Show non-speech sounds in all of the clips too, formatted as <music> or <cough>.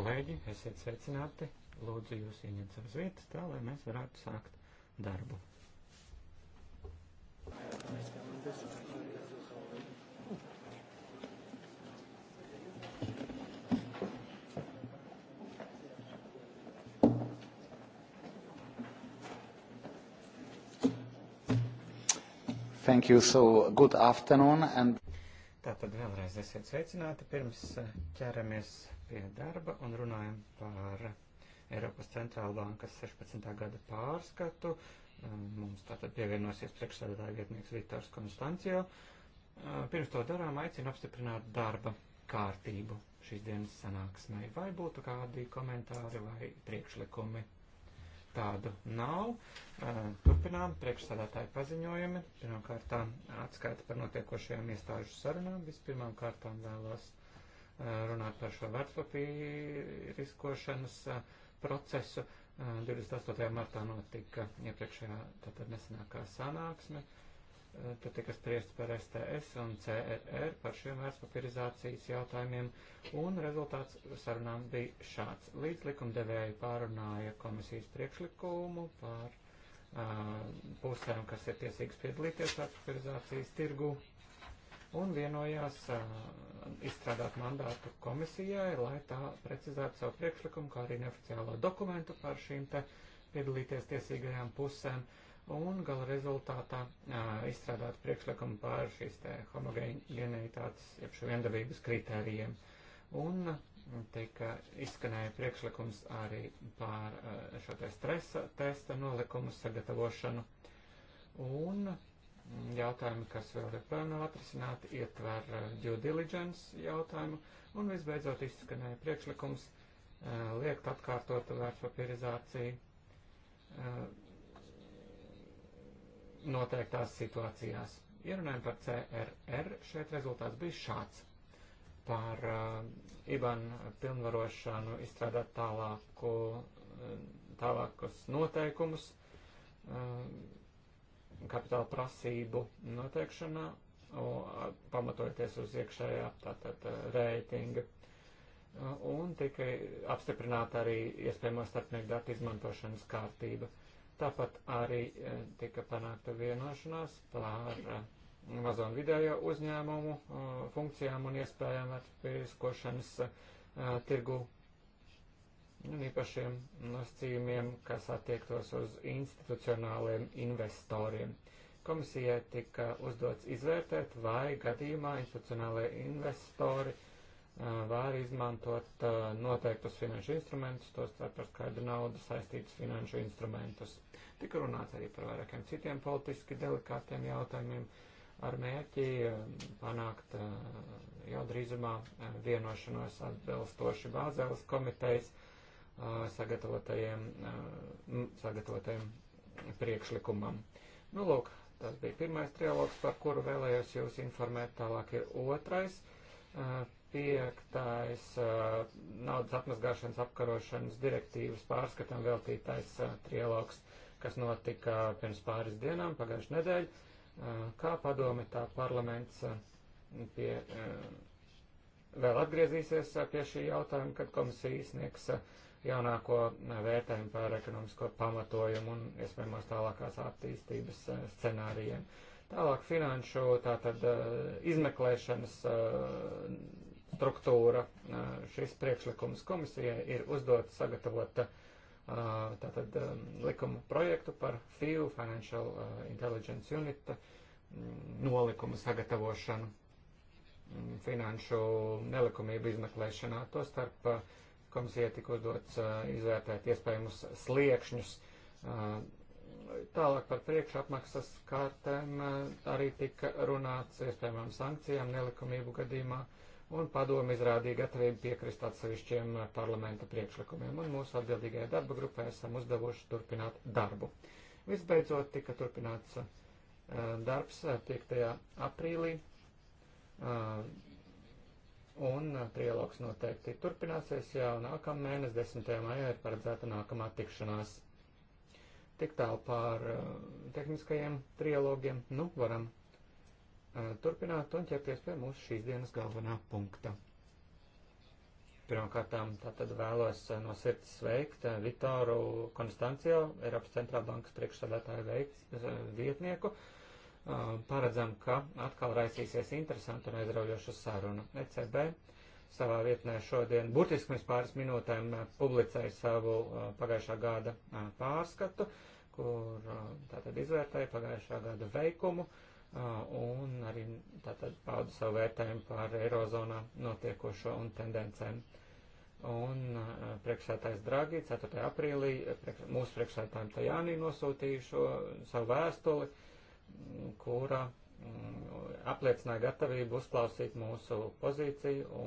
Kolēģi, esiet sveicināti. Lūdzu, jūs ieņemt savas vietas tā, lai mēs varētu sākt darbu. Thank you. So good afternoon and Tātad vēlreiz esiet sveicināti. Pirms eh, ķeramies pie darba un runājam par Eiropas centrāla bankas 16. gada pārskatu. Eh, mums tātad pievienosies priekšsēdētāja vietnieks Viktors Konstancijo. Eh, pirms to darām aicinu apstiprināt darba kārtību šīs dienas sanāksmē. Vai būtu kādi komentāri vai priekšlikumi? tādu nav. Eh, turpinām priekšsādātāju paziņojumi. Pirmkārt, atskaita par notiekošajām iestāžu sarunām. Vispirmām kārtām vēlos eh, runāt par šo vērtspapīriskošanas eh, procesu. 28. martā notika iepriekšējā tātad nesenākā sanāksme. Uh, Eh, Tad tika spriests par STS un CRR par šiem vērtspapīrizācijas jautājumiem, un rezultāts sarunām bija šāds. Līdz likumdevēji pārunāja komisijas priekšlikumu par uh, pusēm, kas ir tiesīgas piedalīties vērtspapīrizācijas tirgu, un vienojās uh, izstrādāt mandātu komisijai, lai tā precizētu savu priekšlikumu, kā arī neoficiālo dokumentu par šīm te piedalīties tiesīgajām pusēm. Uh, un gala rezultātā izstrādāt priekšlikumu par šīs te homogēneitātes, jeb šo viendabības kritērijiem. Un tika izskanēja priekšlikums arī par šo te stresa testa nolikumu sagatavošanu. Un jautājumi, kas vēl joprojām nav atrisināti, ietver due diligence jautājumu. Un visbeidzot izskanēja priekšlikums liekt atkārtotu vērtspapīrizāciju noteiktās situācijās. Ierunājot par CRR, šeit rezultāts bija šāds. Par uh, IBAN pilnvarošanu izstrādāt tālāku, uh, tālākus noteikumus uh, kapitāla prasību noteikšanā, uh, pamatojoties uz iekšējā tātad uh, reitinga. Uh, un tika apstiprināta arī iespējamo starpnieku datu izmantošanas kārtība. Uh, Tāpat arī eh, tika panākta vienošanās par eh, mazo un vidējo uzņēmumu eh, funkcijām un iespējām atpirkošanas tirgu un īpašiem nosacījumiem, kas attiektos uz institucionāliem investoriem. Komisijai tika uzdots izvērtēt, vai gadījumā institucionālie investori uh, var izmantot noteiktus finanšu instrumentus, tos ar skaidru naudu saistītus finanšu instrumentus. Tika runāts arī par vairākiem citiem politiski delikātiem jautājumiem ar mērķi panākt jau drīzumā vienošanos atbilstoši Bāzēlas komitejas sagatavotajiem, sagatavotajiem priekšlikumam. Nu, lūk, tas bija pirmais trialogs, par kuru vēlējos jūs informēt. Tālāk ir otrais piektais uh, naudas apmazgāšanas apkarošanas direktīvas pārskatam veltītais uh, trialogs, kas notika pirms pāris dienām, pagājušajā nedēļā, uh, kā padome, tā parlaments pie, vēl atgriezīsies pie šī jautājuma, kad komisija izsniegs jaunāko vērtējumu par ekonomisko pamatojumu un iespējamos tālākās attīstības scenārijiem. Tālāk finanšu tātad izmeklēšanas struktūra. Šis priekšlikums komisijai ir uzdot sagatavot tātad likuma projektu par FIU, Financial Intelligence Unit, nolikumu sagatavošanu finanšu nelikumību izmeklēšanā. Tostarp komisija tika uzdots izvērtēt iespējamus sliekšņus. Tālāk par priekšapmaksas kārtēm arī tika runāts iespējamām sankcijām nelikumību gadījumā. Uh, un padomi izrādīja gatavību piekrist atsevišķiem eh, parlamenta priekšlikumiem, un mūsu atbildīgajai darba grupai esam uzdevuši turpināt darbu. Visbeidzot, tika turpināts eh, darbs 5. Eh, aprīlī, un trialogs noteikti turpināsies jau nākamnēnes 10. maijā ir paredzēta nākamā tikšanās. Tik tālu pār tehniskajiem trialogiem, nu, varam turpināt un ķerties pie mūsu šīs dienas galvenā punkta. Pirmkārtām tātad vēlos no sirds sveikt Vitoru Konstancijo, Eiropas centrāla bankas priekšsādātāju vietnieku. Paredzam, ka atkal raisīsies interesanti un aizraujoša saruna. ECB savā vietnē šodien, burtiski pirms pāris minūtēm, publicēja savu pagājušā gada pārskatu, kur tātad izvērtēja pagājušā gada veikumu. Uh, Ah, un arī tātad paudu savu vērtējumu par Eirozonā notiekošo un tendencēm. Un ah, priekšsētājs Dragi 4. aprīlī priekš, mūsu priekšsētājiem Tajānī nosūtīja šo savu vēstuli, mm, kura mm, apliecināja gatavību uzklausīt mūsu pozīciju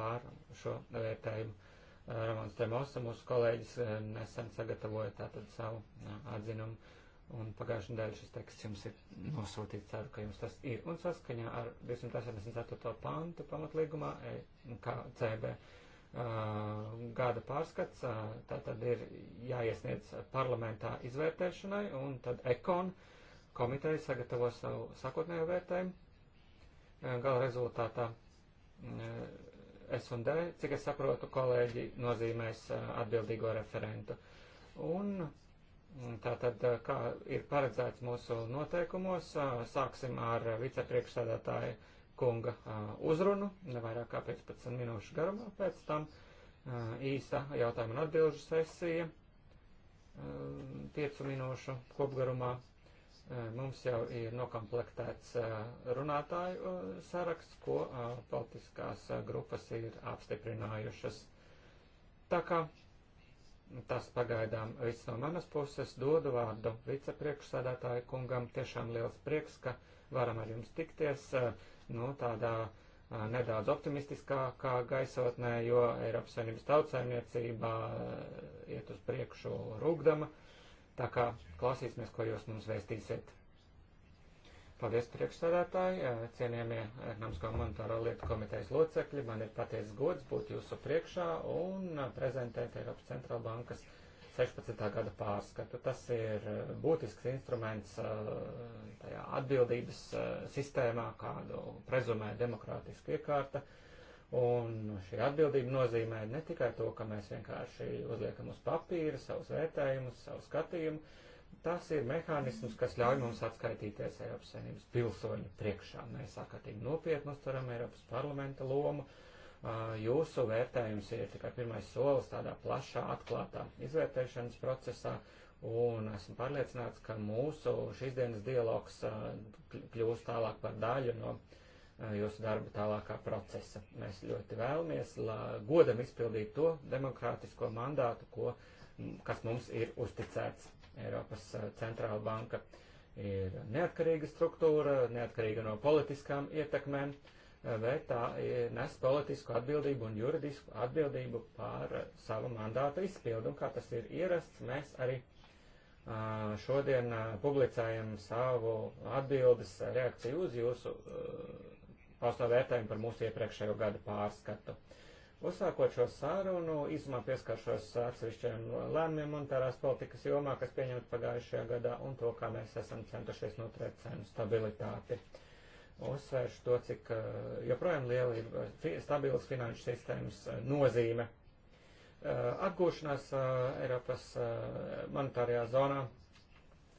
pār šo vērtējumu. Eh, Ramons Tremosa, mūsu kolēģis, eh, nesen sagatavoja tātad savu eh, atzinumu Un pagājušajā nedēļā šis teksts jums ir nosūtīts, ceru, ka jums tas ir. Un saskaņā ar 284. pantu pamatlīgumā, e, kā CB gada pārskats, tā tad ir jāiesniedz parlamentā izvērtēšanai, un tad ekon komiteja sagatavo savu sakotnējo vērtējumu. Gala rezultātā S&D, cik es saprotu, kolēģi nozīmēs atbildīgo referentu. Un Tātad, kā ir paredzēts mūsu noteikumos, sāksim ar vicepriekšsēdētāju kunga uzrunu, nevairāk kā 15 minūšu garumā, pēc tam īsa jautājuma un atbilžu sesija, 5 minūšu kopgarumā. Mums jau ir nokomplektēts runātāju saraksts, ko politiskās grupas ir apstiprinājušas. Tā kā Tas pagaidām viss no manas puses. Dodu vārdu vicepriekšsādātāju kungam. Tiešām liels prieks, ka varam ar jums tikties eh, nu, tādā eh, nedaudz optimistiskākā gaisotnē, jo Eiropas Savienības tautsēmniecība eh, iet uz priekšu rūkdama. Tā kā klausīsimies, ko jūs mums vēstīsiet. Paldies priekšsēdētāji, eh, cienījamie eh, Ekonomiskā monetārā lieta komitejas locekļi. Man ir paties gods būt jūsu priekšā un eh, prezentēt Eiropas centrālbankas 16. gada pārskatu. Tas ir būtisks instruments tajā atbildības sistēmā, kādu prezumē demokrātiska iekārta. Un šī atbildība nozīmē ne tikai to, ka mēs vienkārši uzliekam uz papīra savus vērtējumus, savu skatījumu, Tas ir mehānisms, kas ļauj mums atskaitīties Eiropas Savienības pilsoņu priekšā. Mēs ārkārtīgi nopietni uztveram Eiropas parlamenta lomu. Jūsu vērtējums ir tikai pirmais solis tādā plašā, atklātā izvērtēšanas procesā, un esmu pārliecināts, ka mūsu šīs dienas dialogs kļūs tālāk par daļu no jūsu darba tālākā procesa. Mēs ļoti vēlamies la, godam izpildīt to demokrātisko mandātu, ko, kas mums ir uzticēts. Eiropas eh, centrāla banka ir neatkarīga struktūra, neatkarīga no politiskām ietekmēm, eh, bet tā eh, nes politisku atbildību un juridisku atbildību pār savu mandātu izpildu. Un kā tas ir ierasts, mēs arī šodien publicējam savu atbildes reakciju uz jūsu paustā vērtējumu par mūsu iepriekšējo gadu pārskatu. Uzsākot šo sārunu, īsumā pieskaršos atsevišķiem lēmumiem monetārās politikas jomā, kas pieņemti pagājušajā gadā, un to, kā mēs esam centušies noturēt cenu stabilitāti. Uzsvēršu to, cik eh, joprojām liela ir eh, stabilas finanšu sistēmas eh, nozīme. Atgūšanās Eiropas monetārajā zonā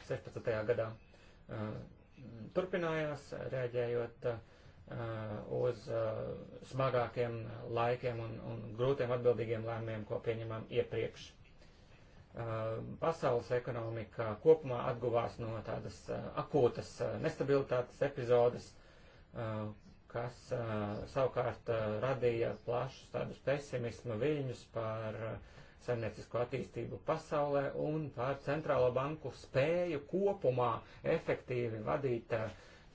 16. gadā turpinājās, rēģējot uh, Uh, uz uh, smagākiem laikiem un, un grūtiem atbildīgiem lēmumiem, ko pieņemam iepriekš. Uh, pasaules ekonomika kopumā atguvās no tādas akūtas nestabilitātes epizodes, kas savukārt radīja plašus tādus pesimismu viļņus par saimniecisko attīstību pasaulē un par centrālo banku spēju kopumā efektīvi vadīt uh,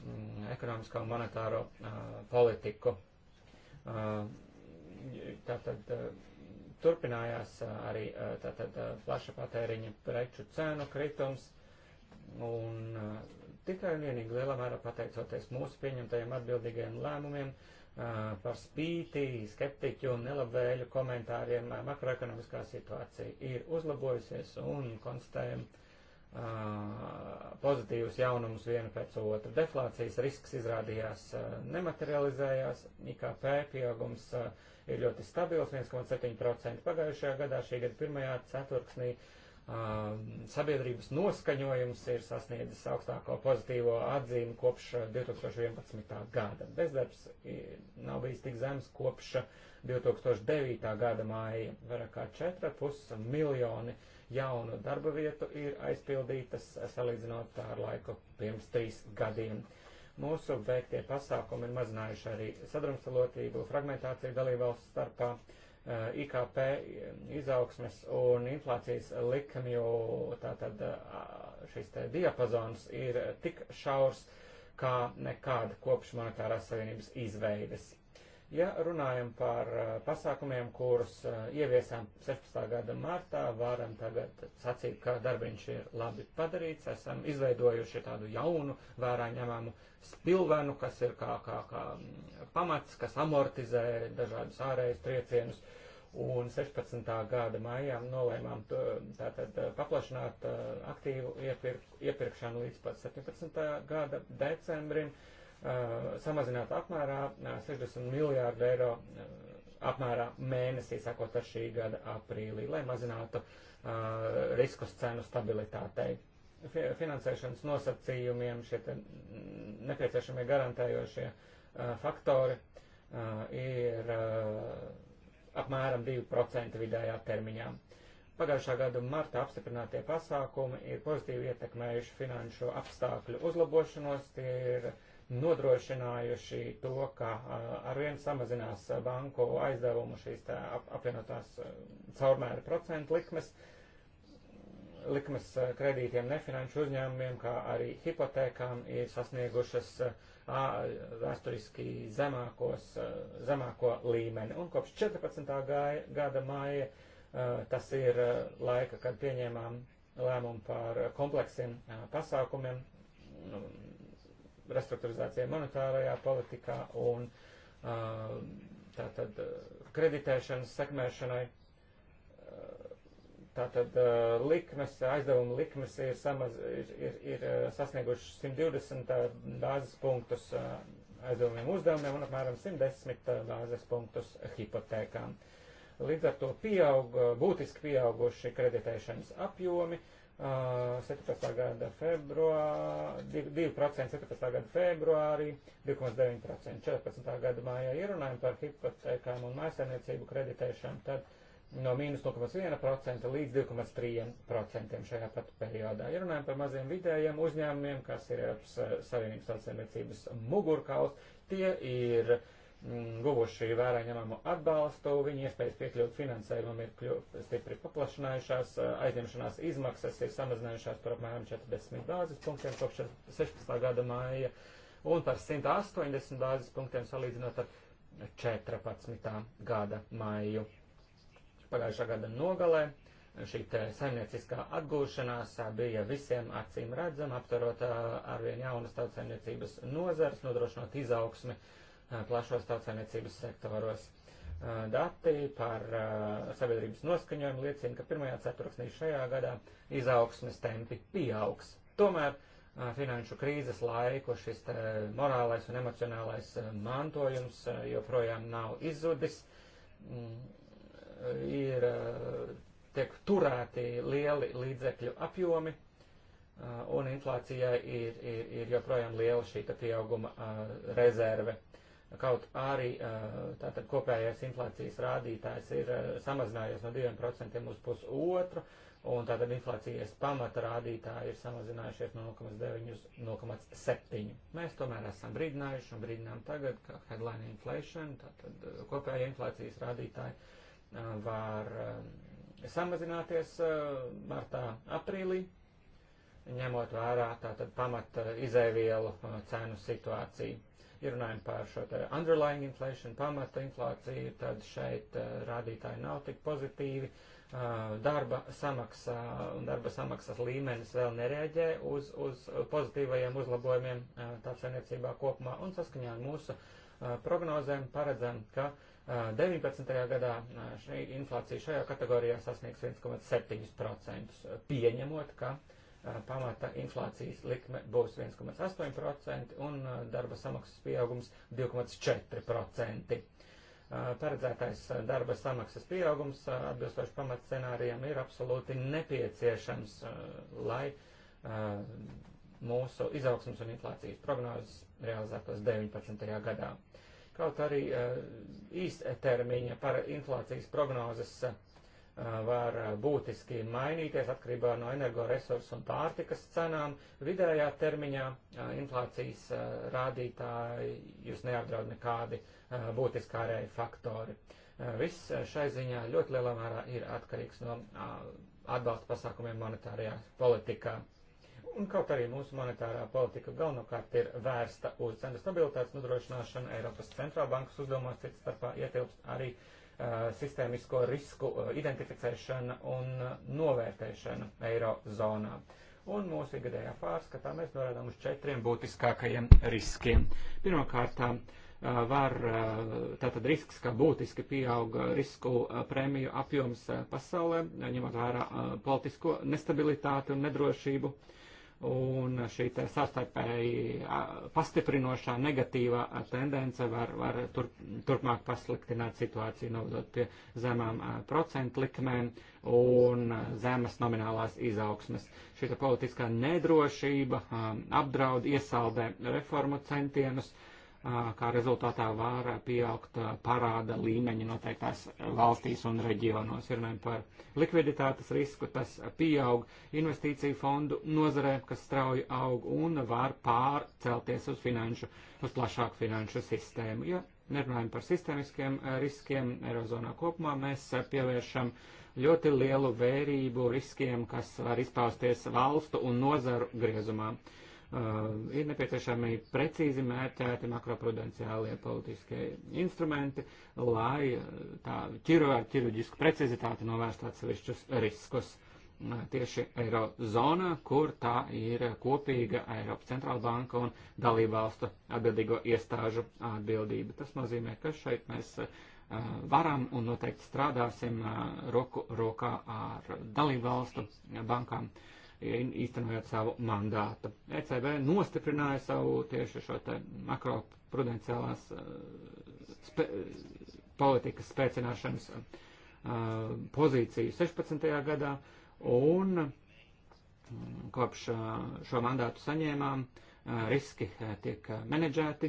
Mm, ekonomiskā un monetāro politiku. Tātad turpinājās arī tātad plaša patēriņa preču cēnu kritums un tikai un vienīgi lielā mērā pateicoties mūsu pieņemtajiem atbildīgajiem lēmumiem par spīti skeptiķu un nelabvēļu komentāriem makroekonomiskā situācija ir uzlabojusies un konstatējama pozitīvus jaunumus vienu pēc otru. Deflācijas risks izrādījās nematerializējās, IKP pieaugums ir ļoti stabils, 1,7% pagājušajā gadā, šī gada pirmajā ceturksnī sabiedrības noskaņojums ir sasniedzis augstāko pozitīvo atzīmi kopš 2011. gada. Bezdarbs nav bijis tik zems kopš 2009. gada māja, vairāk kā 4,5 miljoni uh, jaunu darba vietu ir aizpildītas salīdzinot ar laiku pirms trīs gadiem. Mūsu veiktie pasākumi ir mazinājuši arī sadrumstalotību, fragmentāciju dalībvalstu starpā, IKP izaugsmes un inflācijas likmju, tātad šis te diapazons ir tik šaurs kā nekāda kopš monetārās savienības izveides. Ja runājam par uh, pasākumiem, kurus uh, ieviesām 16. gada martā, varam tagad sacīt, ka darbiņš ir labi padarīts. Esam izveidojuši tādu jaunu, vērā ņemamu spilvenu, kas ir kā, kā, kā mm, pamats, kas amortizē dažādus ārējus triecienus. Un 16. gada maijā nolēmām tātad uh, paplašināt aktīvu iepirk, iepirkšanu līdz pat 17. gada decembrim. Uh, Uh, samazināt apmērā 60 uh, miljārdu eiro uh, apmērā mēnesī, sākot ar šī gada aprīlī, lai mazinātu uh, riskus cenu stabilitātei. Finansēšanas nosacījumiem šie nepieciešamie garantējošie uh, faktori uh, ir apmēram 2% vidējā termiņā. Pagājušā gada marta apstiprinātie pasākumi ir pozitīvi ietekmējuši finanšu apstākļu uzlabošanos, tie ir uh, nodrošinājuši to, ka arvien samazinās banku aizdevumu šīs tā, apvienotās caurmēra procentu likmes, likmes kredītiem nefinanšu uzņēmumiem, kā arī hipotēkām ir sasniegušas vēsturiski zemākos, zemāko līmeni. Un kopš 14. Gāja, gada māja tas ir laika, kad pieņēmām lēmumu par kompleksiem pasākumiem nu, restruktūrizācijai monetārajā politikā un tātad kreditēšanas sekmēšanai. Tātad likmes, aizdevuma likmes ir, samaz, ir, ir, ir sasnieguši 120 bāzes punktus aizdevumiem uzdevumiem un apmēram 110 bāzes punktus hipotēkām. Līdz ar to pieaug, būtiski pieauguši kreditēšanas apjomi, uh, 17. Eh, gada februārī, 2% 17. gada februārī, 2,9% 14. gada mājā ierunājam par hipotekām un mājasēmniecību kreditēšanu, tad no mīnus 0,1% līdz 2,3% šajā pat periodā. Ierunājam par maziem vidējiem uzņēmumiem, kas ir Eiropas eh, Savienības tautsēmniecības mugurkaus, tie ir uh, Mm, guvuši vērā ņemamu atbalstu, viņu iespējas piekļūt finansējumam ir kļu, stipri paplašinājušās, aizņemšanās izmaksas ir samazinājušās par apmēram 40 bāzes punktiem kopš 16. gada māja un par 180 bāzes punktiem salīdzinot ar 14. gada māju. Pagājušā gada nogalē šī saimnieciskā atgūšanās bija visiem acīm redzama, aptverot arvien jaunas tautsaimniecības nozars, nodrošinot izaugsmi uh, plašos tautsēmniecības sektoros. Dati par sabiedrības noskaņojumu liecina, ka pirmajā ceturksnī šajā gadā izaugsmes tempi pieaugs. Tomēr finanšu krīzes laiku šis morālais un emocionālais mantojums joprojām nav izzudis. Mm, ir tiek turēti lieli līdzekļu apjomi, un inflācijai ir, ir, ir joprojām liela šī pieauguma rezerve kaut arī tātad kopējais inflācijas rādītājs ir samazinājies no 2% uz pusotru, un tātad inflācijas pamata rādītāji ir samazinājušies no 0,9 uz 0,7. Mēs tomēr esam brīdinājuši un brīdinām tagad, ka headline inflation, tātad kopējā inflācijas rādītāji var samazināties martā, aprīlī, ņemot vērā tātad pamata izēvielu cenu situāciju Ja runājam par šo te underlying inflation, pamata inflāciju, tad šeit eh, rādītāji nav tik pozitīvi. Eh, darba samaksa un darba samaksas līmenis vēl nereaģē uz, uz pozitīvajiem uzlabojumiem eh, tāpsainiecībā kopumā un saskaņā ar mūsu prognozēm paredzam, ka 19. gadā šī inflācija šajā kategorijā sasniegs 1,7%, pieņemot, ka uh, pamata inflācijas likme būs 1,8% un darba samaksas pieaugums 2,4%. Paredzētais darba samaksas pieaugums atbilstoši pamata scenārijam ir absolūti nepieciešams, lai mūsu izaugsmas un inflācijas prognozes realizētos 19. gadā. Kaut arī īstermiņa par inflācijas prognozes var būtiski mainīties atkarībā no energoresursu un pārtikas cenām. Vidējā termiņā inflācijas rādītāji jūs neapdraud nekādi būtiskārēji faktori. Viss šai ziņā ļoti lielā mērā ir atkarīgs no atbalsta pasākumiem monetārajā politikā. Un kaut arī mūsu monetārā politika galvenokārt ir vērsta uz cenu stabilitātes nodrošināšanu, Eiropas centrālbankas uzdevumos cits starpā ietilpst arī uh, Uh, sistēmisko risku uh, identificēšana un uh, novērtēšana eirozonā. Un mūsu ikgadējā pārskatā mēs norādām uz četriem būtiskākajiem riskiem. Pirmkārt, var tātad risks, ka būtiski pieauga risku prēmiju apjoms pasaulē, ņemot vērā politisko nestabilitāti un nedrošību. Uh, un šī sastarpēji pastiprinošā negatīvā tendence var, var tur, turpmāk pasliktināt situāciju, novedot pie zemām procentu likmēm un zemes nominālās izaugsmes. Šī politiskā nedrošība apdraud iesaldē reformu centienus. Uh, kā rezultātā var pieaugt parāda līmeņi noteiktās valstīs un reģionos. Ir nevien par likviditātes risku, tas pieaug investīciju fondu nozarē, kas strauji aug un var pārcelties uz finanšu, uz plašāku finanšu sistēmu. Ja nerunājam par sistemiskiem riskiem, Eirozonā kopumā mēs pievēršam ļoti lielu vērību riskiem, kas var izpausties valstu un nozaru griezumā. Uh, Uh, ir nepieciešami precīzi mērķēti makroprudenciālie politiskie instrumenti, lai uh, tā ķiru ar ķirurģisku precizitāti novērst atsevišķus riskus uh, tieši Eirozonā, kur tā ir kopīga Eiropas centrāla banka un dalībvalstu atbildīgo iestāžu atbildība. Tas nozīmē, ka šeit mēs varam un noteikti strādāsim roku rokā ar dalībvalstu bankām. Uh, īstenojot savu mandātu. ECB nostiprināja savu tieši šo te makroprudenciālās uh, spe, politikas spēcināšanas uh, pozīciju 16. gadā un mm, kopš uh, šo mandātu saņēmām riski tiek menedžēti,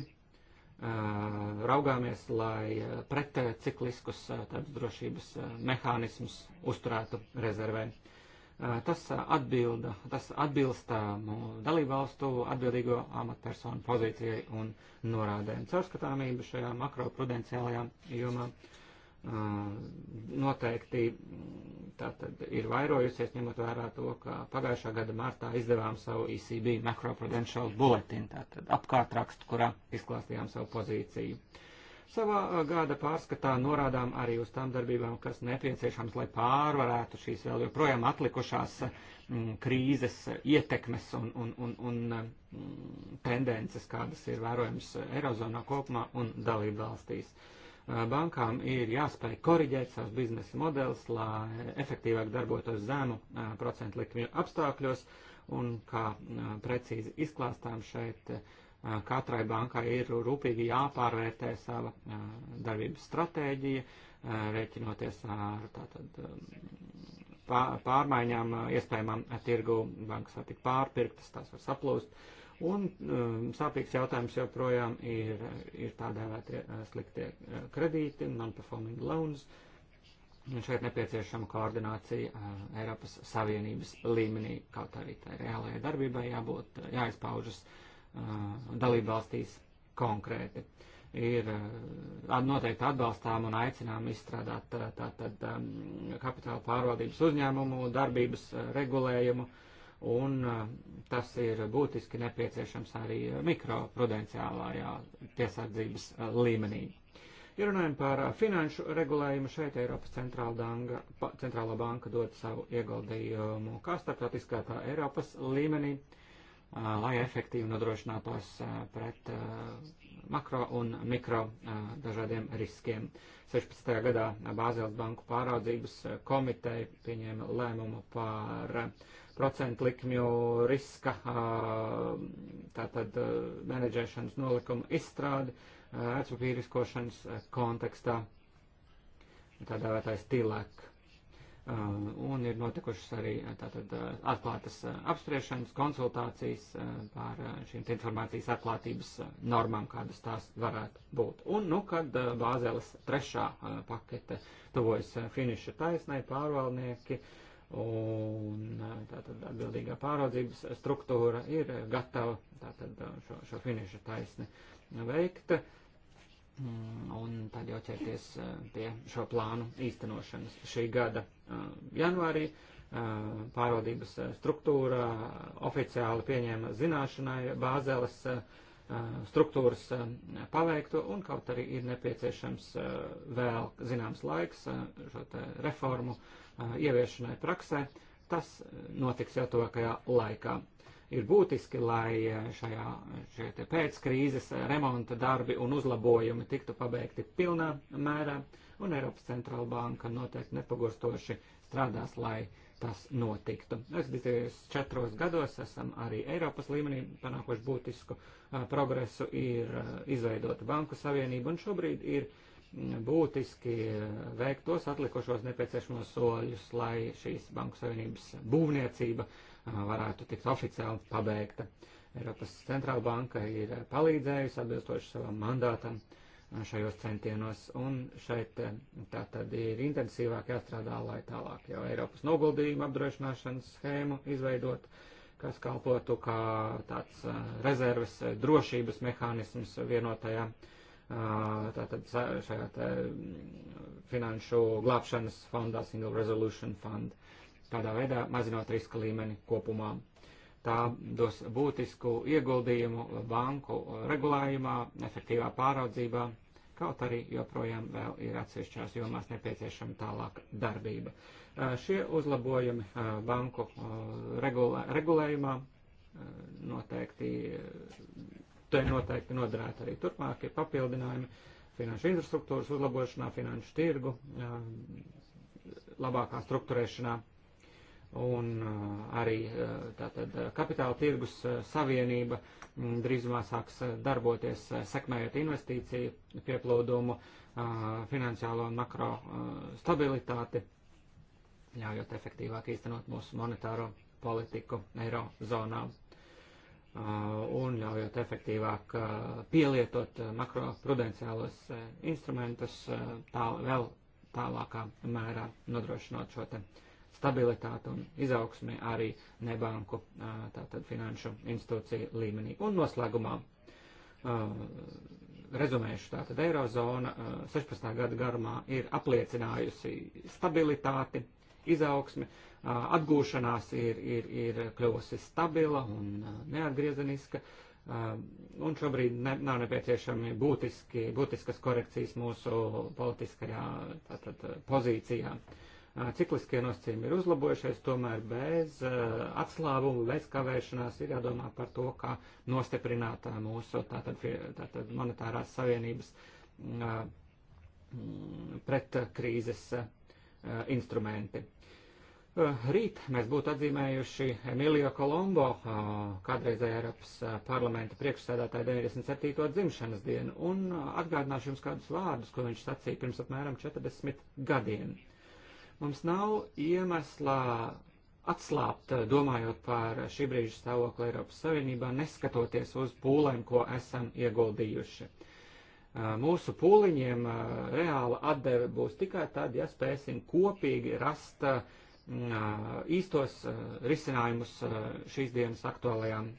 raugāmies, lai pretcikliskus tādus drošības mehānismus uzturētu rezervē. Eh, tas atbilda, tas atbilst eh, dalībvalstu atbildīgo amatpersonu pozīcijai un norādēm. Caurskatāmība šajā makroprudenciālajā jomā eh, noteikti mm, tātad ir vairojusies, ņemot vērā to, ka pagājušā gada martā izdevām savu ECB macroprudential bulletin, tātad apkārtrakstu, kurā izklāstījām savu pozīciju. Uh, Savā uh, gada pārskatā norādām arī uz tām darbībām, kas nepieciešams, lai pārvarētu šīs vēl joprojām atlikušās uh, krīzes uh, ietekmes un, un, un, un tendences, kādas ir vērojamas Eirozonā kopumā un dalību valstīs. Bankām ir jāspēj koriģēt savus biznesa modeļus, lai efektīvāk darbotos zemu procentu likmju apstākļos, un kā precīzi izklāstām šeit, uh, Eh, katrai bankai ir rūpīgi jāpārvērtē sava eh, darbības stratēģija, eh, rēķinoties ar tātad pārmaiņām iespējamām tirgu, bankas var tikt pārpirktas, tās var saplūst. Un sāpīgs jautājums joprojām ir, ir tā dēvētie sliktie kredīti, non-performing loans. Un šeit nepieciešama koordinācija Eiropas Savienības līmenī, kaut arī tai reālajai darbībai jābūt, jāizpaužas uh, dalībvalstīs konkrēti. Ir noteikti atbalstām un aicinām izstrādāt tātad tā, tā, kapitāla pārvaldības uzņēmumu, darbības regulējumu, un tas ir būtiski nepieciešams arī mikroprudenciālajā tiesardzības līmenī. Ja runājam par finanšu regulējumu, šeit Eiropas centrāla, centrāla banka dod savu ieguldījumu kā starptautiskā tā Eiropas līmenī. Uh, lai efektīvi nodrošinātos pret makro un mikro dažādiem riskiem. 16. gadā Bāzēlas banku pāraudzības komiteja pieņēma lēmumu par procentu likmju riska tātad menedžēšanas nolikumu izstrādi vērtspapīriskošanas kontekstā. Tādā vērtais tilāk Um, un ir notikušas arī uh, tātad uh, atklātas uh, apspriešanas, konsultācijas par šīm informācijas atklātības normām, kādas tās varētu būt. Un, nu, kad Bāzeles trešā pakete tuvojas finiša taisnai, pārvaldnieki un tātad atbildīgā pāraudzības struktūra ir gatava tātad šo, šo finiša taisni veikt. Uh, Mm, un tad jau ķerties eh, pie šo plānu īstenošanas. Šī gada eh, janvārī eh, pārvaldības struktūra oficiāli pieņēma zināšanai Bāzeles struktūras paveikto, un kaut arī ir nepieciešams vēl zināms laiks šo reformu ieviešanai praksē. Tas notiks jau tuvākajā laikā ir būtiski, lai eh, šajā, šie pēckrīzes remonta darbi un uzlabojumi tiktu pabeigti pilnā mērā, un Eiropas centrāla banka noteikti nepagurstoši strādās, lai tas notiktu. Es četros gados esam arī Eiropas līmenī panākuši būtisku eh, progresu, ir eh, izveidota banku savienība, un šobrīd ir mm, būtiski veikt tos atlikušos nepieciešamos soļus, lai šīs banku savienības būvniecība uh, varētu tikt oficiāli pabeigta. Eiropas centrāla banka ir palīdzējusi atbilstoši savam mandātam šajos centienos, un šeit tā tad ir intensīvāk jāstrādā, lai tālāk jau Eiropas noguldījuma apdrošināšanas schēmu izveidot, kas kalpotu kā tāds rezerves drošības mehānisms vienotajā tātad šajā tā finanšu glābšanas fondā Single Resolution Fund tādā veidā mazinot riska līmeni kopumā. Tā dos būtisku ieguldījumu banku regulējumā, efektīvā pāraudzībā, kaut arī joprojām vēl ir atsevišķās jomās nepieciešama tālāk darbība. Šie uzlabojumi banku regulē, regulējumā noteikti, te noteikti noderētu arī turpmākie papildinājumi finanšu infrastruktūras uzlabošanā, finanšu tirgu, labākā struktūrēšanā un uh, arī uh, tātad uh, kapitāla tirgus savienība mm, drīzumā sāks darboties, sekmējot investīciju pieplūdumu, finansiālo un makro stabilitāti, ļaujot efektīvāk īstenot mūsu monetāro politiku eirozonā un ļaujot efektīvāk pielietot makroprudenciālos instrumentus tā, vēl tālākā mērā nodrošinot šo te stabilitāte un izaugsme arī nebanku tātad finanšu institūciju līmenī. Un noslēgumā rezumēšu tātad Eirozona 16. gada garumā ir apliecinājusi stabilitāti, izaugsmi, atgūšanās ir, ir, ir kļuvusi stabila un neatgriezeniska. Un šobrīd ne, nav nepieciešami būtiski, būtiskas korekcijas mūsu politiskajā tātad, pozīcijā. Uh, Cikliskie nosacījumi ir uzlabojušies, tomēr bez atslābuma, bez kavēšanās ir jādomā par to, kā nostiprināt mūsu tātad, tātad monetārās savienības pret krīzes instrumenti. Rīt mēs būtu atzīmējuši Emilio Kolombo, kādreizēja Eiropas parlamenta priekšsēdētāja 97. dzimšanas dienu, un atgādināšu jums kādus vārdus, ko viņš sacīja pirms apmēram 40 gadiem. Mums nav iemesla atslābt, eh, domājot par šī brīža stāvokli Eiropas Savienībā, neskatoties uz pūlēm, ko esam ieguldījuši. Eh, mūsu pūliņiem eh, reāla atdeve būs tikai tad, ja spēsim kopīgi rast mm, īstos risinājumus šīs dienas aktuālajām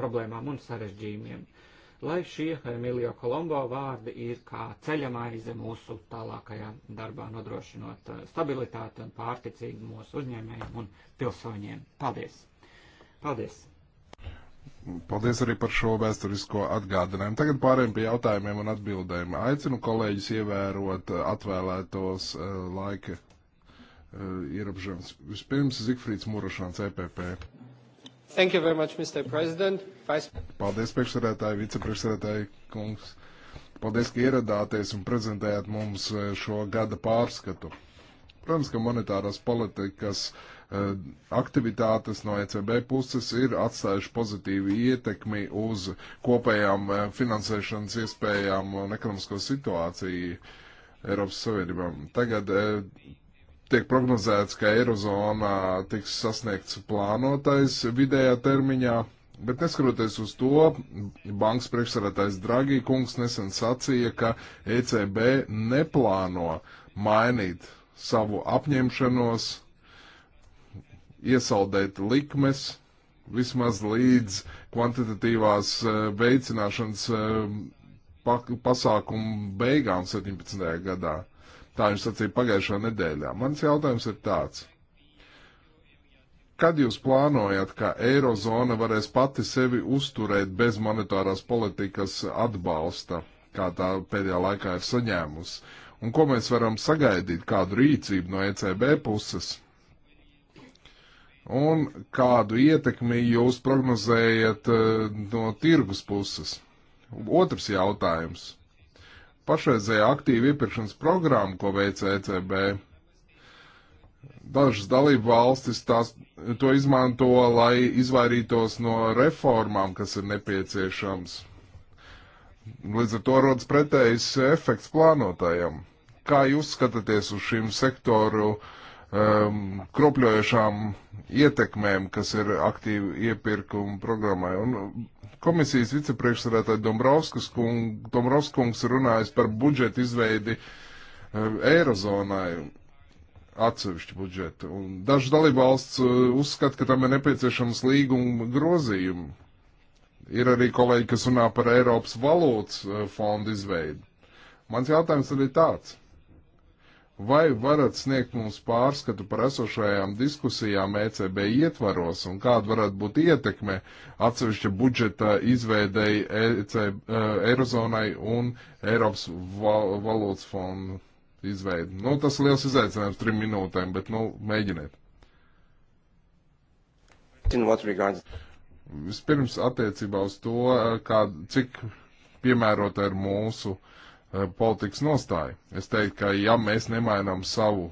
problēmām un sarežģījumiem. Uh, lai šie Emilio Kolombo vārdi ir kā ceļamaize mūsu tālākajā darbā, nodrošinot eh, stabilitāti un pārticību mūsu uzņēmējiem un pilsoņiem. Paldies! Paldies! Paldies arī par šo vēsturisko atgādinājumu. Tagad pārējiem pie jautājumiem un atbildēm. Aicinu kolēģis ievērot eh, atvēlētos uh, laika uh, ierobežojums. Vispirms Zigfrīds Murašāns, EPP. Thank you very much, Mr. President. Vice... Paldies, priekšsēdētāji, vicepriekšsēdētāji, kungs. Paldies, ka ieradāties un prezentējāt mums e, šo gada pārskatu. Protams, ka monetārās politikas e, aktivitātes no ECB puses ir atstājuši pozitīvu ietekmi uz kopējām e, finansēšanas iespējām un ekonomisko situāciju Eiropas Savienībām. Tagad tiek prognozēts, ka Eirozonā tiks sasniegts plānotais vidējā termiņā, bet neskatoties uz to, bankas priekšsarētais Dragī kungs nesen sacīja, ka ECB neplāno mainīt savu apņemšanos, iesaldēt likmes, vismaz līdz kvantitatīvās eh, veicināšanas eh, pasākumu beigām 17. gadā Tā viņš sacīja pagājušā nedēļā. Mans jautājums ir tāds. Kad jūs plānojat, ka Eirozona varēs pati sevi uzturēt bez monetārās politikas atbalsta, kā tā pēdējā laikā ir saņēmusi? Un ko mēs varam sagaidīt, kādu rīcību no ECB puses? Un kādu ietekmi jūs prognozējat eh, no tirgus puses? Otrs jautājums pašreizējā aktīva iepirkšanas programma, ko veica ECB, dažas dalību valstis tās, to izmanto, lai izvairītos no reformām, kas ir nepieciešams. Līdz ar to rodas pretējs efekts plānotājam. Kā jūs skatāties uz šīm sektoru um, kropļojušām ietekmēm, kas ir aktīvi iepirkuma programmai? Un Komisijas vicepriekšsēdētāja Dombrovskis kung, kungs runājis par budžetu izveidi eh, Eirozonai atsevišķu budžetu. Un dažas dalībvalsts eh, uzskata, ka tam ir nepieciešams līguma grozījumi. Ir arī kolēģi, kas runā par Eiropas valūtas eh, fondu izveidi. Mans jautājums arī tāds. Vai varat sniegt mums pārskatu par esošajām diskusijām ECB ietvaros un kāda varētu būt ietekme atsevišķa budžeta izveidei ECB, eh, Eirozonai un Eiropas val valūtas fondu izveidi? Nu, tas liels izaicinājums trim minūtēm, bet, nu, mēģiniet. Vispirms attiecībā uz to, eh, kā, cik piemērota ir mūsu uh, Eh, politikas nostāju. Es teiktu, ka ja mēs nemainām savu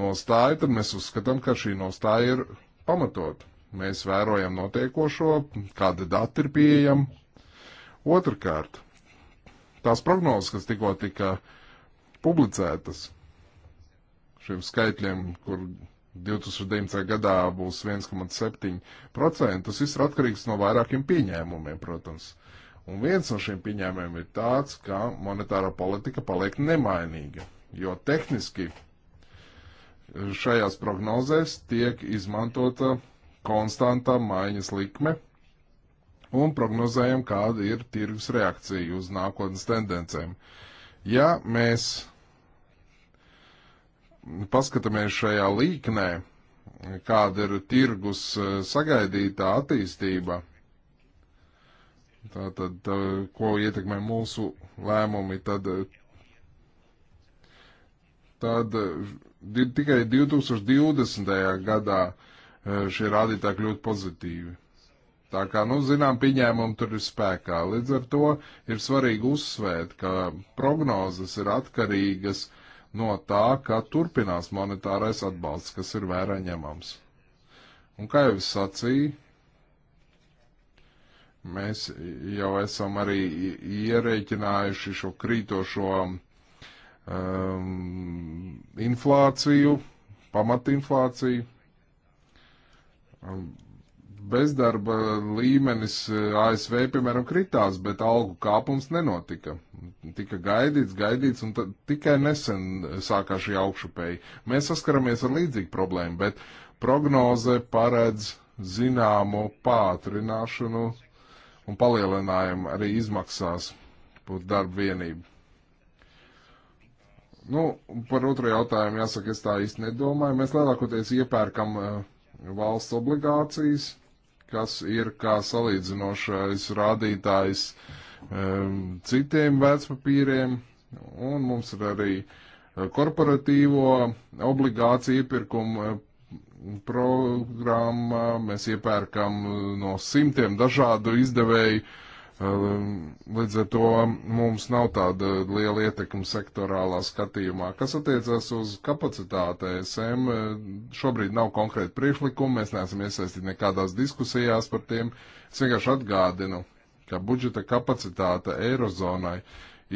nostāju, tad mēs uzskatām, ka šī nostāja ir pamatot. Mēs vērojam notiekošo, kāda data ir pieejama. Otrakārt, tās prognozes, kas tikko tika publicētas šiem skaitļiem, kur 2019. gadā būs 1,7%, tas viss ir atkarīgs no vairākiem pieņēmumiem, protams. Uh, Un viens no šiem pieņēmumiem ir tāds, ka monetārā politika paliek nemainīga, jo tehniski šajās prognozēs tiek izmantota konstantā maiņas likme un prognozējam, kāda ir tirgus reakcija uz nākotnes tendencēm. Ja mēs paskatāmies šajā līknē, kāda ir tirgus eh, sagaidītā attīstība, Tātad, tā, ko ietekmē mūsu lēmumi, tad, tad tikai 2020. gadā e, šie rādītāji kļūtu pozitīvi. Tā kā, nu, zinām, pieņēmumi tur ir spēkā. Līdz ar to ir svarīgi uzsvērt, ka prognozes ir atkarīgas no tā, kā turpinās monetārais atbalsts, kas ir vērā ņemams. Un kā jau es sacīju, Mēs jau esam arī ierēķinājuši šo krītošo um, inflāciju, pamatinflāciju. Um, bezdarba līmenis uh, ASV, piemēram, kritās, bet algu kāpums nenotika. Tika gaidīts, gaidīts, un tikai nesen sākās šī augšupēja. Mēs saskaramies ar līdzīgu problēmu, bet prognoze paredz zināmu pātrināšanu un palielinājumu arī izmaksās par darba vienību. Nu, par otro jautājumu jāsaka, es tā īsti nedomāju. Mēs lielākoties iepērkam uh, valsts obligācijas, kas ir kā salīdzinošais rādītājs um, citiem vecpapīriem, un mums ir arī eh, korporatīvo obligāciju iepirkumu eh, programmā mēs iepērkam uh, no simtiem dažādu izdevēju. Uh, līdz ar to mums nav tāda liela ietekme sektorālā skatījumā. Kas attiecas uz kapacitāti ESM, uh, šobrīd nav konkrēti priekšlikumi, mēs neesam iesaistīti nekādās diskusijās par tiem. Es vienkārši atgādinu, ka budžeta kapacitāte Eirozonai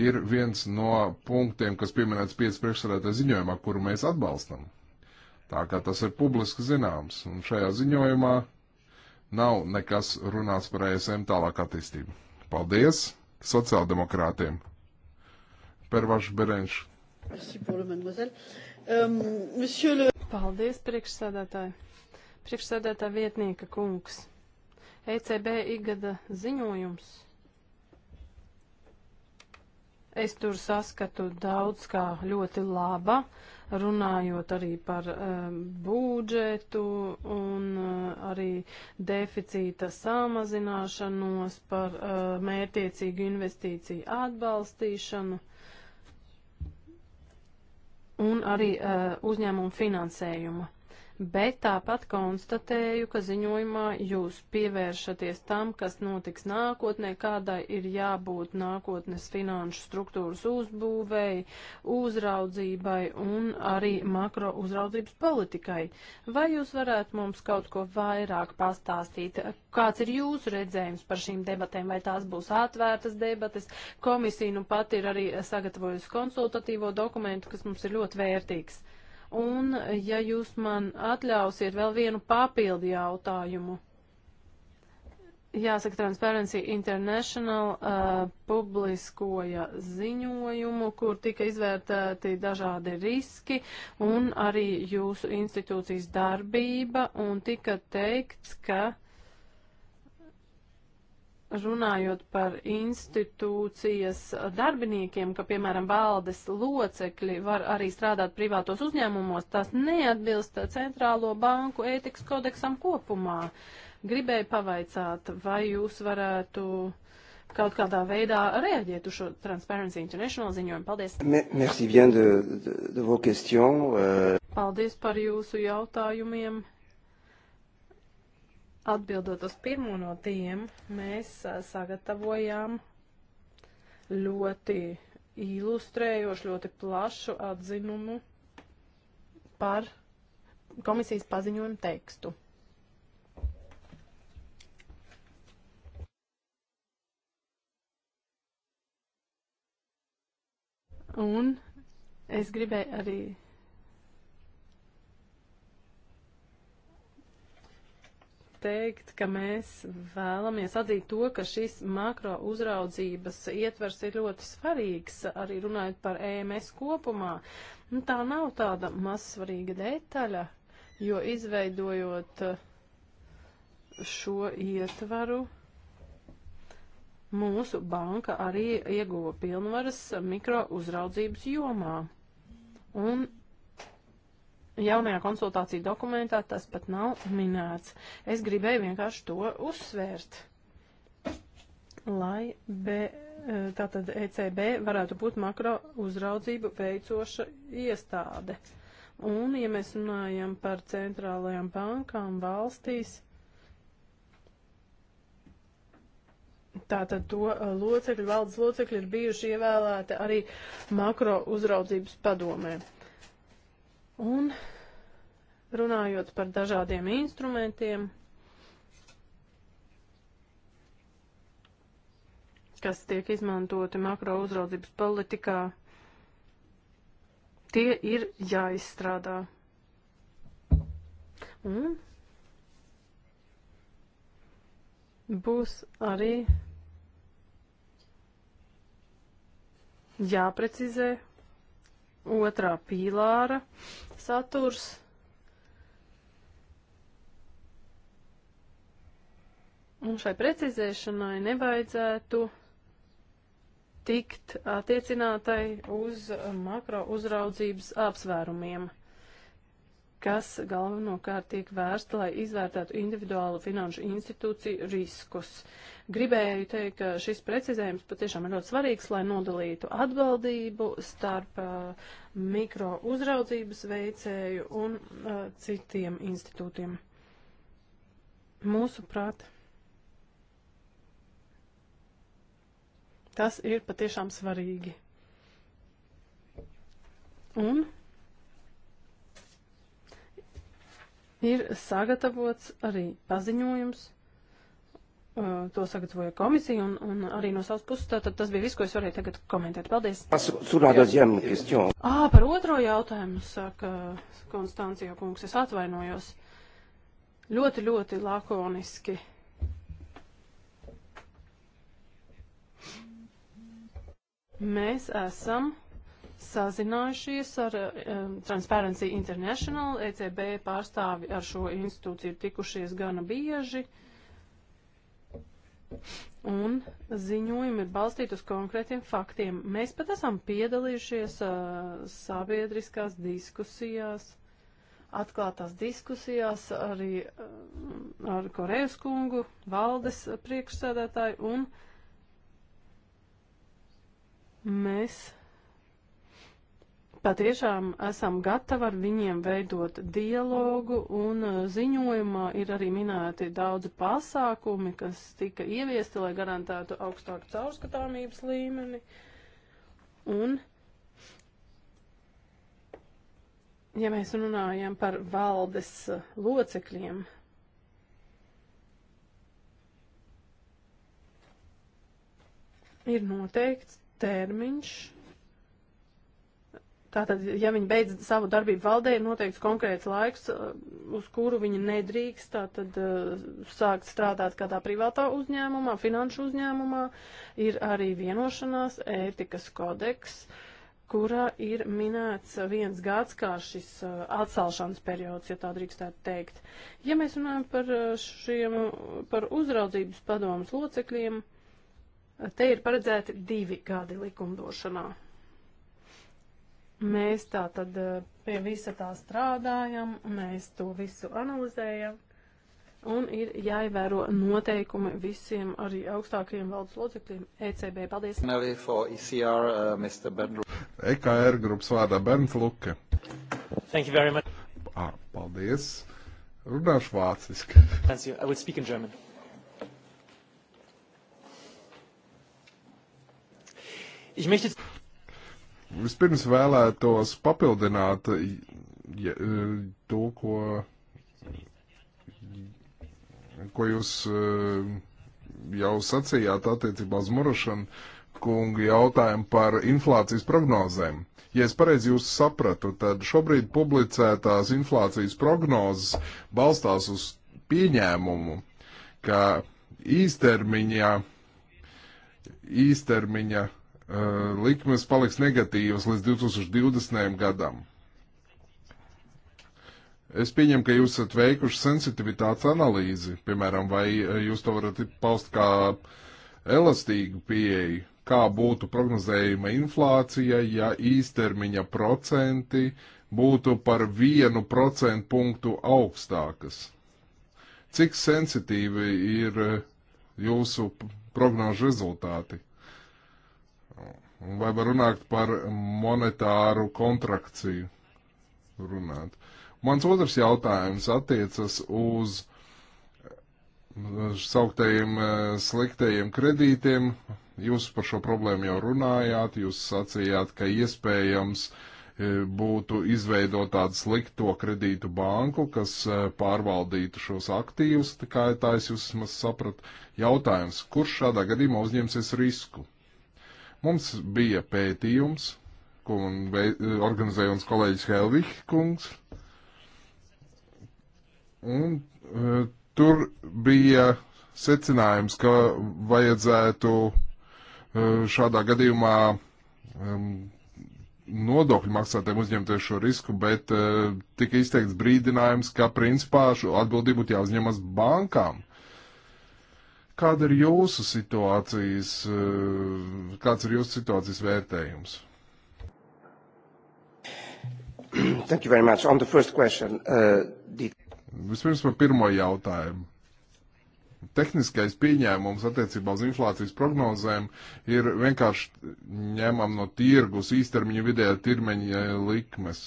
ir viens no punktiem, kas pieminēts 5 priekšsarētā ziņojumā, kuru mēs atbalstam tā kā tas ir publiski zināms. Un šajā ziņojumā nav nekas runāts par ESM tālāk attīstību. Paldies sociāldemokrātiem! Pervaš Berenš. Euh, Paldies, priekšsēdētāji. Priekšsēdētāja vietnieka kungs. ECB igada ziņojums. Es tur saskatu daudz kā ļoti laba. Uh, runājot arī par um, budžetu un uh, arī deficīta samazināšanos, par uh, mērtiecīgu investīciju atbalstīšanu un arī uh, uzņēmumu finansējumu bet tāpat konstatēju, ka ziņojumā jūs pievēršaties tam, kas notiks nākotnē, kādai ir jābūt nākotnes finanšu struktūras uzbūvēji, uzraudzībai un arī makro uzraudzības politikai. Vai jūs varētu mums kaut ko vairāk pastāstīt? Kāds ir jūsu redzējums par šīm debatēm? Vai tās būs atvērtas debates? Komisija nu pat ir arī sagatavojusi konsultatīvo dokumentu, kas mums ir ļoti vērtīgs. Un, ja jūs man atļausiet vēl vienu papildu jautājumu. Jāsaka, Transparency International uh, publiskoja ziņojumu, kur tika izvērtēti dažādi riski un arī jūsu institūcijas darbība, un tika teikts, ka runājot par institūcijas darbiniekiem, ka, piemēram, valdes locekļi var arī strādāt privātos uzņēmumos, tas neatbilst centrālo banku ētikas kodeksam kopumā. Gribēju pavaicāt, vai jūs varētu kaut kādā veidā reaģēt uz šo Transparency International ziņojumu. Paldies! Merci bien de, de, de vos questions. Euh. Paldies par jūsu jautājumiem. Atbildot uz pirmo no tiem, mēs sagatavojām ļoti ilustrējošu, ļoti plašu atzinumu par komisijas paziņojumu tekstu. Un es gribēju arī teikt, ka mēs vēlamies atzīt to, ka šis makro uzraudzības ietvers ir ļoti svarīgs, arī runājot par EMS kopumā. Nu, tā nav tāda mazsvarīga detaļa, jo izveidojot uh, šo ietvaru, mūsu banka arī ieguva pilnvaras mikro uzraudzības jomā. Un Jaunajā konsultāciju dokumentā tas pat nav minēts. Es gribēju vienkārši to uzsvērt, lai be, tātad ECB varētu būt makro uzraudzību veicoša iestāde. Un, ja mēs runājam par centrālajām bankām valstīs, Tātad to e, locekļu, valdes locekļi ir bijuši ievēlēti arī makro uzraudzības padomē. Un runājot par dažādiem instrumentiem, kas tiek izmantoti makro uzraudzības politikā, tie ir jāizstrādā. Un būs arī jāprecizē otrā pīlāra saturs. Un šai precizēšanai nevajadzētu tikt attiecinātai uz makro uzraudzības apsvērumiem kas galvenokārt tiek vērsta, lai izvērtētu individuālu finanšu institūciju riskus. Gribēju teikt, ka šis precizējums patiešām ir ļoti svarīgs, lai nodalītu atbildību starp uh, mikro uzraudzības veicēju un uh, citiem institūtiem. Mūsuprāt, tas ir patiešām svarīgi. Un ir sagatavots arī paziņojums. Uh, to sagatavoja komisija un, un arī no savas puses. Tātad tas bija viss, ko es varēju tagad komentēt. Paldies. Ā, par otro jautājumu saka Konstancija kungs. Es atvainojos. Ļoti, ļoti lakoniski. Mēs esam sazinājušies ar um, Transparency International, ECB pārstāvi ar šo institūciju tikušies gana bieži. Un ziņojumi ir balstīti uz konkrētiem faktiem. Mēs pat esam piedalījušies uh, sabiedriskās diskusijās, atklātās diskusijās arī uh, ar Korejas kungu, valdes priekšsēdētāju, un mēs patiešām esam gatavi ar viņiem veidot dialogu, un uh, ziņojumā ir arī minēti daudzi pasākumi, kas tika ieviesti, lai garantētu augstāku caurskatāmības līmeni. Un, ja mēs runājam par valdes uh, locekļiem, ir noteikts termiņš Tātad, ja viņi beidz savu darbību valdē, ir noteikts konkrēts laiks, uh, uz kuru viņi nedrīkst tātad, uh, sākt strādāt kādā privātā uzņēmumā, finanšu uzņēmumā. Ir arī vienošanās ētikas kodeks, kurā ir minēts viens gads kā šis uh, atcelšanas periods, ja tā drīkstētu teikt. Ja mēs runājam par, šiem, par uzraudzības padomus locekļiem, te ir paredzēti divi gadi likumdošanā. Mēs tā tad eh, pie visa tā strādājam, mēs to visu analizējam, un ir jāievēro noteikumi visiem arī augstākajiem valdes locekļiem ECB. Paldies! ECR, e uh, EKR e grupas vārdā Bernts Luke. Thank you very much. À, ah, paldies! Runāšu vāciski. Thank you. I will speak in German. Ich möchte jetzt Vispirms vēlētos papildināt ja, e, to, ko, ko jūs e, jau sacījāt attiecībā uz Murašanu kungu jautājumu par inflācijas prognozēm. Ja es pareizi jūs sapratu, tad šobrīd publicētās inflācijas prognozes balstās uz pieņēmumu, ka īstermiņa, īstermiņa uh, Eh, likmes paliks negatīvas līdz 2020. gadam. Es pieņemu, ka jūs esat veikuši sensitivitātes analīzi, piemēram, vai eh, jūs to varat paust kā elastīgu pieeju, kā būtu prognozējuma inflācija, ja īstermiņa procenti būtu par vienu procentu punktu augstākas. Cik sensitīvi ir eh, jūsu prognožu rezultāti? Vai var runāt par monetāru kontrakciju? Runāt. Mans otrs jautājums attiecas uz sauktajiem eh, sliktajiem kredītiem. Jūs par šo problēmu jau runājāt, jūs sacījāt, ka iespējams eh, būtu izveidot tādu slikto kredītu banku, kas eh, pārvaldītu šos aktīvus, tā kā tā es jūs maz sapratu. Jautājums, kurš šādā gadījumā uzņemsies risku? Mums bija pētījums, ko organizēja mums kolēģis Helvih kungs, un e, tur bija secinājums, ka vajadzētu e, šādā gadījumā e, nodokļu maksātiem uzņemties šo risku, bet e, tika izteikts brīdinājums, ka principā šo atbildību būtu jāuzņemas bankām. Kāda ir jūsu situācijas, eh, kāds ir jūsu situācijas vērtējums? <clears throat> Thank you very much. On the first question, uh, did... Vispirms par pirmo jautājumu. Tehniskais pieņēmums attiecībā uz inflācijas prognozēm ir vienkārši ņemam no tirgus īstermiņa vidējā tirmeņa likmes.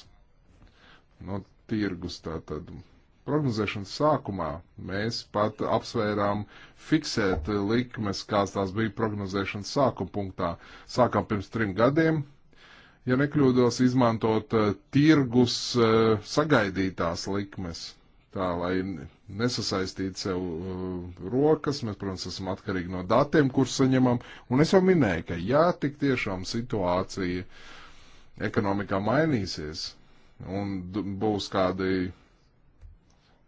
No tirgus tātad. Tā prognozēšanas sākumā mēs pat apsvērām fiksēt likmes, kāds tās bija prognozēšanas sākuma punktā. Sākām pirms trim gadiem, ja nekļūdos, izmantot eh, tirgus eh, sagaidītās likmes. Tā, lai nesasaistītu sev eh, rokas, mēs, protams, esam atkarīgi no datiem, kurus saņemam. Un es jau minēju, ka jā, tik tiešām situācija ekonomikā mainīsies un būs kādi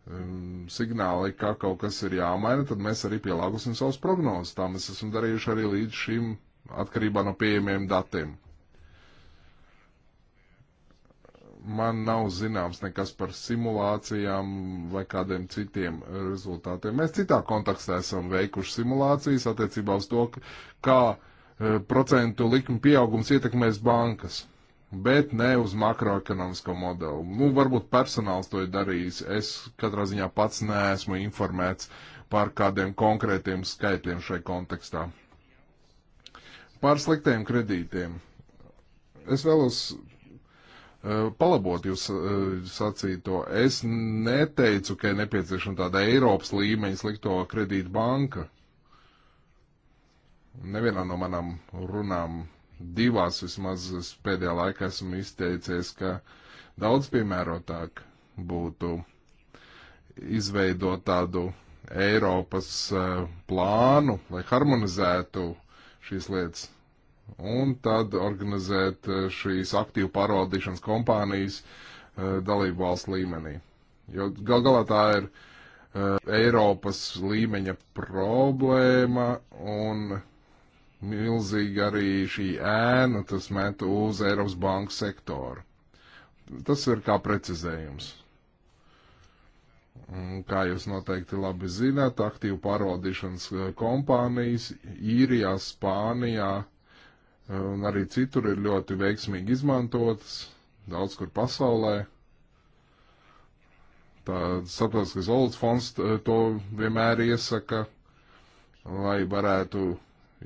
um, signāli, ka kaut kas ir jāmaina, tad mēs arī pielāgosim savus prognozes. Tā mēs esam darījuši arī līdz šim atkarībā no pieejamiem datiem. Man nav zināms nekas par simulācijām vai kādiem citiem rezultātiem. Mēs citā kontekstā esam veikuši simulācijas attiecībā uz to, kā eh, procentu likuma pieaugums ietekmēs bankas bet ne uz makroekonomisko modeli. Nu, varbūt personāls to ir darījis. Es katrā ziņā pats neesmu informēts par kādiem konkrētiem skaitļiem šai kontekstā. Par sliktiem kredītiem. Es vēlos eh, palabot jūs eh, sacīto. Es neteicu, ka ir nepieciešama tāda Eiropas līmeņa slikto kredītu banka. Nevienā no manām runām divās vismaz es pēdējā laikā esmu izteicies, ka daudz piemērotāk būtu izveidot tādu Eiropas eh, plānu, lai harmonizētu šīs lietas. Un tad organizēt eh, šīs aktīvu pārvaldīšanas kompānijas eh, dalību valsts līmenī. Jo gal galā tā ir Eiropas līmeņa problēma un milzīgi arī šī ēna, tas met uz Eiropas banku sektoru. Tas ir kā precizējums. Kā jūs noteikti labi zināt, aktīvu pārvaldīšanas uh, kompānijas īrijā, Spānijā uh, un arī citur ir ļoti veiksmīgi izmantotas, daudz kur pasaulē. Starptautiskais valodas fonds uh, to vienmēr iesaka, lai varētu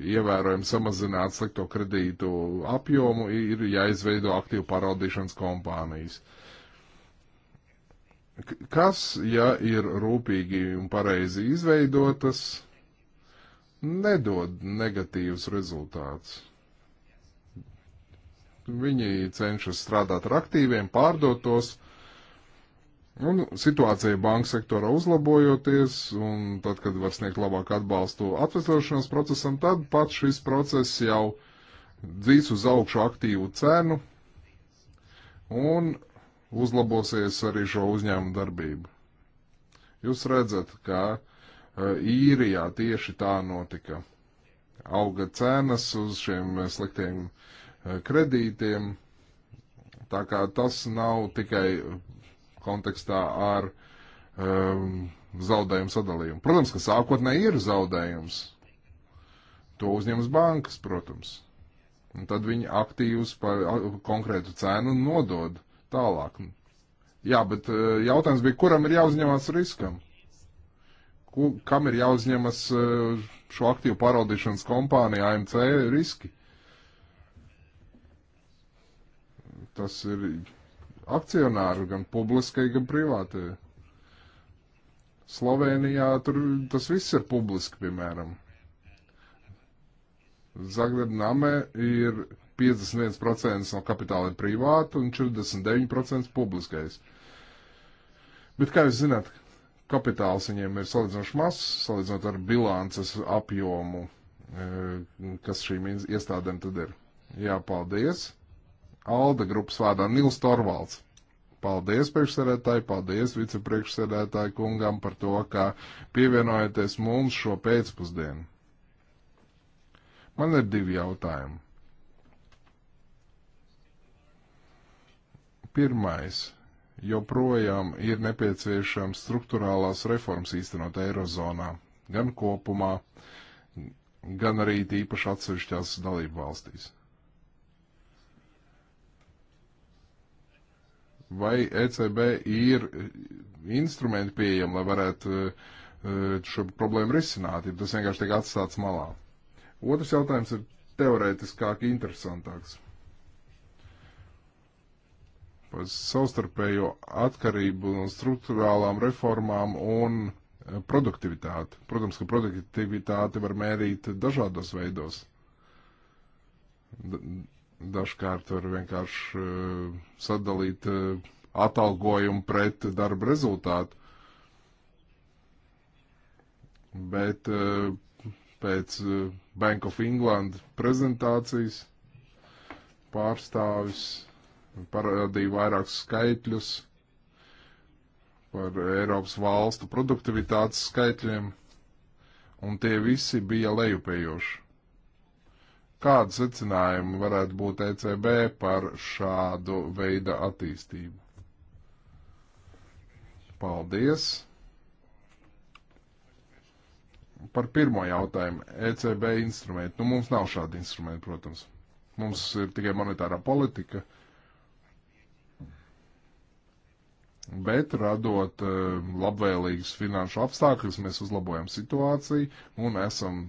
ievērojami samazināt slikto kredītu apjomu, ir jāizveido aktīvu pārvaldīšanas kompānijas. Kas, ja ir rūpīgi un pareizi izveidotas, nedod negatīvus rezultātus. Viņi cenšas strādāt ar aktīviem, pārdot tos, uh, Un situācija banka sektora uzlabojoties, un tad, kad var sniegt labāku atbalstu atvesošanas procesam, tad pat šis process jau dzīs uz augšu aktīvu cenu un uzlabosies arī šo uzņēmumu darbību. Jūs redzat, ka e, īrijā tieši tā notika. Auga cenas uz šiem sliktiem e, kredītiem, tā kā tas nav tikai kontekstā ar um, zaudējumu sadalījumu. Protams, ka sākotnēji ir zaudējums. To uzņemas bankas, protams. Un tad viņi aktīvus par konkrētu cenu nodod tālāk. Jā, bet uh, jautājums bija, kuram ir jāuzņemas riskam? Ku, kam ir jāuzņemas uh, šo aktīvu pārvaldīšanas kompāniju AMC riski? Tas ir akcionāru, gan publiskai, gan privātai. Slovenijā tur tas viss ir publiski, piemēram. Zagrebnamē ir 51% no kapitāla ir privāta un 49% publiskais. Bet kā jūs zināt, kapitāls viņiem ir salīdzinoši mazs, salīdzinot ar bilances apjomu, eh, kas šīm iestādēm tad ir. Jā, paldies! Alda grupas vārdā Nils Torvalds. Paldies priekšsēdētāji, paldies vicepriekšsēdētāji kungam par to, ka pievienojaties mums šo pēcpusdienu. Man ir divi jautājumi. Pirmais. Joprojām ir nepieciešams struktūrālās reformas īstenot Eirozonā, gan kopumā, gan arī tīpaši atsevišķās dalību valstīs. vai ECB ir instrumenti pieejami, lai varētu e, šo problēmu risināt, ja tas vienkārši tiek atstāts malā. Otrs jautājums ir teorētiskāk interesantāks. Par savstarpējo atkarību no struktūrālām reformām un e, produktivitāti. Protams, ka produktivitāti var mērīt dažādos veidos Dažkārt var vienkārši eh, sadalīt eh, atalgojumu pret darba rezultātu. Bet eh, pēc Bank of England prezentācijas pārstāvis parādīja vairākus skaitļus par Eiropas valstu produktivitātes skaitļiem, un tie visi bija lejupējoši. Kāda secinājuma varētu būt ECB par šādu veidu attīstību? Paldies! Par pirmo jautājumu e - ECB instrumenti. Nu, mums nav šādi instrumenti, protams. Mums ir tikai monetārā politika. Bet radot eh, labvēlīgus finanšu apstākļus, mēs uzlabojam situāciju un esam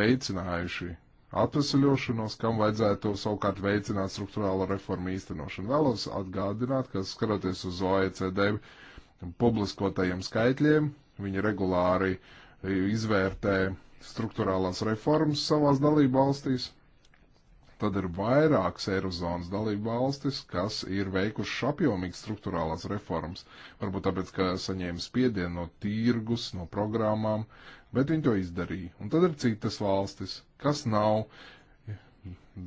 veicinājuši atvesaļošanos, kam vajadzētu savukārt veicināt struktūrālo reformu īstenošanu. Vēlos atgādināt, ka skatoties uz OECD publiskotajiem skaitļiem, viņi regulāri izvērtē struktūrālās reformas savās dalību valstīs, tad ir vairākas Eirozonas dalību valstis, kas ir veikušas apjomīgas struktūrālās reformas. Varbūt tāpēc, ka saņēma spiedienu no tirgus, no programmām, bet viņi to izdarīja. Un tad ir citas valstis, kas nav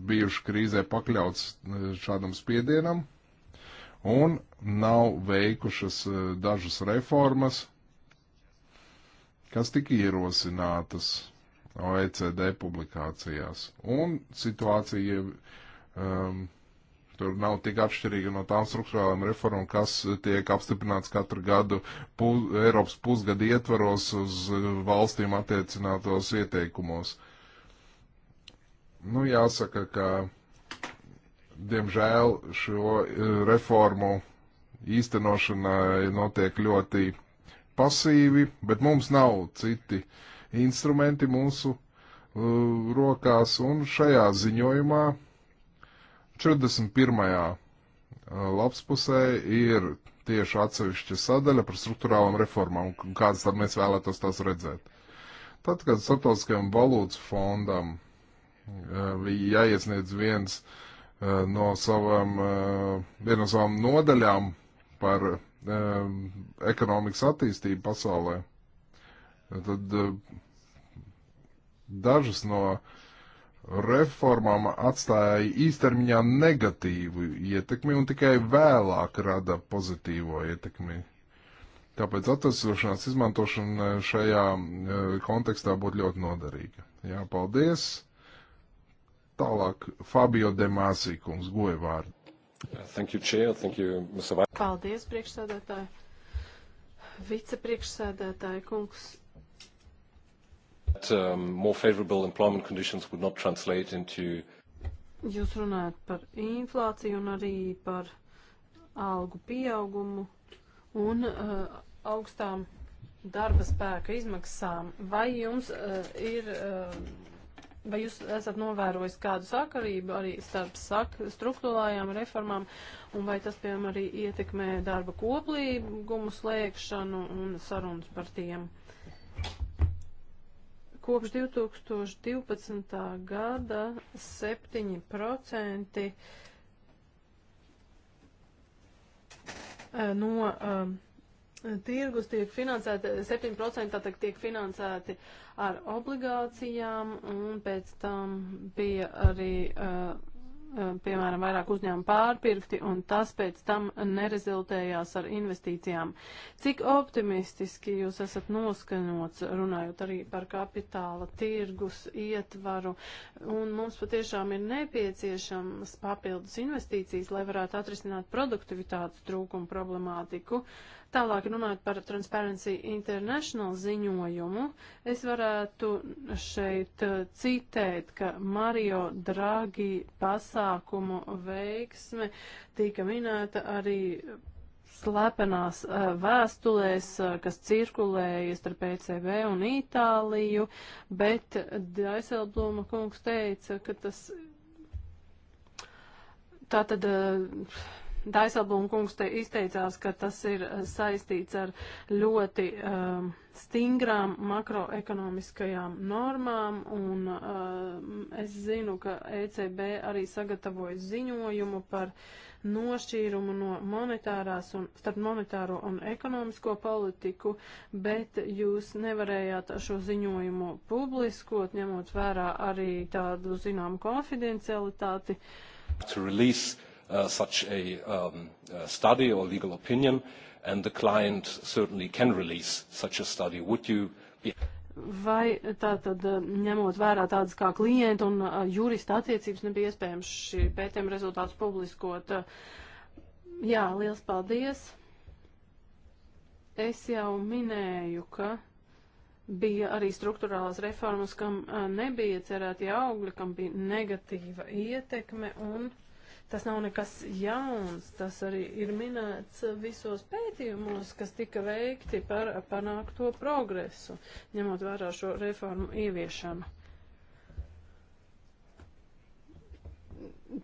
bijuši krīzē pakļauts e, šādam spiedienam un nav veikušas e, dažas reformas, kas tika ierosinātas OECD publikācijās. Un situācija um, tur nav tik atšķirīga no tām struktūrālām reformām, kas tiek apstiprināts katru gadu pu Eiropas pusgada ietvaros uz uh, valstīm attiecinātos ieteikumos. Nu, jāsaka, ka diemžēl šo uh, reformu īstenošana notiek ļoti pasīvi, bet mums nav citi uh, instrumenti mūsu uh, rokās, un šajā ziņojumā 41. Uh, lapspusē ir tieši atsevišķa sadaļa par struktūrālām reformām, un kādas tad mēs vēlētos tās redzēt. Tad, kad starptautiskajam valūtas fondam bija uh, jāiesniedz viens uh, no savām, viena no savām nodaļām par ekonomikas attīstību pasaulē, Tad eh, dažas no reformām atstāja īstermiņā negatīvu ietekmi un tikai vēlāk rada pozitīvo ietekmi. Tāpēc atvesošanās izmantošana šajā eh, kontekstā būtu ļoti noderīga. Jā, paldies. Tālāk Fabio De Māsī, kungs, goja vārdu. Thank you, Chair. Thank you, Mr. Vice. Paldies, priekšsēdētāji. Vicepriekšsēdētāji, kungs, That, um, more favorable employment conditions would not translate into. Jūs runājat par inflāciju un arī par algu pieaugumu un uh, augstām darba spēka izmaksām. Vai jums uh, ir, uh, vai jūs esat novērojis kādu sakarību arī starp sak struktūrālajām reformām, un vai tas, piemēram, arī ietekmē darba koplīgumu slēgšanu un sarunas par tiem? Kopš 2012. gada 7% eh, no um, tirgus tiek finansēti, 7% tātad tiek finansēti ar obligācijām, un pēc tam bija arī uh, Eh, piemēram, vairāk uzņēmumu pārpirkti, un tas pēc tam nerezultējās ar investīcijām. Cik optimistiski jūs esat noskaņots, runājot arī par kapitāla tirgus ietvaru, un mums patiešām ir nepieciešams papildus investīcijas, lai varētu atrisināt produktivitātes trūkumu problemātiku. Uh, Tālāk runājot par Transparency International ziņojumu, es varētu šeit uh, citēt, ka Mario Draghi pasākumu veiksme tika minēta arī slepenās uh, vēstulēs, uh, kas cirkulēja starp ECB un Itāliju, bet Daiselblūma kungs teica, ka tas tātad Daisalblūma kungs te izteicās, ka tas ir eh, saistīts ar ļoti um, stingrām makroekonomiskajām normām, un um, es zinu, ka ECB arī sagatavoja ziņojumu par nošķīrumu no monetārās un starp monetāro un ekonomisko politiku, bet jūs nevarējāt šo ziņojumu publiskot, ņemot vērā arī tādu zināmu konfidencialitāti. To release uh, such a um, uh, study or legal opinion, and the client certainly can release such a study. Would you be... Vai tātad uh, ņemot vērā tādas kā klienta un uh, jurista attiecības nebija iespējams šī pētījuma rezultātus publiskot? Uh, jā, liels paldies. Es jau minēju, ka bija arī struktūrālās reformas, kam uh, nebija cerēti augļi, kam bija negatīva ietekme, un Tas nav nekas jauns, tas arī ir minēts visos pētījumos, kas tika veikti par panākto progresu, ņemot vērā šo reformu ieviešanu.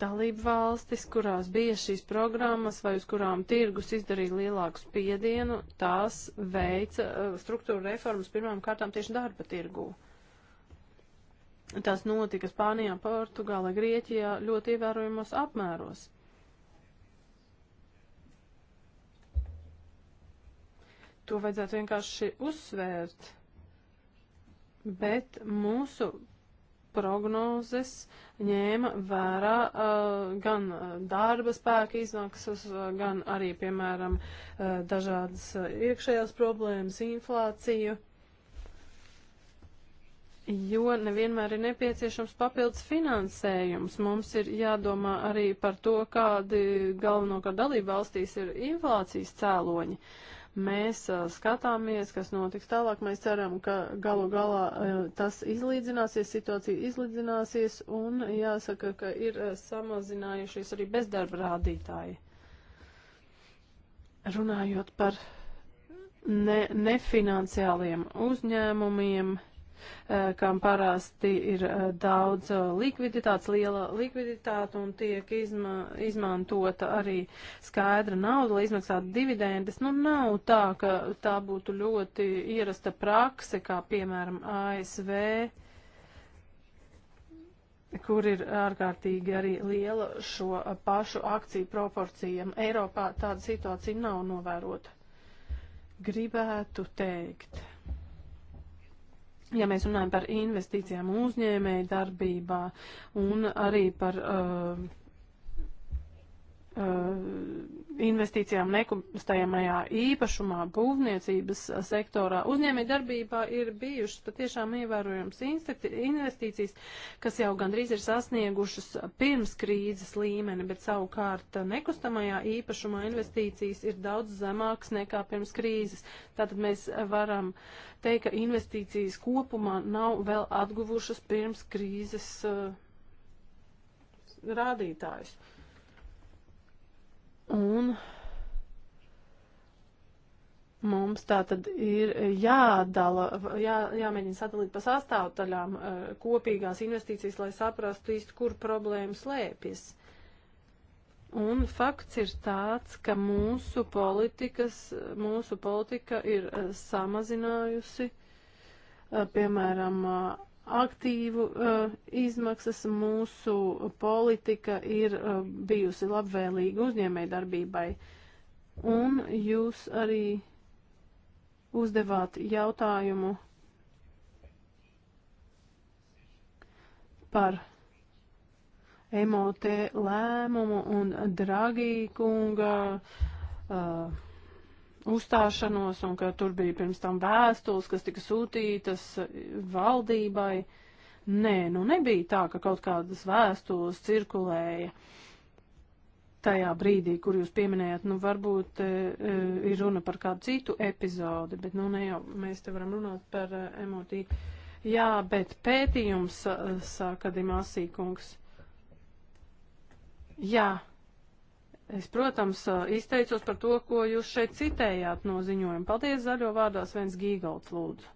dalību valstis, kurās bija šīs programmas vai uz kurām tirgus izdarīja lielāku spiedienu, tās veica uh, struktūra reformas pirmām kārtām tieši darba tirgū. Uh, Tas notika Spānijā, Portugālē, Grieķijā ļoti ievērojamos apmēros. To vajadzētu vienkārši uzsvērt, bet mūsu prognozes ņēma vērā uh, gan uh, darba spēka izmaksas, uh, gan arī, piemēram, uh, dažādas uh, iekšējās problēmas, inflāciju jo nevienmēr ir nepieciešams papildus finansējums. Mums ir jādomā arī par to, kādi galvenokārt dalība valstīs ir inflācijas cēloņi. Mēs a, skatāmies, kas notiks tālāk. Mēs ceram, ka galu galā a, tas izlīdzināsies, situācija izlīdzināsies un jāsaka, ka ir a, samazinājušies arī bezdarba rādītāji. Runājot par ne, nefinanciāliem uzņēmumiem, Eh, kam parasti ir eh, daudz eh, likviditātes, liela likviditāte un tiek izma, izmantota arī skaidra nauda, lai izmaksātu dividendes. Nu, nav tā, ka tā būtu ļoti ierasta prakse, kā piemēram ASV kur ir ārkārtīgi arī liela šo pašu akciju proporcijam. Eiropā tāda situācija nav novērota. Gribētu teikt, ja mēs runājam par investīcijām uzņēmēju darbībā un arī par uh, Uh, investīcijām nekustajamajā īpašumā, būvniecības sektorā. Uzņēmē darbībā ir bijušas patiešām ievērojams investīcijas, kas jau gandrīz ir sasniegušas pirms krīzes līmeni, bet savukārt nekustamajā īpašumā investīcijas ir daudz zemākas nekā pirms krīzes. Tātad mēs varam teikt, ka investīcijas kopumā nav vēl atguvušas pirms krīzes uh, rādītājus. Uh, Un mums tā tad ir jādala, jā, jāmēģina sadalīt pa sastāvdaļām eh, kopīgās investīcijas, lai saprastu īsti, kur problēma slēpjas. Un fakts ir tāds, ka mūsu, politikas, mūsu politika ir eh, samazinājusi, eh, piemēram, aktīvu uh, izmaksas mūsu politika ir uh, bijusi labvēlīga uzņēmējdarbībai. Un jūs arī uzdevāt jautājumu par MOT lēmumu un Dragī kunga uh, uzstāšanos un ka tur bija pirms tam vēstules, kas tika sūtītas valdībai. Nē, nu nebija tā, ka kaut kādas vēstules cirkulēja tajā brīdī, kur jūs pieminējāt, nu varbūt e, e ir runa par kādu citu epizodi, bet nu ne jau mēs te varam runāt par e, emotīvu. Jā, bet pētījums, e, saka Dimasīkungs. Jā. Es, protams, izteicos par to, ko jūs šeit citējāt no ziņojuma. Paldies zaļo vārdā Svens Gīgalds lūdzu.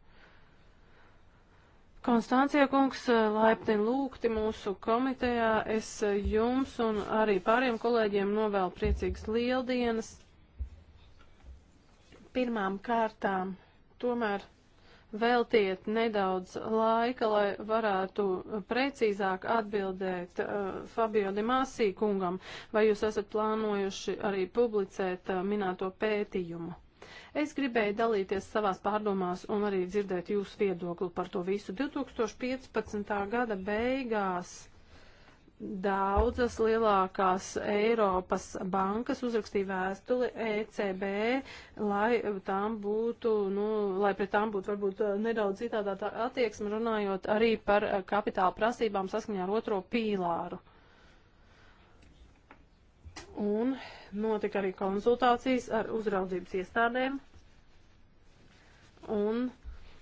Konstancija kungs, laipni lūgti mūsu komitejā. Es jums un arī pāriem kolēģiem novēlu priecīgas lieldienas. Pirmām kārtām tomēr veltiet nedaudz laika, lai varētu precīzāk atbildēt uh, Fabio de Masī kungam, vai jūs esat plānojuši arī publicēt uh, minēto pētījumu. Es gribēju dalīties savās pārdomās un arī dzirdēt jūsu viedokli par to visu. 2015. gada beigās Daudzas lielākās Eiropas bankas uzrakstīja vēstuli ECB, lai tām būtu, nu, lai pret tām būtu varbūt eh, nedaudz citādā attieksme runājot arī par eh, kapitāla prasībām saskaņā ar otro pīlāru. Un notika arī konsultācijas ar uzraudzības iestādēm. Un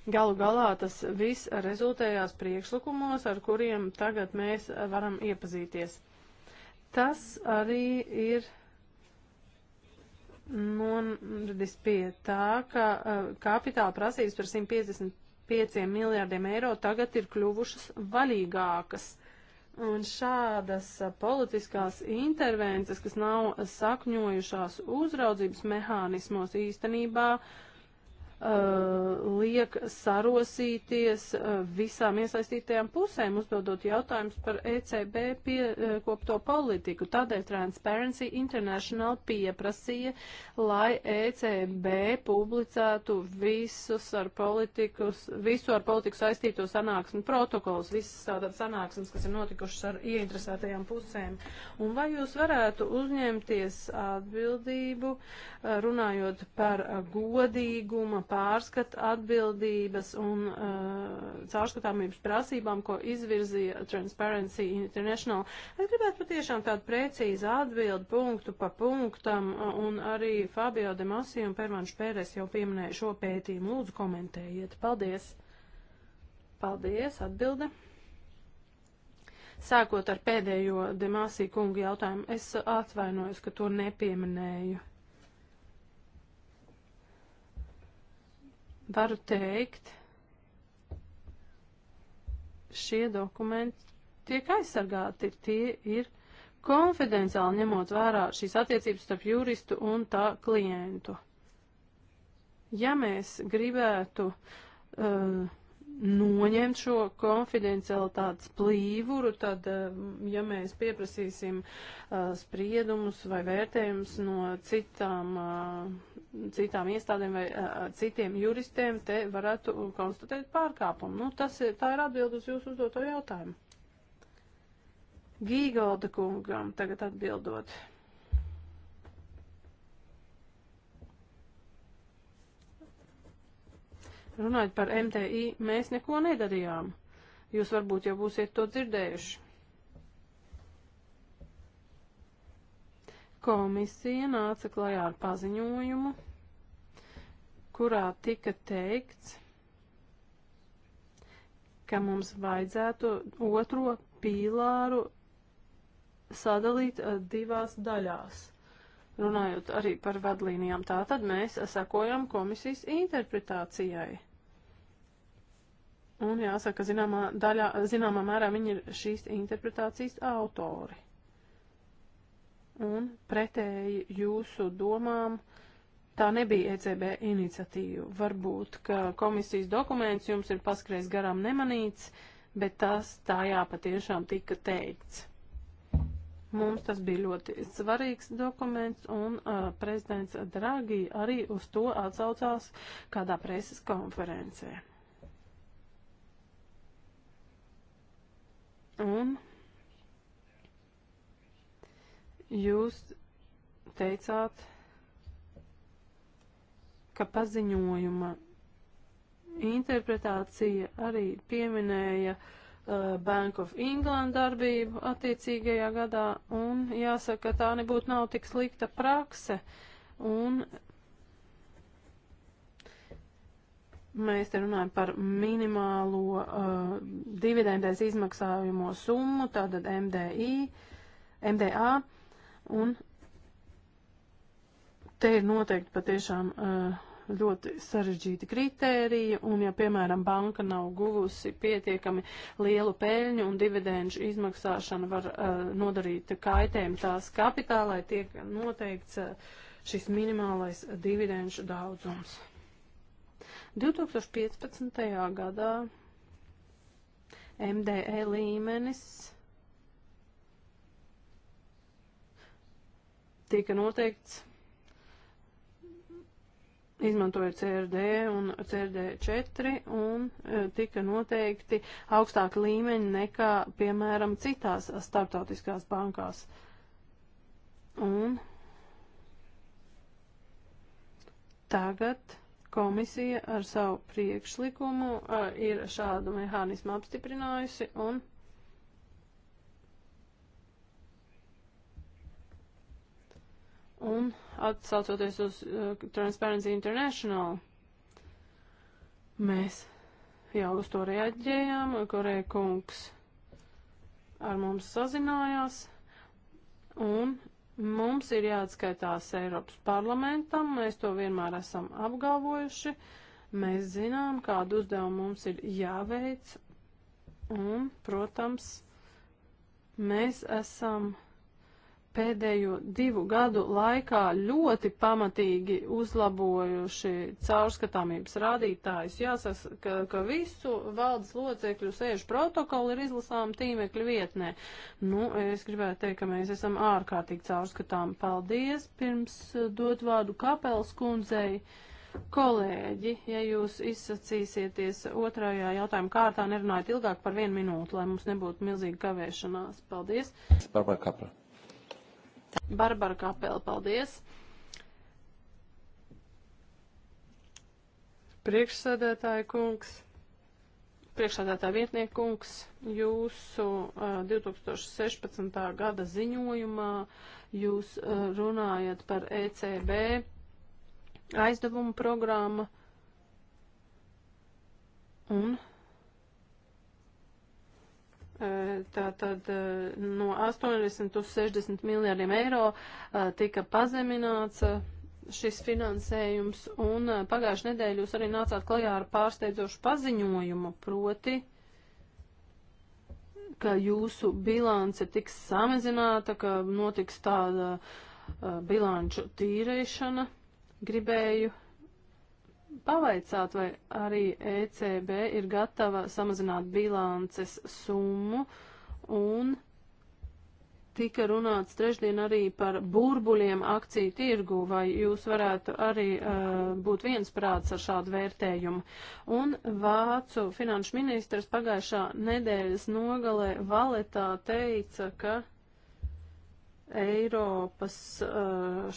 Galu galā tas viss rezultējās priekšlikumos, ar kuriem tagad mēs varam iepazīties. Tas arī ir novedis pie tā, ka uh, kapitāla prasības par 155 miljārdiem eiro tagad ir kļuvušas vaļīgākas. Un šādas uh, politiskās intervences, kas nav sakņojušās uzraudzības mehānismos īstenībā, uh, Uh, liek sarosīties uh, visām iesaistītajām pusēm, uzdodot jautājumus par ECB piekopto uh, politiku. Tādēļ Transparency International pieprasīja, lai ECB publicētu visus ar politikus, visu ar politiku saistīto sanāksmu protokolus, visas tātad sanāksmes, kas ir notikušas ar ieinteresētajām pusēm. Un vai jūs varētu uzņemties atbildību, runājot par godīguma pārskata atbildības un uh, caurskatāmības prasībām, ko izvirzīja Transparency International. Es gribētu patiešām tādu precīzu atbildi punktu pa punktam, eh, un arī Fabio de Masi un Pervanš Pēres jau pieminēja šo pētījumu. Lūdzu, komentējiet. Paldies! Paldies, atbilde! Sākot ar pēdējo Demasī kunga jautājumu, es atvainojos, ka to nepieminēju. Varu teikt, šie dokumenti tiek aizsargāti, tie ir konfidenciāli ņemot vērā šīs attiecības starp juristu un tā klientu. Ja mēs gribētu uh, noņemt šo konfidencialitātes plīvuru, tad, eh, ja mēs pieprasīsim uh, spriedumus vai vērtējumus no citām, uh, citām iestādēm vai uh, citiem juristiem, te varētu konstatēt pārkāpumu. Nu, tas ir, tā ir atbild uz jūsu uzdoto jautājumu. Gīgolda kungam tagad atbildot. Runājot par MTI, mēs neko nedarījām. Jūs varbūt jau būsiet to dzirdējuši. Komisija nāca klajā ar paziņojumu, kurā tika teikts, ka mums vajadzētu otro pīlāru sadalīt eh, divās daļās. Runājot arī par vadlīnijām, tā tad mēs sakojam komisijas interpretācijai. Un jāsaka, zināmā, daļā, zināmā mērā viņi ir šīs interpretācijas autori. Un pretēji jūsu domām tā nebija ECB iniciatīva. Varbūt, ka komisijas dokuments jums ir paskrējis garām nemanīts, bet tas tā jā patiešām tika teikts. Mums tas bija ļoti svarīgs dokuments, un uh, prezidents Dragi arī uz to atsaucās kādā preses konferencē. Un jūs teicāt, ka paziņojuma interpretācija arī pieminēja uh, Bank of England darbību attiecīgajā gadā, un jāsaka, tā nebūtu nav tik slikta prakse, un Mēs te runājam par minimālo uh, dividendēs izmaksājumu summu, tātad MDI, MDA, un te ir noteikti patiešām uh, ļoti sarežģīti kritēriji, un ja, piemēram, banka nav guvusi pietiekami lielu peļņu un dividendžu izmaksāšana var uh, nodarīt kaitējumu tās kapitālai, tiek noteikts uh, šis minimālais dividendžu daudzums. 2015. gadā MDE līmenis tika noteikts izmantoja CRD un CRD4 un e, tika noteikti augstāki līmeņi nekā, piemēram, citās starptautiskās bankās. Un tagad Komisija ar savu priekšlikumu uh, ir šādu mehānismu apstiprinājusi un Un atsaucoties uz uh, Transparency International, mēs jau uz to reaģējām, Koreja kungs ar mums sazinājās, un Mums ir jāatskaitās Eiropas parlamentam, mēs to vienmēr esam apgalvojuši, mēs zinām, kādu uzdevumu mums ir jāveic, un, protams, mēs esam pēdējo divu gadu laikā ļoti pamatīgi uzlabojuši caurskatāmības rādītājus. Jāsaka, ka, ka visu valdes locekļu sēžu protokolu ir izlasām tīmekļa vietnē. Nu, es gribētu teikt, ka mēs esam ārkārtīgi caurskatām. Paldies! Pirms eh, dot vārdu kapels kundzei. Kolēģi, ja jūs izsacīsieties otrajā jautājuma kārtā, nerunājiet ilgāk par vienu minūtu, lai mums nebūtu milzīga kavēšanās. Paldies! Barbara Kapra. Barbara Kapela, paldies! Priekšsēdētāja kungs, priekšsēdētāja vietnieka kungs, jūsu uh, 2016. gada ziņojumā jūs uh, runājat par ECB aizdevumu programmu un Tātad no 80 uz 60 miljārdiem eiro tika pazemināts šis finansējums, un pagājušajā nedēļā jūs arī nācāt klajā ar pārsteidzošu paziņojumu, proti, ka jūsu bilance tiks samazināta, ka notiks tāda bilanču tīrēšana. Gribēju pavaicāt, vai arī ECB ir gatava samazināt bilances summu un tika runāts trešdien arī par burbuļiem akciju tirgu, vai jūs varētu arī uh, būt viensprāts ar šādu vērtējumu. Un Vācu finanšu ministrs pagājušā nedēļas nogalē valetā teica, ka Eiropas eh,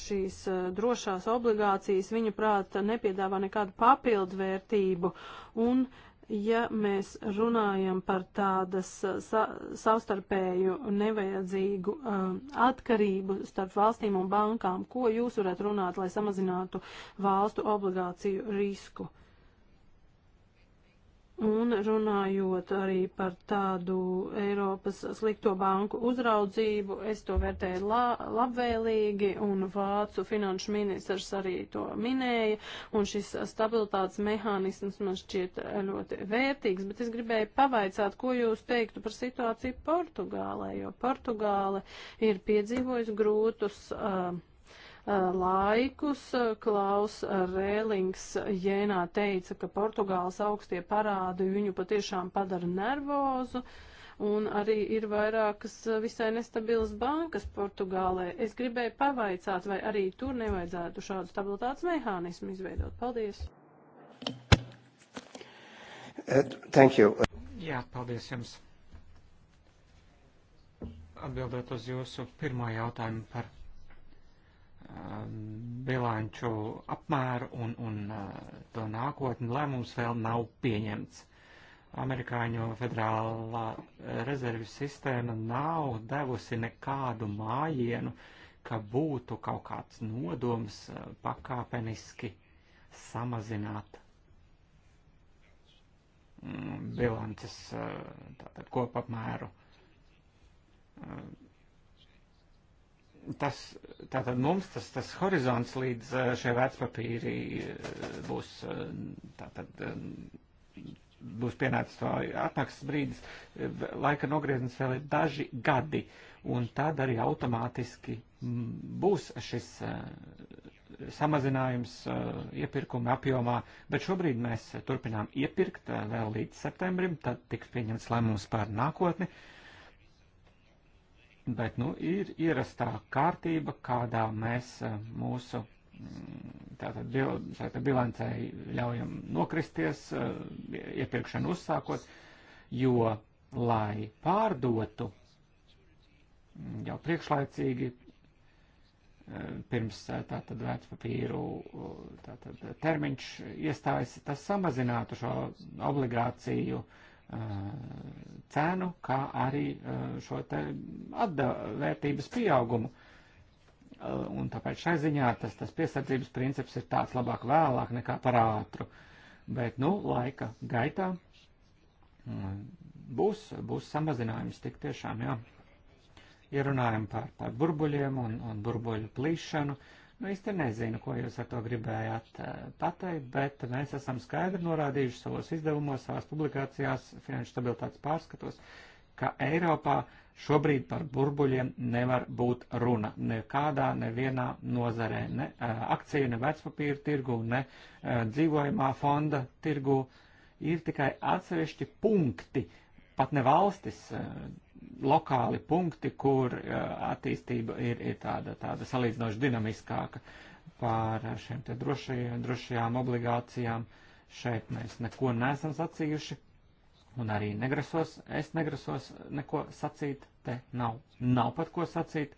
šīs eh, drošās obligācijas, viņa prāta, nepiedāvā nekādu papildvērtību. Un, ja mēs runājam par tādas eh, sa savstarpēju nevajadzīgu atkarību starp valstīm un bankām, ko jūs varētu runāt, lai samazinātu valstu obligāciju risku? Un runājot arī par tādu Eiropas slikto banku uzraudzību, es to vērtēju la labvēlīgi, un Vācu finanšu ministrs arī to minēja, un šis stabilitātes mehānisms man šķiet ļoti vērtīgs, bet es gribēju pavaicāt, ko jūs teiktu par situāciju Portugālē, jo Portugāle ir piedzīvojusi grūtus. Uh, Uh, laikus. Uh, Klaus Rēlings Jēnā teica, ka Portugāles augstie parādi viņu patiešām padara nervozu. Un arī ir vairākas uh, visai nestabilas bankas Portugālē. Es gribēju pavaicāt, vai arī tur nevajadzētu šādu stabilitātes mehānismu izveidot. Paldies! Thank you. Jā, paldies jums. Atbildot uz jūsu pirmo jautājumu par bilanču apmēru un, un to nākotni lēmums vēl nav pieņemts. Amerikāņu federālā rezerves sistēma nav devusi nekādu mājienu, ka būtu kaut kāds nodoms pakāpeniski samazināt bilances tātad kopapmēru tas, tātad mums tas, tas horizonts līdz eh, šie vecpapīri eh, būs, eh, tātad, būs pienācis to atmaksas brīdis, laika nogrieznis vēl ir daži gadi, un tad arī automātiski mm, būs šis samazinājums iepirkuma apjomā, bet šobrīd mēs turpinām iepirkt vēl līdz septembrim, tad tiks pieņemts lēmums par nākotni. Uh, Bet nu, ir ierastā kārtība, kādā mēs eh, mūsu mm, tātad, bil, tātad bilancē ļaujam nokristies, eh, iepirkšanu uzsākot, jo, lai pārdotu mm, jau priekšlaicīgi, eh, pirms tātad vērtspapīru tātad, termiņš iestājas, tas samazinātu šo obligāciju uh, cenu, kā arī šo te atdevērtības pieaugumu. Un tāpēc šai ziņā tas, tas piesardzības princips ir tāds labāk vēlāk nekā par ātru. Bet, nu, laika gaitā būs, būs samazinājums tik tiešām, jā. Ierunājam par, par burbuļiem un, un burbuļu plīšanu. Uh, Nu, īsti nezinu, ko jūs ar to gribējāt eh, pateikt, bet mēs esam skaidri norādījuši savos izdevumos, savās publikācijās, finanšu stabilitātes pārskatos, ka Eiropā šobrīd par burbuļiem nevar būt runa. Nekādā, nevienā nozarē, ne eh, akciju, ne vecpapīru tirgu, ne eh, dzīvojumā fonda tirgu. Ir tikai atsevišķi punkti, pat ne valstis, lokāli punkti, kur e, attīstība ir, ir tāda, tāda salīdzinoši dinamiskāka pār šiem te drošajām, drošajām obligācijām. Šeit mēs neko neesam sacījuši, un arī negrasos, es negrasos neko sacīt, te nav, nav pat ko sacīt.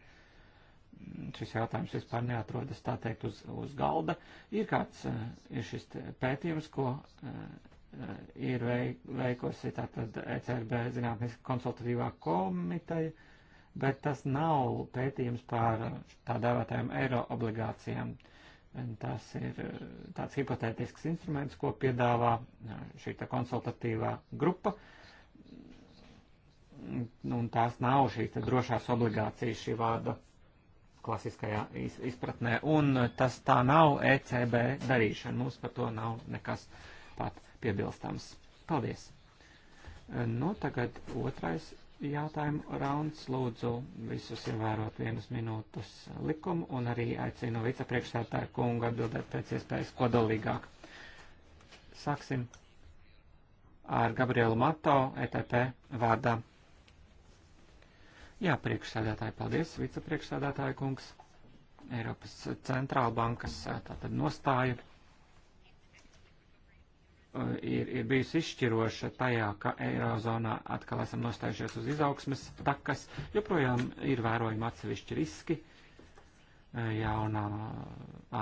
Šis jautājums vispār neatrodas, tā teikt, uz, uz galda. Ir kāds, e, ir šis pētījums, ko e, Eh, ir veikusi tātad ECRB zinātniska konsultatīvā komiteja, bet tas nav pētījums par tā dēvētajām eiro obligācijām. Tas ir eh, tāds hipotētisks instruments, ko piedāvā eh, šī konsultatīvā grupa. Un tās nav šīs drošās obligācijas šī vārda klasiskajā izpratnē. Un tas tā nav ECB darīšana. Mums par to nav nekas pat piebilstams. Paldies! E, nu, tagad otrais jautājumu rauns. Lūdzu visus ievērot vienas minūtes likumu un arī aicinu vicepriekšsētāju kungu atbildēt pēc iespējas kodolīgāk. Sāksim ar Gabrielu Mato, ETP vārdā. Jā, priekšsēdētāji, paldies, vicepriekšsēdētāji kungs, Eiropas centrālbankas tātad nostāju Eh, ir, ir bijusi izšķiroša tajā, ka Eirozonā atkal esam nostājušies uz izaugsmes takas, joprojām ir vērojami atsevišķi riski eh, jaunā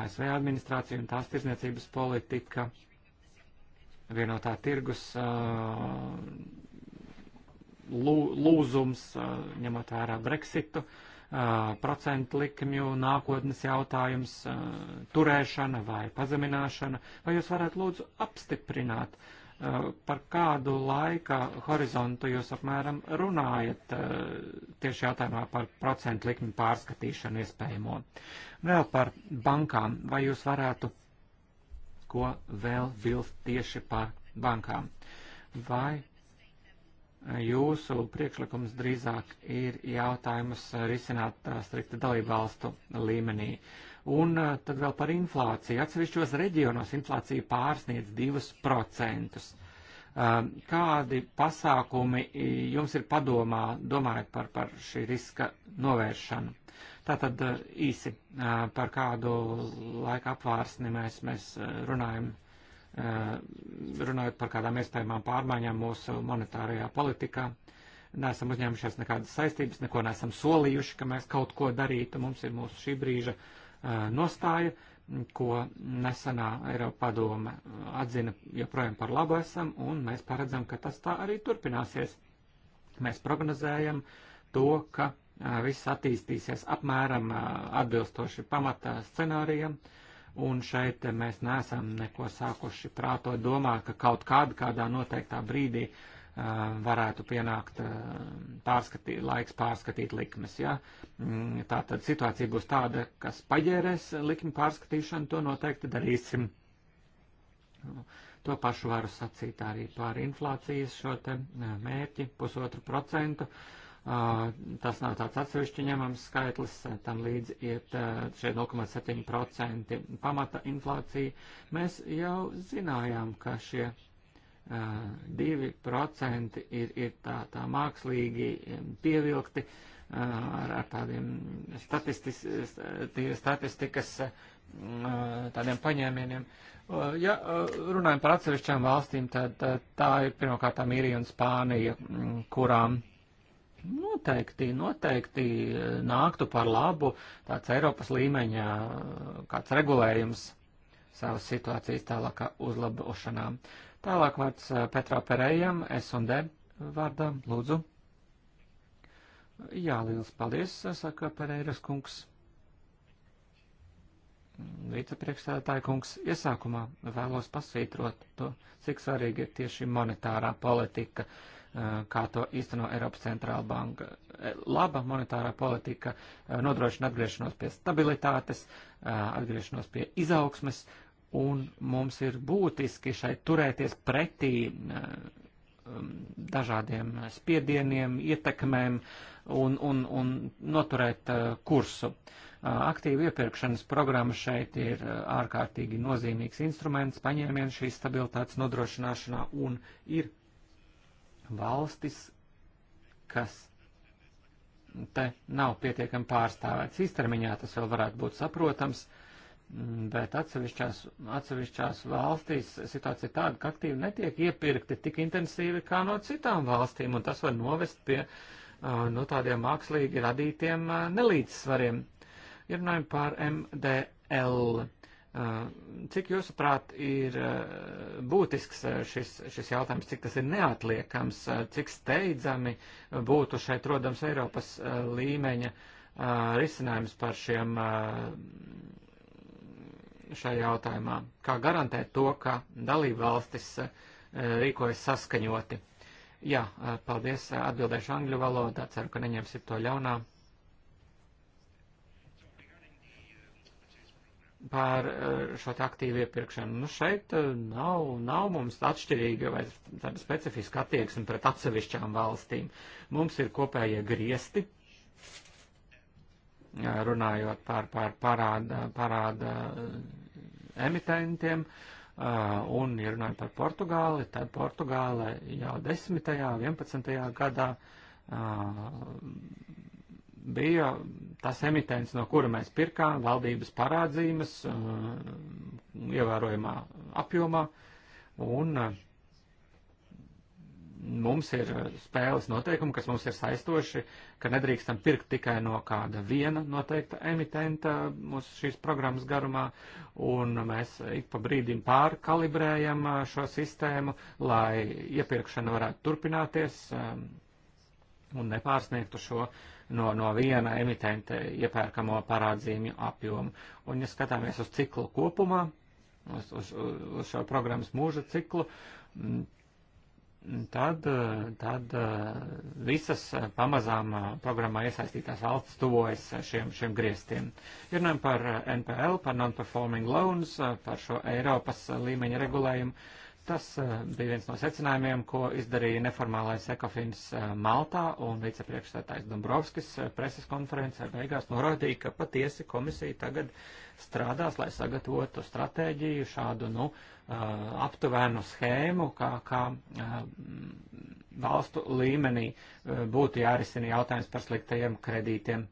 ASV administrācija un tās tirzniecības politika, vienotā tirgus eh, lūzums, ņemot vērā Brexitu. Uh, procentu likmju nākotnes jautājums, turēšana vai pazemināšana, vai jūs varētu lūdzu apstiprināt, par kādu laika horizontu jūs apmēram runājat tieši jautājumā par procentu likmi pārskatīšanu iespējamo. Vēl par bankām, vai jūs varētu ko vēl vilst tieši par bankām? Vai jūsu priekšlikums drīzāk ir jautājumus risināt strikta dalībvalstu līmenī. Un tad vēl par inflāciju. Atsevišķos reģionos inflācija pārsniedz 2%. Kādi pasākumi jums ir padomā, domājot par, par šī riska novēršanu? Tātad īsi par kādu laika apvārsni mēs, mēs runājam Eh, runājot par kādām iespējamām pārmaiņām mūsu monetārajā politikā. Nesam uzņēmušies nekādas saistības, neko nesam solījuši, ka mēs kaut ko darītu. Mums ir mūsu šī brīža eh, nostāja, ko nesenā Eiropa padome atzina joprojām par labu esam, un mēs paredzam, ka tas tā arī turpināsies. Mēs prognozējam to, ka eh, viss attīstīsies apmēram atbilstoši pamata scenārijam. Uh, Un šeit mēs neesam neko sākuši prātot domāt, ka kaut kādā, kādā noteiktā brīdī uh, varētu pienākt uh, pārskatīt, laiks pārskatīt likmes. Ja? Mm, tā tad situācija būs tāda, kas paģērēs likmi pārskatīšanu, to noteikti darīsim. To pašu varu sacīt arī par inflācijas šo te uh, mērķi, pusotru procentu. Uh, Tas nav tāds atsevišķi ņemams skaitlis, tam līdz iet šie 0,7% pamata inflācija. Mēs jau zinājām, ka šie 2% ir, ir tā, tā mākslīgi pievilkti ar, ar tādiem statistis, statistikas tādiem paņēmieniem. Ja runājam par atsevišķām valstīm, tad tā ir pirmkārt Irija un Spānija, kurām noteikti, noteikti eh, nāktu par labu tāds Eiropas līmeņa eh, kāds regulējums savas situācijas tālākā uzlabošanā. Tālāk vārds eh, Petrā Perējam, S&D vārdā, lūdzu. Jā, liels paldies, saka Pereiras kungs. Vicepriekšstādātāja kungs, iesākumā vēlos pasvītrot to, cik svarīgi ir tieši monetārā politika. Uh, Eh, kā to īsteno Eiropas centrāla banka. Eh, laba monetārā politika eh, nodrošina atgriešanos pie stabilitātes, atgriešanos pie izaugsmes, un mums ir būtiski šeit turēties pretī um, dažādiem spiedieniem, ietekmēm un, un, un noturēt kursu. Aktīvu iepirkšanas programma šeit ir ārkārtīgi nozīmīgs instruments paņēmienu šīs stabilitātes nodrošināšanā un ir valstis, kas te nav pietiekami pārstāvēts. Īstermiņā tas vēl varētu būt saprotams, bet atsevišķās, atsevišķās valstīs situācija ir tāda, ka aktīvi netiek iepirkti tik intensīvi kā no citām valstīm, un tas var novest pie no nu, tādiem mākslīgi radītiem nelīdzsvariem. Ir runājumi par MDL. Eh, cik jūsuprāt ir eh, būtisks eh, šis, šis jautājums, cik tas ir neatliekams, cik steidzami būtu šeit rodams Eiropas līmeņa risinājums par šiem šajā jautājumā? Kā garantēt to, ka dalība valstis rīkojas saskaņoti? Jā, paldies, atbildēšu angļu valodā, ceru, ka neņemsit to ļaunā. par eh, šo aktīvu iepirkšanu. Nu, šeit eh, nav, nav mums atšķirīga vai tāda specifiska attieksme pret atsevišķām valstīm. Mums ir kopējie griesti, eh, runājot par, par parāda, parāda emitentiem, un, ja runājam par Portugāli, tad Portugāle jau 10. un 11. gadā bija tas emitents, no kura mēs pirkām valdības parādzīmes uh, ievērojamā apjomā, un uh, mums ir spēles noteikumi, kas mums ir saistoši, ka nedrīkstam pirkt tikai no kāda viena noteikta emitenta mūsu šīs programmas garumā, un mēs ik pa brīdim pārkalibrējam uh, šo sistēmu, lai iepirkšana varētu turpināties um, un nepārsniegtu šo uh, no, no viena emitenta iepērkamo parādzīmju apjomu. Un, ja skatāmies uz ciklu kopumā, uz, uz, uz šo programmas mūža ciklu, tad, tad eh, visas eh, pamazām eh, programmā iesaistītās valsts tuvojas šiem, šiem grieztiem. Ir runājam par NPL, par non-performing loans, par šo Eiropas līmeņa regulējumu Tas eh, bija viens no secinājumiem, ko izdarīja neformālais ekofins eh, Maltā un vicepriekšsētājs Dombrovskis eh, preses konferencē beigās norādīja, ka patiesi komisija tagad strādās, lai sagatavotu stratēģiju šādu, nu, aptuvenu schēmu, kā, kā valstu līmenī būtu jārisina jautājums par sliktajiem kredītiem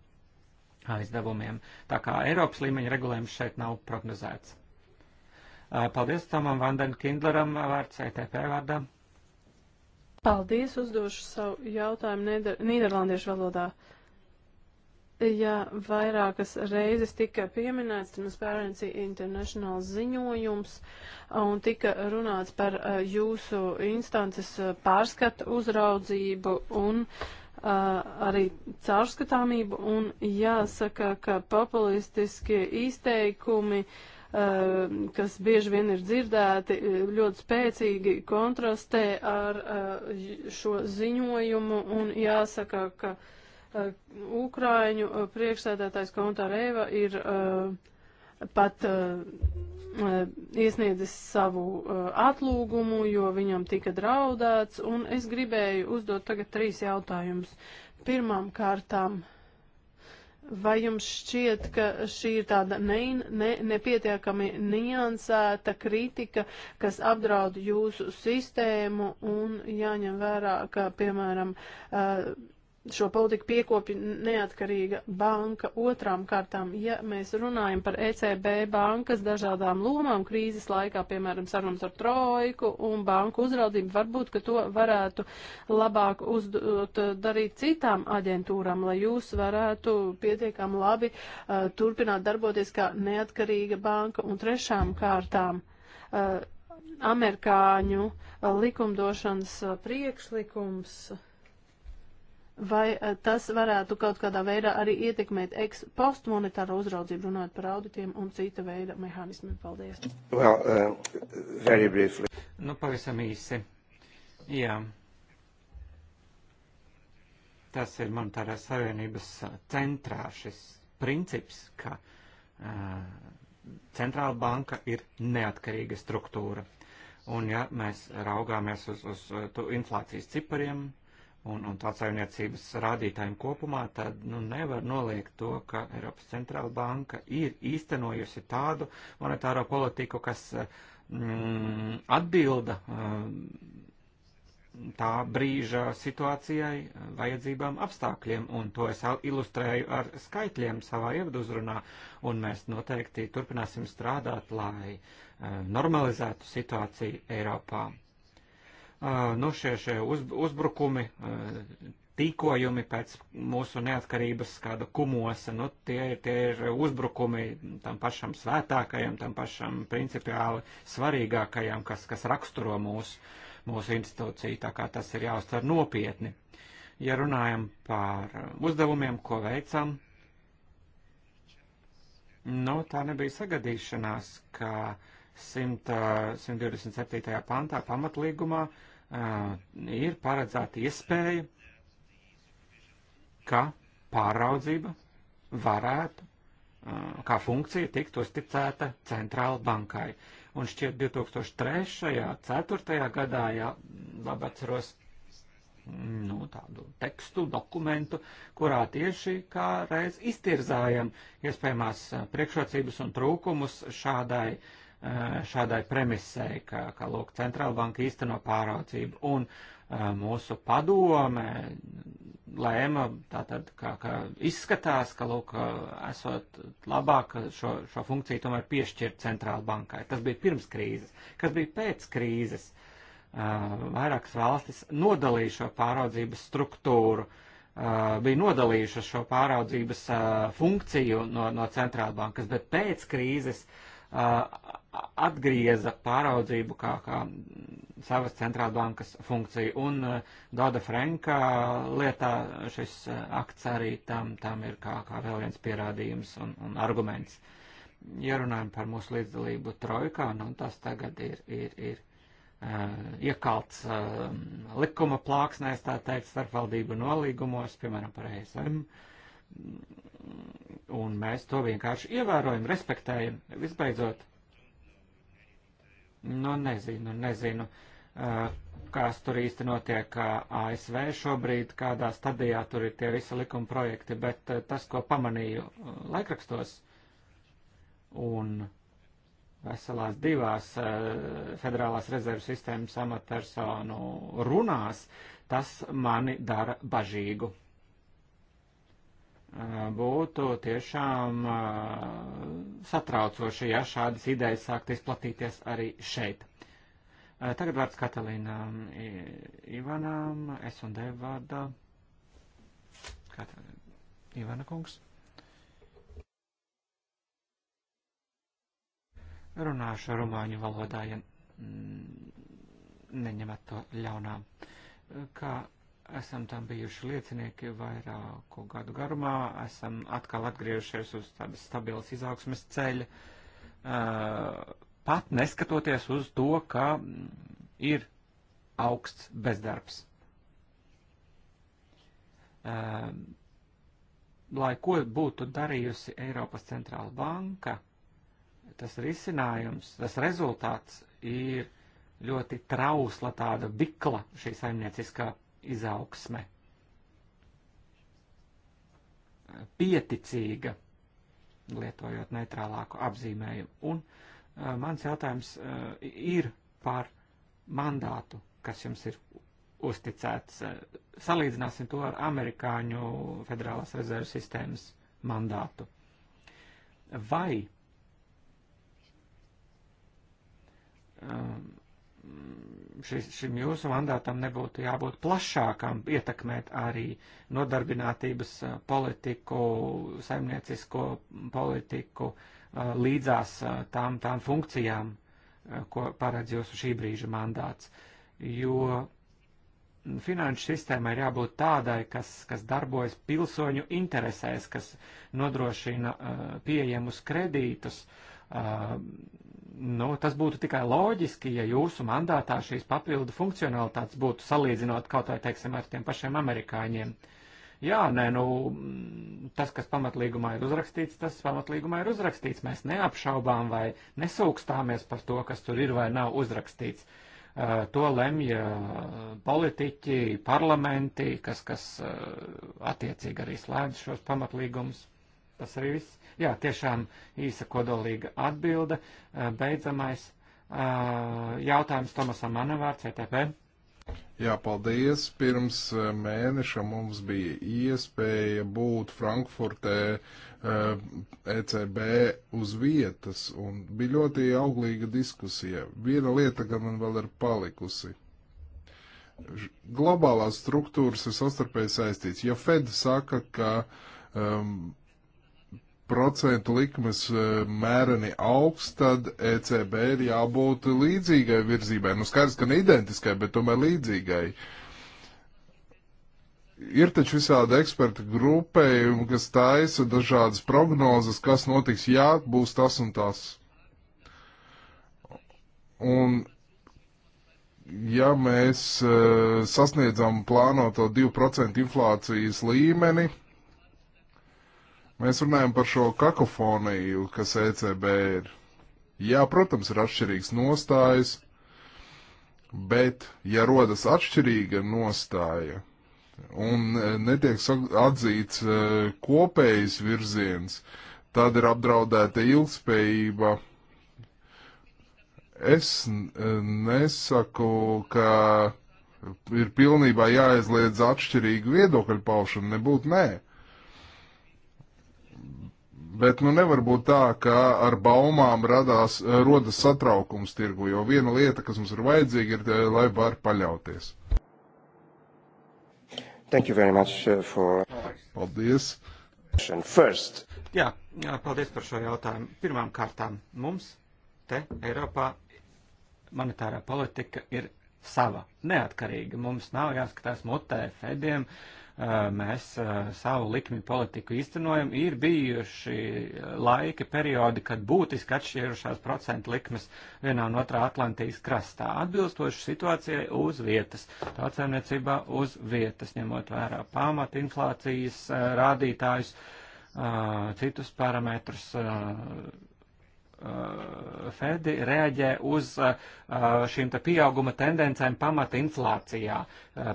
aizdevumiem. Tā kā Eiropas līmeņa regulējums šeit nav prognozēts. Paldies Tomam Vanden Kindleram vārds ETP vārdā. Paldies, uzdošu savu jautājumu Nīderlandiešu valodā. Jā, vairākas reizes tika pieminēts Transparency International ziņojums un tika runāts par jūsu instances pārskatu uzraudzību un arī caurskatāmību un jāsaka, ka populistiskie izteikumi uh, Um, kas bieži vien ir dzirdēti, uh, ļoti spēcīgi kontrastē ar uh, šo ziņojumu un jāsaka, ka uh, Ukraiņu priekšsēdētājs Kontāreva ir pat uh, iesniedzis savu uh, atlūgumu, jo viņam tika draudēts, un es gribēju uzdot tagad trīs jautājumus. Pirmām kārtām, uh, Vai jums šķiet, ka šī ir tāda ne, ne, nepietiekami niansēta kritika, kas apdraud jūsu sistēmu un jāņem vērā, ka, piemēram, uh, šo politiku piekopja neatkarīga banka. Otrām kārtām, ja mēs runājam par ECB bankas dažādām lomām krīzes laikā, piemēram, sarunas ar trojku un banku uzraudzību, varbūt, ka to varētu labāk uzdot eh, darīt citām aģentūrām, lai jūs varētu pietiekam labi uh, turpināt darboties kā neatkarīga banka. Un trešām kārtām. Uh, Amerikāņu likumdošanas priekšlikums uh, Vai eh, tas varētu kaut kādā veidā arī ietekmēt ekspostu monetāro uzraudzību, runājot par auditiem un cita veida mehānismiem? Paldies. Well, uh, nu, pavisam īsi. Jā. Tas ir monetārās savienības centrā šis princips, ka uh, centrāla banka ir neatkarīga struktūra. Un ja mēs raugāmies uz, uz to inflācijas cipariem, un, un tautsaimniecības rādītājiem kopumā, tad nu, nevar noliegt to, ka Eiropas centrāla banka ir īstenojusi tādu monetāro politiku, kas eh, mm, atbilda eh, tā brīža situācijai, eh, vajadzībām, apstākļiem, un to es ilustrēju ar skaitļiem savā ievaduzrunā, un mēs noteikti turpināsim strādāt, lai normalizētu situāciju Eiropā nu, šie, šie uz, uzbrukumi, tīkojumi pēc mūsu neatkarības kāda kumosa, nu, tie, tie ir uzbrukumi tam pašam svētākajam, tam pašam principiāli svarīgākajam, kas, kas raksturo mūsu, mūsu institūciju, tā kā tas ir jāuztver nopietni. Ja runājam par uzdevumiem, ko veicam, nu, tā nebija sagadīšanās, ka 100, 127. pantā pamatlīgumā uh, ir paredzēta iespēja, ka pāraudzība varētu kā funkcija tikt uzticēta centrāla bankai. Un šķiet 2003. 4. gadā, ja labi atceros, nu, tādu tekstu, dokumentu, kurā tieši kā reiz iztirzājam iespējamās priekšrocības un trūkumus šādai uh, Eh, šādai premisei, ka, ka lūk, centrālbanka īsteno pāraudzību. Un eh, mūsu padome lēma, tātad, ka, ka izskatās, ka lūk, esot labāk šo, šo funkciju tomēr piešķirt centrālbankai. Tas bija pirms krīzes. Kas bija pēc krīzes? Eh, vairākas valstis nodalīja šo pāraudzības struktūru. Uh, bija nodalījušas šo pāraudzības uh, funkciju no, no centrālbankas, bet pēc krīzes uh, atgrieza pāraudzību kā, kā savas centrālbankas funkciju. Un eh, Doda Frenka lietā šis eh, akts arī tam, tam ir kā, kā vēl viens pierādījums un, un arguments. Ja runājam par mūsu līdzdalību trojkā, nu tas tagad ir, ir, ir eh, iekalts likuma plāksnēs, tā teikt, starpvaldību nolīgumos, piemēram, par ESM. Un mēs to vienkārši ievērojam, respektējam. Visbeidzot, Nu, nezinu, nezinu, kas tur īsti notiek ASV šobrīd, kādā stadijā tur ir tie visi likuma projekti, bet tas, ko pamanīju laikrakstos un veselās divās federālās rezerves sistēmas amatpersonu runās, tas mani dara bažīgu būtu tiešām satraucoši, ja šādas idejas sākt izplatīties arī šeit. Tagad vārds Katalīnām Ivanām, es un D vārdā. Katalīna. Ivana kungs. Runāšu rumāņu valodā, ja neņemat to ļaunā. Kā esam tam bijuši liecinieki vairāku gadu garumā, esam atkal atgriežušies uz tādas stabilas izaugsmes ceļa, pat neskatoties uz to, ka ir augsts bezdarbs. Lai ko būtu darījusi Eiropas centrāla banka, tas risinājums, tas rezultāts ir ļoti trausla tāda bikla šī saimnieciskā izaugsme. Pieticīga, lietojot neitrālāku apzīmējumu. Un uh, mans jautājums uh, ir par mandātu, kas jums ir uzticēts. Uh, salīdzināsim to ar amerikāņu federālās rezerves sistēmas mandātu. Vai um, Mm, šis, šim jūsu mandātam nebūtu jābūt plašākam, ietekmēt arī nodarbinātības eh, politiku, saimniecisko politiku eh, līdzās eh, tām, tām funkcijām, ko paredz jūsu šī brīža mandāts. Jo finanšu sistēmai ir jābūt tādai, kas, kas darbojas pilsoņu interesēs, kas nodrošina pieejamus kredītus, Nu, tas būtu tikai loģiski, ja jūsu mandātā šīs papildu funkcionalitātes būtu salīdzinot kaut vai, teiksim, ar tiem pašiem amerikāņiem. Jā, nē, nu, tas, kas pamatlīgumā ir uzrakstīts, tas pamatlīgumā ir uzrakstīts. Mēs neapšaubām vai nesaukstāmies par to, kas tur ir vai nav uzrakstīts. Uh, to lemj eh, politiķi, parlamenti, kas, kas uh, attiecīgi arī slēdz šos pamatlīgumus. Tas arī viss. Jā, tiešām īsa kodolīga atbilde. Eh, beidzamais eh, jautājums Tomasam Manavār, CTP. Jā, paldies. Pirms eh, mēneša mums bija iespēja būt Frankfurtē ECB e uz vietas, un bija ļoti auglīga diskusija. Viena lieta gan man vēl ir palikusi. Globālās struktūras ir sastarpēji saistīts. Ja Fed saka, ka um, procentu likmes e, mēreni augsts, tad ECB ir jābūt līdzīgai virzībai. Nu, skaidrs, ka ne identiskai, bet tomēr līdzīgai. Ir taču visādi eksperta grupējumi, kas taisa dažādas prognozes, kas notiks, jā, būs tas un tas. Un ja mēs uh, sasniedzam plānoto 2% inflācijas līmeni, Mēs runājam par šo kakofoniju, kas ECB ir. Jā, protams, ir atšķirīgs nostājas, bet ja rodas atšķirīga nostāja un e, netiek atzīts e, kopējs virziens, tad ir apdraudēta ilgspējība. Es e, nesaku, ka ir pilnībā jāaizliedz atšķirīgu viedokļu paušanu, nebūtu nē. Ne Bet nu nevar būt tā, ka ar baumām radās, rodas satraukums tirgu, jo viena lieta, kas mums ir vajadzīga, ir, eh, lai var paļauties. Thank you very much uh, for. Paldies. First. Jā, jā, paldies par šo jautājumu. Pirmām kārtām mums te Eiropā monetārā politika ir sava, neatkarīga. Mums nav jāskatās mutē, fediem. Uh, Eh, mēs eh, savu likmi politiku īstenojam, ir bijuši eh, laika periodi, kad būtiski atšķirušās procentu likmes vienā un otrā Atlantijas krastā, atbilstoši situācijai uz vietas, tautsēmniecībā uz vietas, ņemot vērā pamat inflācijas rādītājus, citus parametrus Uh, Fedi reaģē uz uh, uh, šīm te pieauguma tendencēm pamata inflācijā.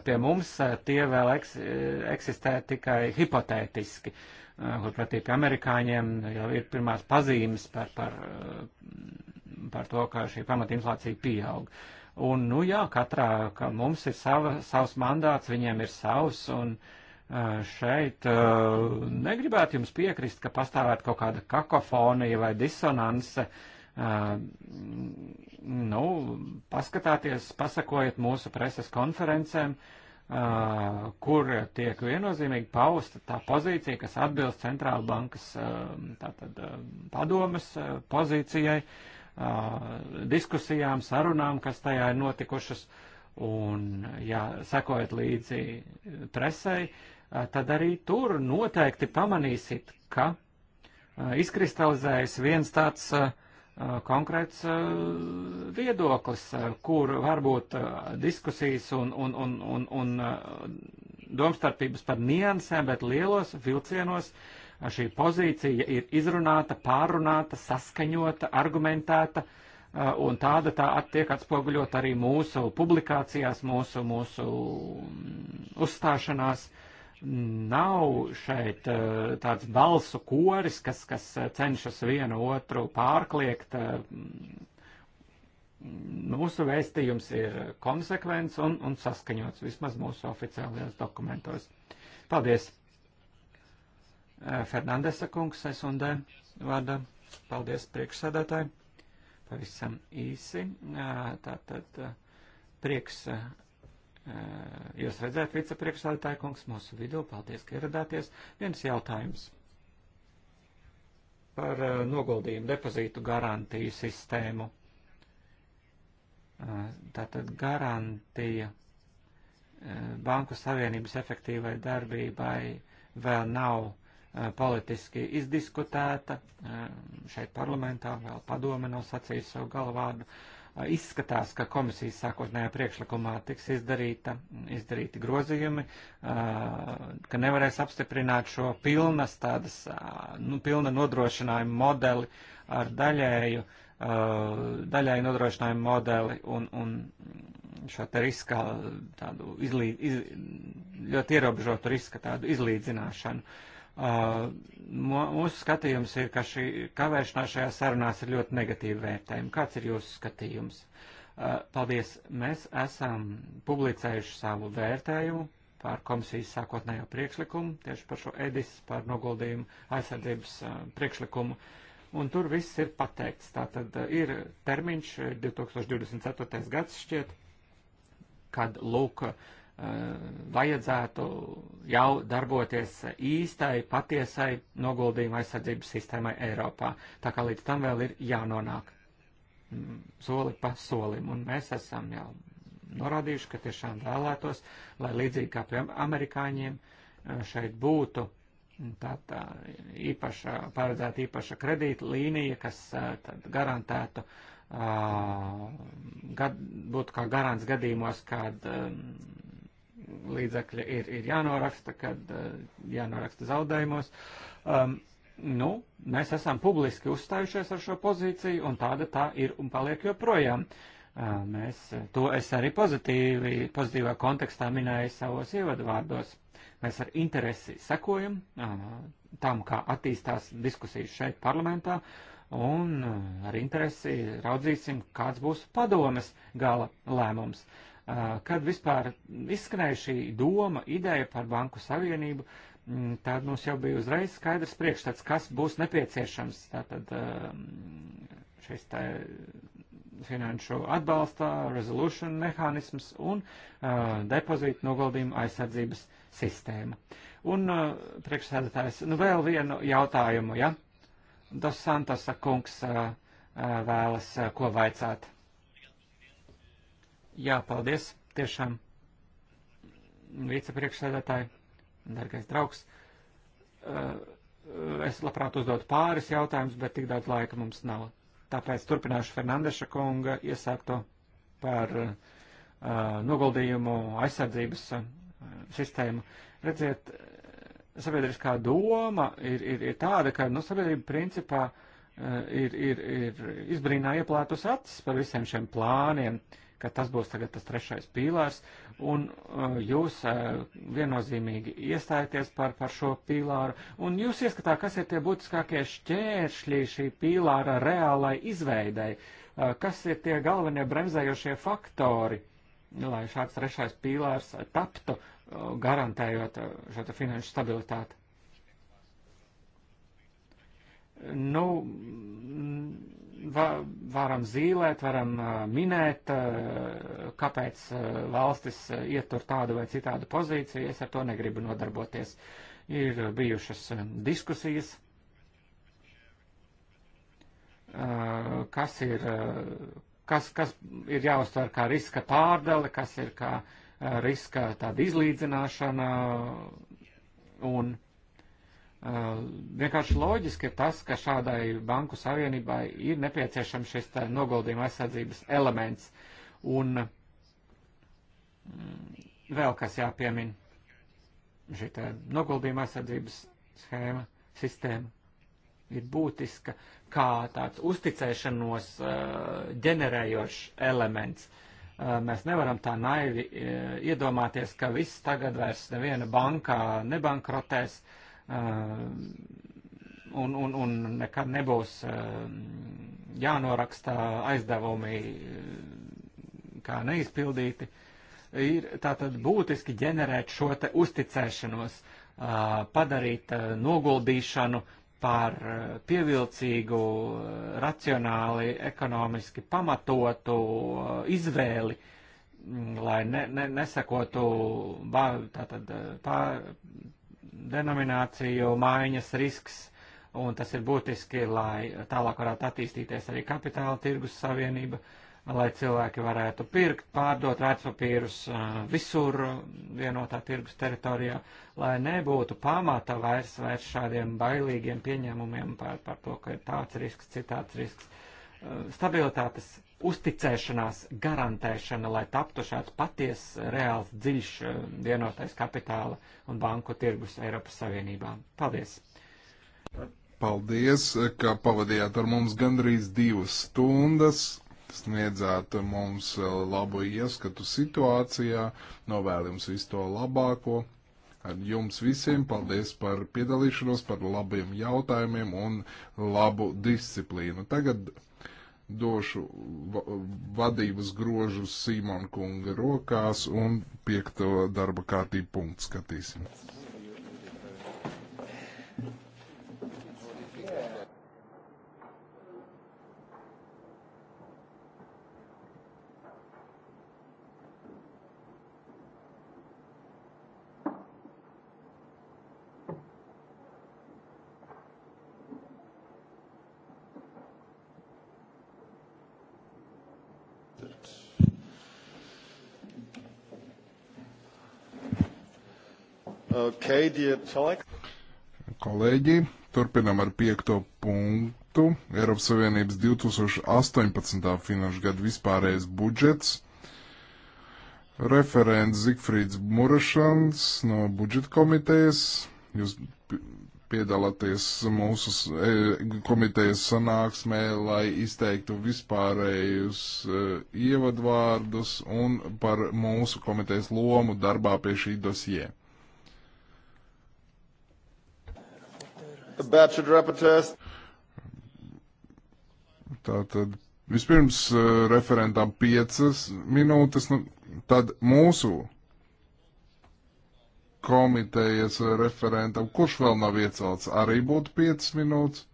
Pie mums tie vēl eks, eksistē tikai hipotētiski. Kur pretī pie amerikāņiem jau ir pirmās pazīmes par, par, par to, ka šī pamata inflācija pieaug. Un, nu jā, katrā, ka mums ir sava, savs mandāts, viņiem ir savs, un uh, šeit negribētu jums piekrist, ka pastāvētu kaut kāda kakofonija vai disonance. Nu, paskatāties, pasakojiet mūsu preses konferencēm, kur tiek viennozīmīgi pausta tā pozīcija, kas atbilst centrāla bankas tātad, padomas pozīcijai, diskusijām, sarunām, kas tajā ir notikušas. Un, ja sekojat līdzi presei, uh, Eh, tad arī tur noteikti pamanīsit, ka eh, izkristalizējas viens tāds eh, konkrēts viedoklis, kur varbūt diskusijas un, un, un, un, un domstarpības par niansēm, bet lielos vilcienos šī pozīcija ir izrunāta, pārunāta, saskaņota, argumentēta, un tāda tā tiek atspoguļot arī mūsu publikācijās, mūsu, mūsu mm, uzstāšanās. Uh, nav šeit eh, tāds balsu koris, kas, kas eh, cenšas vienu otru pārkliegt. Eh, mūsu vēstījums ir konsekvents un, un saskaņots vismaz mūsu oficiālajos dokumentos. Paldies! Fernandesa kungs, es un D. vada. Paldies priekšsēdētāji. Pavisam īsi. Tātad prieks Eh, jūs redzēt, vicepriekšsādātāja kungs mūsu vidū, paldies, ka ieradāties. Viens jautājums par eh, noguldījumu depozītu garantiju sistēmu. Eh, tātad garantija Banku Savienības efektīvai darbībai vēl nav politiski izdiskutēta šeit parlamentā, vēl padome nav sacījusi savu galvādu. Uh, Izskatās, ka komisijas sākotnējā priekšlikumā tiks izdarīta, izdarīti grozījumi, ka nevarēs apstiprināt šo pilnas tādas, nu, pilna nodrošinājuma modeli ar daļēju, daļēju nodrošinājumu modeli un, un šo te riska tādu izlīd, iz, ļoti ierobežotu riska tādu izlīdzināšanu. Uh, Uh, mūsu skatījums ir, ka šī kavēšanās šajā sarunās ir ļoti negatīva vērtējuma. Kāds ir jūsu skatījums? Uh, paldies. Mēs esam publicējuši savu vērtējumu par komisijas sākotnējo priekšlikumu, tieši par šo EDIS, par noguldījumu aizsardzības uh, priekšlikumu. Un tur viss ir pateikts. Tātad ir termiņš 2024. gads šķiet, kad lūk Eh, vajadzētu jau darboties īstai, patiesai noguldījuma aizsardzības sistēmai Eiropā. Tā kā līdz tam vēl ir jānonāk mm, soli pa solim, un mēs esam jau norādījuši, ka tiešām vēlētos, lai līdzīgi kā pie amerikāņiem eh, šeit būtu mm, tā, tā īpaša, paredzēta īpaša kredīta līnija, kas eh, tad garantētu uh, gad, būtu kā garants gadījumos, kad um, līdzekļi ir, ir jānoraksta, kad eh, jānoraksta zaudējumos. Um, nu, mēs esam publiski uzstājušies ar šo pozīciju, un tāda tā ir un paliek joprojām. Uh, mēs, eh, to es arī pozitīvi, pozitīvā kontekstā minēju savos ievadvārdos. Mēs ar interesi sekojam uh, tam, kā attīstās diskusijas šeit parlamentā, un uh, ar interesi raudzīsim, kāds būs padomes gala lēmums. Kad vispār izskanēja šī doma, ideja par banku savienību, tad mums jau bija uzreiz skaidrs priekšstats, kas būs nepieciešams tātad šis tā finanšu atbalsta, resolution mehānisms un depozītu noguldījuma aizsardzības sistēma. Un priekšsēdētājs, nu vēl vienu jautājumu, ja? Dos Santosa kungs vēlas ko vaicāt. Jā, paldies, tiešām vicepriekšsēdētāji, dargais draugs. Eh, es labprāt uzdotu pāris jautājumus, bet tik daudz laika mums nav. Tāpēc turpināšu Fernandeša kunga iesākto par uh, noguldījumu aizsardzības uh, sistēmu. Redziet, sabiedriskā doma ir, ir, ir tāda, ka nu, sabiedrība principā uh, ir, ir, ir izbrīnā ieplētus acis par visiem šiem plāniem. Uh, ka tas būs tagad tas trešais pīlārs, un uh, jūs uh, viennozīmīgi iestājaties par, par šo pīlāru, un jūs ieskatā, kas ir tie būtiskākie šķēršļi šī pīlāra reālai izveidai, uh, kas ir tie galvenie bremzējošie faktori, lai šāds trešais pīlārs taptu, uh, garantējot uh, šo finanšu stabilitāti. Nu, mm, va, varam zīmēt, varam minēt, kāpēc valstis ietur tādu vai citādu pozīciju. Es ar to negribu nodarboties. Ir bijušas diskusijas, kas ir, kas, kas ir jāuztver kā riska pārdale, kas ir kā riska tāda izlīdzināšana un Uh, vienkārši loģiski ir tas, ka šādai banku savienībai ir nepieciešams šis noguldījuma aizsardzības elements. Un mm, vēl kas jāpiemin - šī noguldījuma aizsardzības schēma, sistēma ir būtiska kā tāds uzticēšanos uh, ģenerējošs elements. Uh, mēs nevaram tā naivi iedomāties, ka viss tagad vairs neviena bankā nebankrotēs. Uh, Ehm, un, un, un nekad nebūs ehm, jānoraksta aizdevumi ehm, kā neizpildīti. Ir tātad būtiski ģenerēt šo te uzticēšanos, padarīt noguldīšanu par pievilcīgu, racionāli, ekonomiski pamatotu izvēli, mm, lai ne, ne, nesakotu bā, tātad, pār, denomināciju maiņas risks, un tas ir būtiski, lai tālāk varētu attīstīties arī kapitāla tirgus savienība, lai cilvēki varētu pirkt, pārdot vērtspapīrus visur vienotā tirgus teritorijā, lai nebūtu pamata vairs, vairs šādiem bailīgiem pieņēmumiem par, par to, ka ir tāds risks, citāds risks. Stabilitātes uzticēšanās garantēšana, lai taptu šāds paties, reāls, dziļš eh, vienotais kapitāla un banku tirgus Eiropas Savienībā. Paldies! Paldies, eh, ka pavadījāt ar mums gandrīz divas stundas, sniedzāt mums eh, labu ieskatu situācijā, novēlim visu to labāko. Ar jums visiem paldies par piedalīšanos, par labiem jautājumiem un labu disciplīnu. Tagad došu vadības grožus Simon kunga rokās un piekto darba kārtību punktu skatīsim. Okay, Kolēģi, turpinam ar piekto punktu. Eiropas Savienības 2018. finanšu gadu vispārējais budžets. Referents Zigfrīds Murašans no budžeta komitejas. Jūs piedalāties mūsu e, komitejas sanāksmē, lai izteiktu vispārējus e, ievadvārdus un par mūsu komitejas lomu darbā pie šī dosie. Tātad vispirms uh, referentam piecas minūtes, nu, tad mūsu komitejas referentam, kurš vēl nav iecelts, arī būtu piecas minūtes.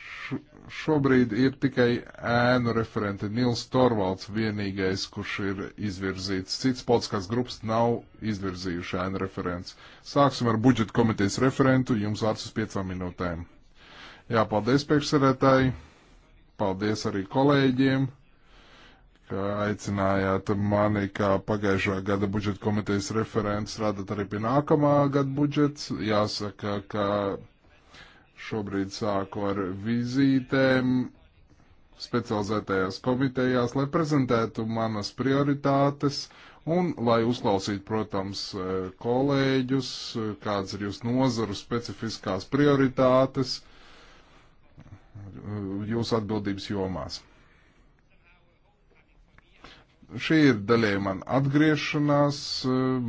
Š šobrīd ir tikai ēnu referenti. Nils Torvalds vienīgais, kurš ir izvirzīts. Cits politiskās grupas nav izvirzījuši ēnu referents. Sāksim ar budžeta komitejas referentu. Jums vārds uz piecām minūtēm. Jā, paldies priekšsarētāji. Paldies arī kolēģiem, ka aicinājāt mani kā pagājušā gada budžeta komitejas referents strādāt arī pie nākamā gada budžets. Jāsaka, ka Šobrīd sāku ar vizītēm specializētajās komitejās, lai prezentētu manas prioritātes un lai uzklausītu, protams, e, kolēģus, e, kādas ir jūsu nozaru specifiskās prioritātes e, jūsu atbildības jomās. Šī ir daļēji man atgriešanās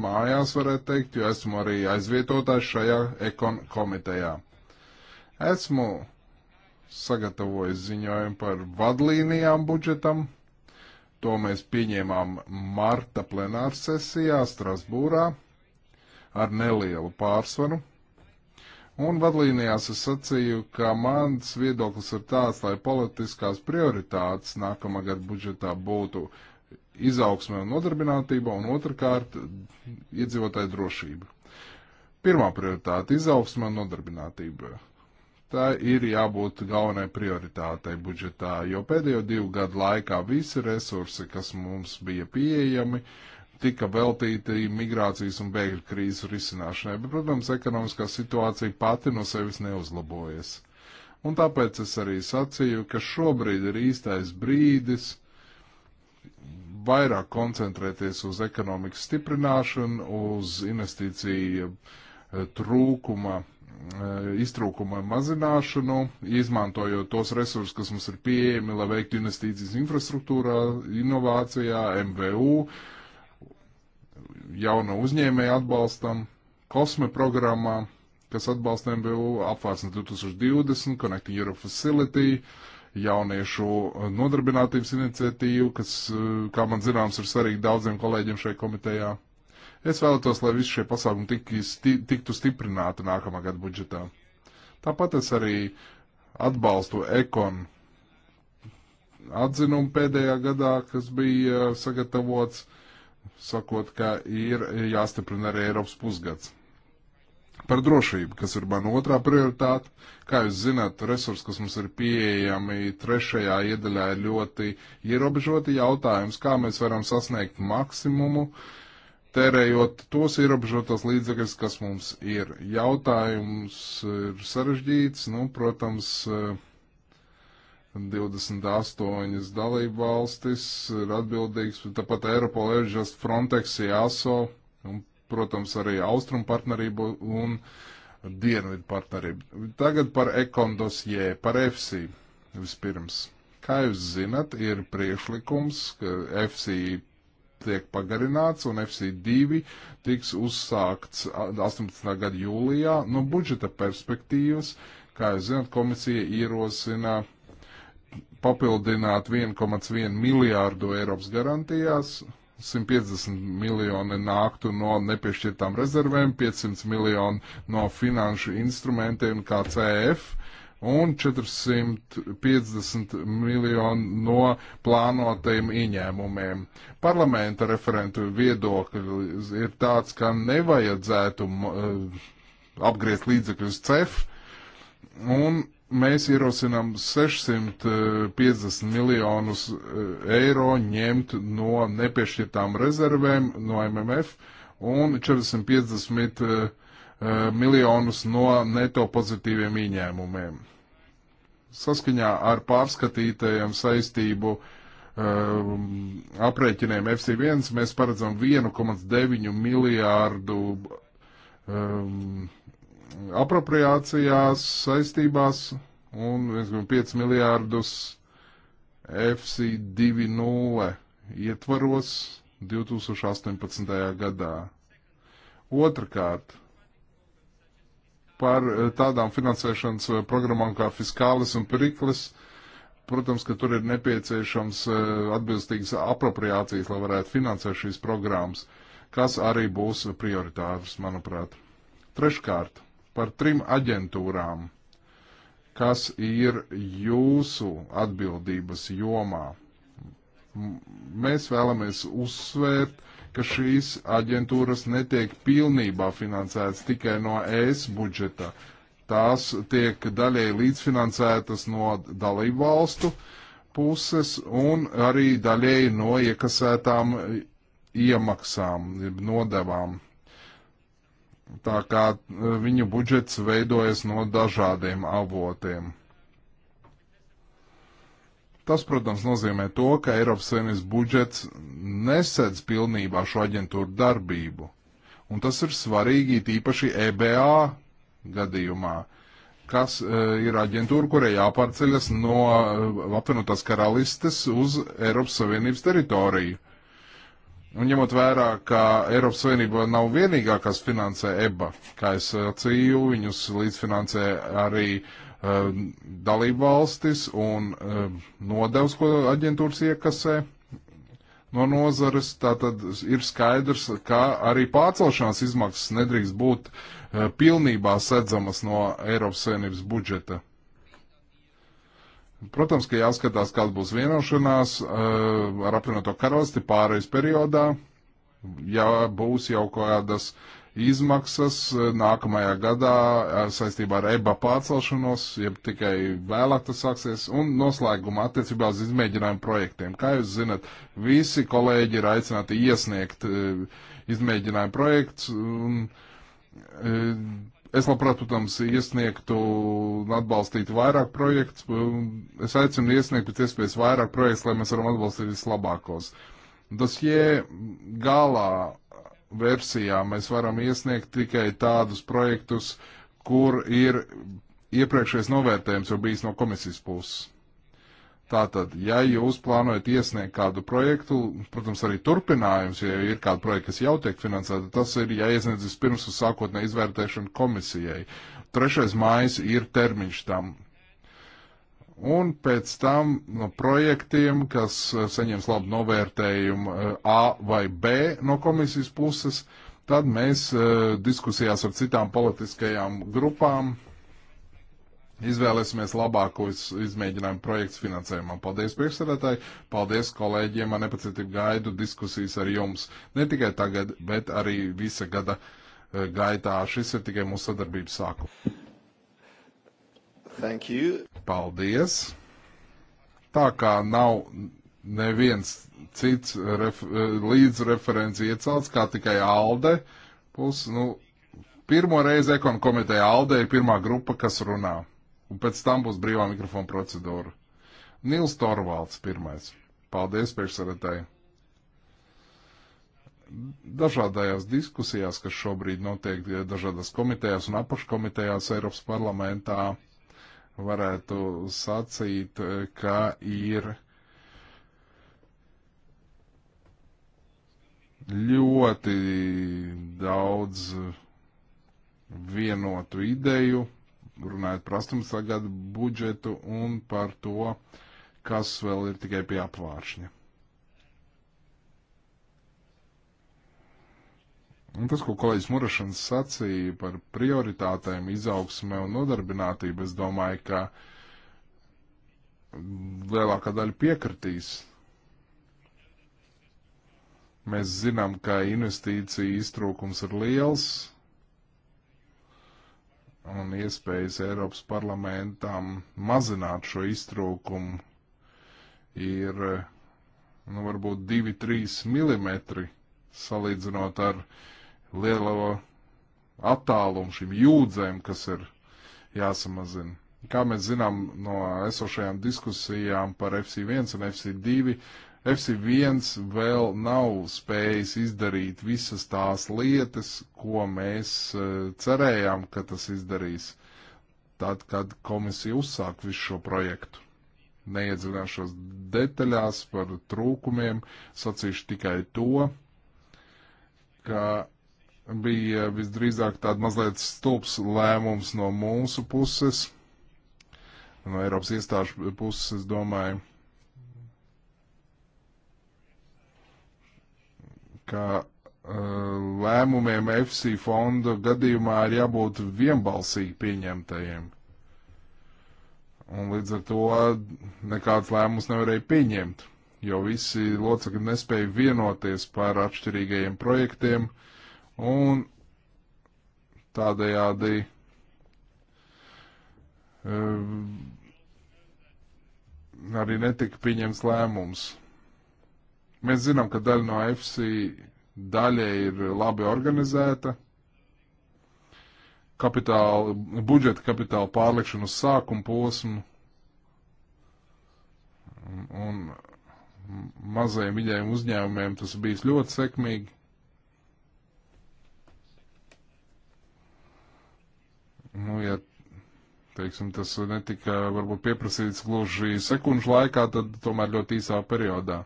mājās, varētu teikt, jo esmu arī aizvietotājs šajā ekon komitejā. Esmu sagatavojis ziņojumu par vadlīnijām budžetam. To mēs pieņēmām marta plenārsesijā Strasbūrā ar nelielu pārsvaru. Un vadlīnijās es sacīju, ka mans viedoklis ir tāds, lai politiskās prioritātes nākamā gada budžetā būtu izaugsme un nodarbinātība, un otrkārt iedzīvotāju drošība. Pirmā prioritāte - izaugsme un nodarbinātība. Tā ir jābūt galvenai prioritātei budžetā, jo pēdējo divu gadu laikā visi resursi, kas mums bija pieejami, tika veltīti migrācijas un bēgļu krīzes risināšanai, bet, protams, ekonomiskā situācija pati no sevis neuzlabojas. Un tāpēc es arī sacīju, ka šobrīd ir īstais brīdis vairāk koncentrēties uz ekonomikas stiprināšanu, uz investīciju trūkuma Eh, iztrūkuma mazināšanu, izmantojot tos resursus, kas mums ir pieejami, lai veiktu investīcijas infrastruktūrā, inovācijā, MVU, jauno uzņēmēju atbalstam, kosme programmā, kas atbalsta MVU, apvārsne 2020, Connecting Europe Facility, jauniešu nodarbinātības iniciatīvu, kas, eh, kā man zināms, ir svarīgi daudziem kolēģiem šai komitejā. Es vēlētos, lai visi šie pasākumi tiktu sti tik stiprināti nākamā gada budžetā. Tāpat es arī atbalstu ekonu atzinumu pēdējā gadā, kas bija sagatavots, sakot, ka ir jāstiprina arī Eiropas pusgads. Par drošību, kas ir man otrā prioritāte, kā jūs zināt, resursi, kas mums ir pieejami trešajā iedaļā, ir ļoti ierobežoti jautājums, kā mēs varam sasniegt maksimumu uh, tērējot tos ierobežotos līdzekļus, kas mums ir. Jautājums ir sarežģīts, nu, protams, 28 eh, dalību valstis ir atbildīgs, tāpat Eiropola, Ežast, Frontex, JASO, un, protams, arī Austrum partnerību un Dienvidu partnerību. Tagad par Ekondos J, par EFSI vispirms. Kā jūs zinat, ir priekšlikums, ka FCI tiek pagarināts un FC2 tiks uzsākts 18. gada jūlijā. No budžeta perspektīvas, kā jūs zināt, komisija ierosina papildināt 1,1 miljārdu Eiropas garantijās. 150 miljoni nāktu no nepiešķirtām rezervēm, 500 miljoni no finanšu instrumentiem kā CF un 450 miljoni no plānotajiem ieņēmumiem. Parlamenta referentu viedokļi ir tāds, ka nevajadzētu eh, apgriezt līdzekļus CEF, un mēs ierosinām 650 miljonus eh, eiro ņemt no nepiešķirtām rezervēm no MMF un 450 miljonus Uh, miljonus no neto pozitīviem ieņēmumiem. Saskaņā ar pārskatītajiem saistību um, aprēķiniem FC1 mēs paredzam 1,9 miljārdu um, apropriācijās saistībās un 1,5 miljārdus FC2.0 ietvaros 2018. gadā. Otrakārt, par eh, tādām finansēšanas eh, programmām kā Fiskālis un Periklis. Protams, ka tur ir nepieciešams eh, atbilstīgas apropriācijas, lai varētu finansēt šīs programmas, kas arī būs prioritārs, manuprāt. Treškārt, par trim aģentūrām kas ir jūsu atbildības jomā. M mēs vēlamies uzsvērt ka šīs aģentūras netiek pilnībā finansētas tikai no ES budžeta. Tās tiek daļēji līdzfinansētas no dalību valstu puses un arī daļēji no iekasētām iemaksām, nodevām. Tā kā eh, viņu budžets veidojas no dažādiem avotiem. Tas, protams, nozīmē to, ka Eiropas Savienības budžets nesedz pilnībā šo aģentūru darbību. Un tas ir svarīgi īpaši EBA gadījumā, kas uh, ir aģentūra, kurai jāpārceļas no uh, apvienotās karalistes uz Eiropas Savienības teritoriju. Un ņemot vērā, ka Eiropas Savienība nav vienīgā, kas finansē EBA, kā es sacīju, viņus līdzfinansē arī uh, Um, dalību valstis un um, nodevs, ko aģentūras iekasē no nozares, tātad ir skaidrs, ka arī pārcelšanās izmaksas nedrīkst būt uh, pilnībā sedzamas no Eiropas Savienības budžeta. Protams, ka jāskatās, kāda būs vienošanās uh, ar apvienoto karalisti pārejas periodā, ja būs jau kādas uh, izmaksas eh, nākamajā gadā eh, saistībā ar EBA pārcelšanos, ja tikai vēlāk tas sāksies, un noslēguma attiecībā uz izmēģinājumu projektiem. Kā jūs zinat, visi kolēģi ir aicināti iesniegt eh, izmēģinājumu projekts, un es labprāt, protams, iesniegtu un atbalstītu vairāk projekts, es aicinu iesniegt pēc iespējas vairāk projekts, lai mēs varam atbalstīt vislabākos. Dosie galā versijā mēs varam iesniegt tikai tādus projektus, kur ir iepriekšējais novērtējums jau bijis no komisijas puses. Tātad, ja jūs plānojat iesniegt kādu projektu, protams, arī turpinājums, ja ir kāda projekta, kas jau tiek finansēta, tas ir jāiesniedz ja vispirms uz sākotnē izvērtēšanu komisijai. Trešais mājas ir termiņš tam un pēc tam no projektiem, kas eh, saņems labu novērtējumu eh, A vai B no komisijas puses, tad mēs eh, diskusijās ar citām politiskajām grupām izvēlēsimies labāko izmēģinājumu projektu finansējumam. Paldies priekšsēdētāji, paldies kolēģiem, man nepacietību gaidu diskusijas ar jums. Ne tikai tagad, bet arī visa gada gaitā. Šis ir tikai mūsu sadarbības sākums. Thank you. Paldies! Tā kā nav neviens cits ref, eh, līdzreferents iecelts, kā tikai ALDE, plus, nu, pirmo reizi ekon komiteja ALDE ir pirmā grupa, kas runā. Un pēc tam būs brīvā mikrofona procedūra. Nils Torvalds pirmais. Paldies priekšsarētāji. Dažādajās diskusijās, kas šobrīd notiek dažādās komitejās un apakškomitejās Eiropas parlamentā, varētu sacīt, ka ir ļoti daudz vienotu ideju, runājot par 18. gadu budžetu un par to, kas vēl ir tikai pie apvāršņa. Un tas, ko kolēģis Murašans sacīja par prioritātēm izaugsmē un nodarbinātību, es domāju, ka lielākā daļa piekritīs. Mēs zinām, ka investīcija iztrūkums ir liels un iespējas Eiropas parlamentam mazināt šo iztrūkumu ir, nu, varbūt 2-3 mm salīdzinot ar uh, lielo attālumu šīm jūdzēm, kas ir jāsamazina. Kā mēs zinām no esošajām diskusijām par FC1 un FC2, FC1 vēl nav spējis izdarīt visas tās lietas, ko mēs e, cerējām, ka tas izdarīs, tad, kad komisija uzsāk visu šo projektu. Neiedzināšos detaļās par trūkumiem, sacīšu tikai to, ka bija visdrīzāk tāds mazliet stulbs lēmums no mūsu puses, no Eiropas iestāžu puses, es domāju, ka uh, lēmumiem FC fonda gadījumā ir jābūt vienbalsīgi pieņemtajiem. Un līdz ar to nekāds lēmums nevarēja pieņemt, jo visi locekļi nespēja vienoties par atšķirīgajiem projektiem, uh, un tādējādi ehm, arī netika pieņemts lēmums. Mēs zinām, ka daļa no FC daļa ir labi organizēta. Kapitāla, budžeta kapitāla pārlikšana uz sākumu posmu un mazajiem vidējiem uzņēmumiem tas bijis ļoti sekmīgi. Nu, ja, teiksim, tas netika varbūt pieprasīts gluži sekundžu laikā, tad tomēr ļoti īsā periodā.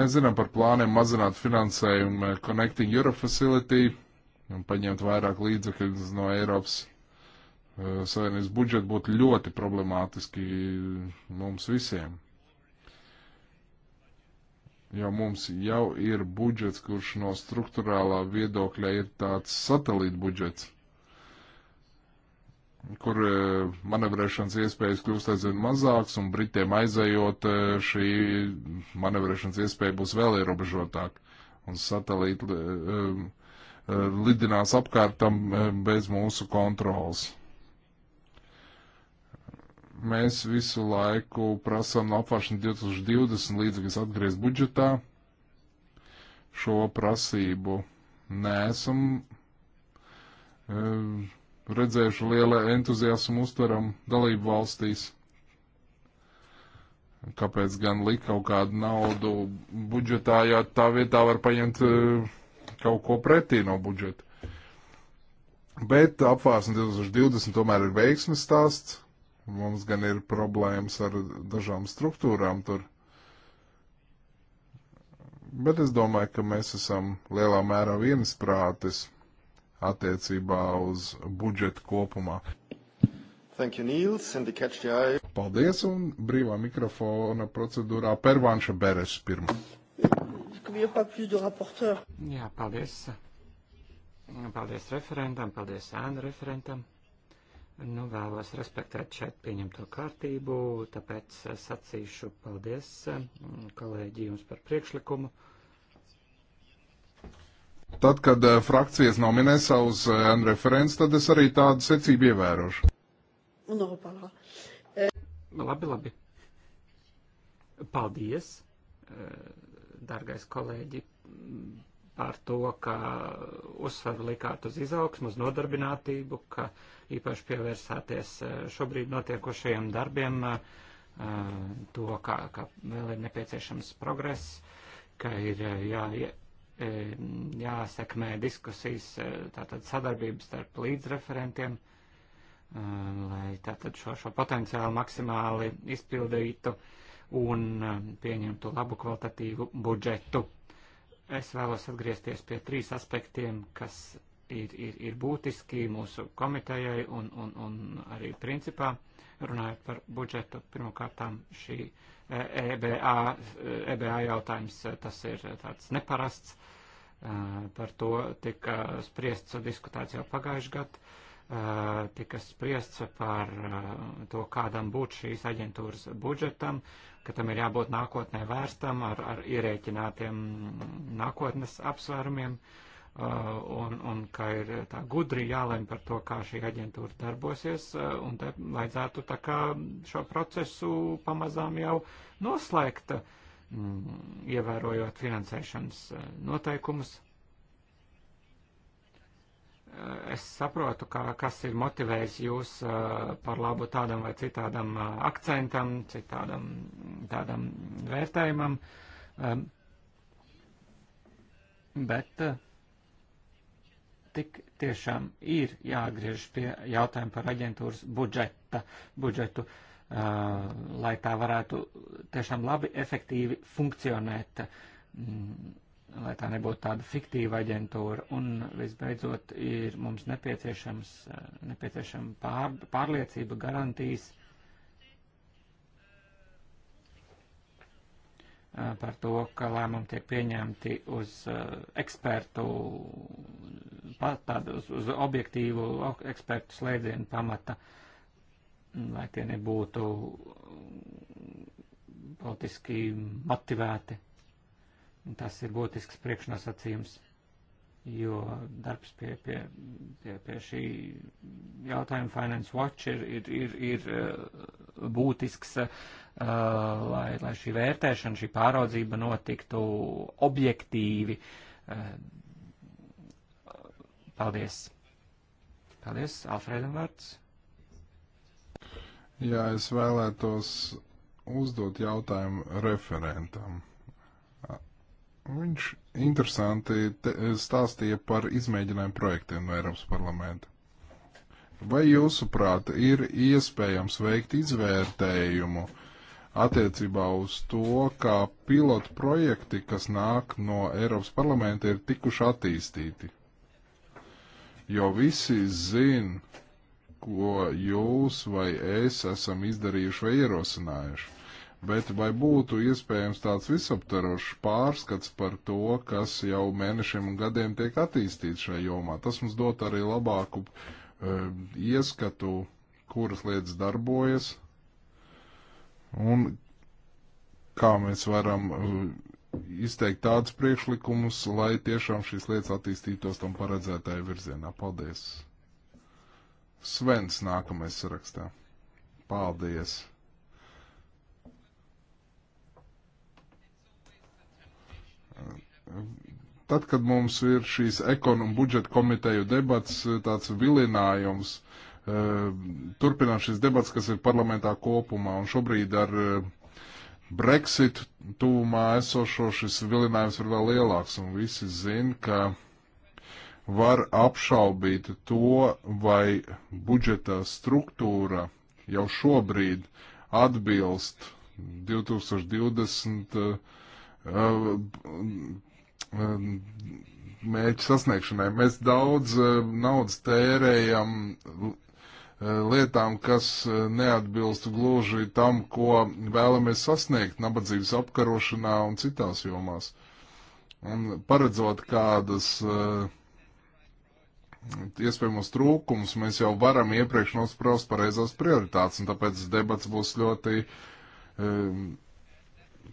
Mēs zinām par plāniem mazināt finansējumu Connecting Europe Facility un paņemt vairāk līdzekļus no Eiropas eh, Savienības budžeta būtu ļoti problemātiski mums visiem jo mums jau ir budžets, kurš no struktūrālā viedokļa ir tāds satelīta budžets, kur e, manevrēšanas iespējas kļūst aizvien mazāks, un Britiem aizējot e, šī manevrēšanas iespēja būs vēl ierobežotāka. Un satelīti e, lidinās apkārtam bez mūsu kontrolas mēs visu laiku prasām no apvāršana 2020 līdzekļus atgriezt budžetā. Šo prasību nesam e, redzējuši lielā entuziasmu uztveram dalību valstīs. Kāpēc gan likt kaut kādu naudu budžetā, ja tā vietā var paņemt e, kaut ko pretī no budžeta? Bet apvārsne 2020 tomēr ir veiksmes stāsts Mums gan ir problēmas ar dažām struktūrām tur. Bet es domāju, ka mēs esam lielā mērā viensprātis attiecībā uz budžetu kopumā. Thank you, Nils, and the catch the eye. Paldies, un brīvā mikrofona procedūrā Pervanša Beres pirmā. Jā, paldies. Paldies referentam, paldies ēnu referentam. Nu, vēlos respektēt šeit pieņemto kārtību, tāpēc eh, sacīšu paldies mm, kolēģi jums par priekšlikumu. Tad, kad eh, frakcijas nominē savus eh, referents, tad es arī tādu secību ievērošu. No, e... Labi, labi. Paldies, dargais kolēģi, par to, ka uzsvaru likāt uz izaugsmu, uz nodarbinātību, ka īpaši pievērsāties e, šobrīd notiekošajiem darbiem, e, e, to, ka, ka vēl ir nepieciešams progress, ka ir jā, jāsekmē diskusijas, tātad sadarbības starp līdzreferentiem, lai tātad šo, šo potenciālu maksimāli izpildītu un pieņemtu labu kvalitatīvu budžetu Es vēlos atgriezties pie trīs aspektiem, kas ir, ir, ir būtiski mūsu komitejai un, un, un arī principā, runājot par budžetu. Pirmkārtām šī EBA, e EBA jautājums, tas ir tāds neparasts. E, par to tika spriests un diskutēts jau pagājuši gadu. E, tika spriests par to, kādam būtu šīs aģentūras budžetam, ka tam ir jābūt nākotnē vērstam ar, ar ierēķinātiem nākotnes apsvērumiem uh, un, un ka ir tā gudri jālem par to, kā šī aģentūra darbosies, uh, un te vajadzētu tā kā šo procesu pamazām jau noslēgt, mm, ievērojot finansēšanas uh, noteikumus. Eh, es saprotu, ka, kas ir motivējis jūs eh, par labu tādam vai citādam eh, akcentam, citādam tādam vērtējumam, bet tik tiešām ir jāatgriež pie jautājuma par aģentūras budžeta, budžetu, lai tā varētu tiešām labi, efektīvi funkcionēt mm, lai tā nebūtu tāda fiktīva aģentūra. Un visbeidzot, ir mums nepieciešams, eh, nepieciešama pār, pārliecība, garantijas eh, par to, ka lēmumi tiek pieņemti uz eh, ekspertu, tādu, uz, uz objektīvu ekspertu slēdzienu pamata, lai tie nebūtu politiski motivēti. Tas ir būtisks priekšnosacījums, jo darbs pie, pie, pie, pie šī jautājuma Finance Watch ir, ir, ir, ir uh, būtisks, uh, lai, lai šī vērtēšana, šī pāraudzība notiktu objektīvi. Uh, paldies! Paldies, Alfredam vārds! Jā, es vēlētos uzdot jautājumu referentam Viņš interesanti te, stāstīja par izmēģinājumu projektiem no Eiropas parlamenta. Vai jūsuprāt ir iespējams veikt izvērtējumu attiecībā uz to, kā pilotu projekti, kas nāk no Eiropas parlamenta, ir tikuši attīstīti? Jo visi zin, ko jūs vai es esam izdarījuši vai ierosinājuši. Bet vai būtu iespējams tāds visaptvarošs pārskats par to, kas jau mēnešiem un gadiem tiek attīstīts šajā jomā? Tas mums dot arī labāku e, ieskatu, kuras lietas darbojas un kā mēs varam e, izteikt tādus priekšlikumus, lai tiešām šīs lietas attīstītos tam paredzētajā virzienā. Paldies! Svens nākamais sarakstā. Paldies! Tad, kad mums ir šīs ekonomikas budžeta komiteju debats, tāds vilinājums, eh, turpinām šīs debats, kas ir parlamentā kopumā, un šobrīd ar eh, Brexit tūmā esošo šis vilinājums ir vēl lielāks, un visi zina, ka var apšaubīt to, vai budžeta struktūra jau šobrīd atbilst 2020 eh, mērķu sasniegšanai. Mēs daudz naudas tērējam lietām, kas neatbilst gluži tam, ko vēlamies sasniegt nabadzības apkarošanā un citās jomās. Un paredzot kādas uh, iespējamos trūkumus, mēs jau varam iepriekš nospraust pareizās prioritātes, un tāpēc debats būs ļoti um,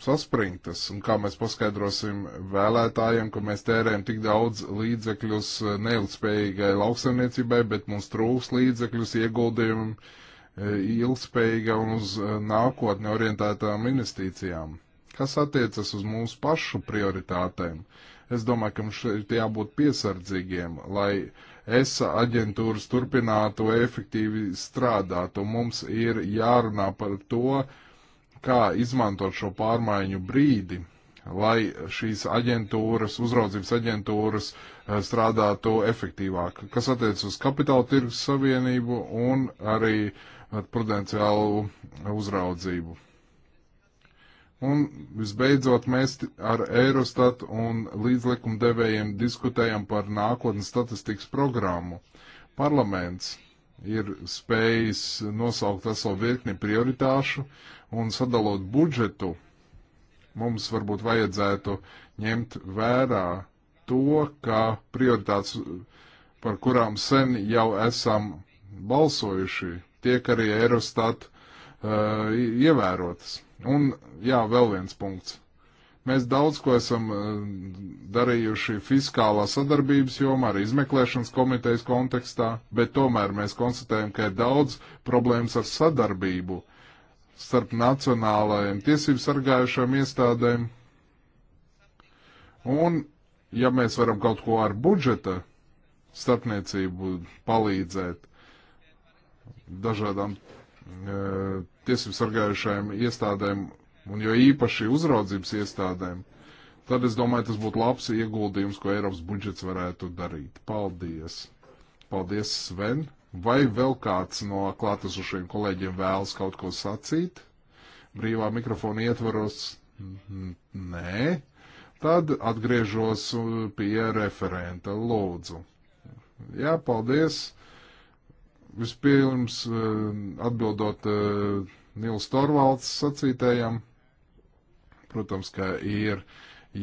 saspringtas un kā mēs paskaidrosim vēlētājiem, ka mēs tērējam tik daudz līdzekļus neilgspējīgai lauksaimniecībai, bet mums trūks līdzekļus ieguldījumam e, ilgspējīga un uz e, nākotni orientētām investīcijām. Kas attiecas uz mūsu pašu prioritātēm? Es domāju, ka mums šeit jābūt piesardzīgiem, lai ESA aģentūras turpinātu efektīvi strādāt, un mums ir jārunā par to, uh, kā izmantot šo pārmaiņu brīdi, lai šīs aģentūras, uzraudzības aģentūras eh, strādātu efektīvāk, kas attiec uz kapitāla tirgus savienību un arī prudenciālu uzraudzību. Un visbeidzot, mēs ar Eurostat un līdzlikumdevējiem diskutējam par nākotnes statistikas programmu. Parlaments ir spējis nosaukt veselu virkni prioritāšu, un sadalot budžetu, mums varbūt vajadzētu ņemt vērā to, ka prioritātes, par kurām sen jau esam balsojuši, tiek arī Eurostat uh, ievērotas. Un jā, vēl viens punkts. Mēs daudz ko esam uh, darījuši fiskālā sadarbības jomā, arī izmeklēšanas komitejas kontekstā, bet tomēr mēs konstatējam, ka ir daudz problēmas ar sadarbību uh, starp nacionālajiem tiesību sargājušām iestādēm. Un, ja mēs varam kaut ko ar budžeta starpniecību palīdzēt dažādām e, tiesību sargājušajām iestādēm, un jo īpaši uzraudzības iestādēm, tad es domāju, tas būtu labs ieguldījums, ko Eiropas budžets varētu darīt. Paldies! Paldies, Sven! Vai vēl kāds no klātesošiem kolēģiem vēlas kaut ko sacīt? Brīvā mikrofona ietvaros? Nē. Tad atgriežos uh, pie referenta. Lūdzu. Jā, paldies. Vispirms uh, atbildot uh, Nils Torvalds sacītējam. Protams, ka ir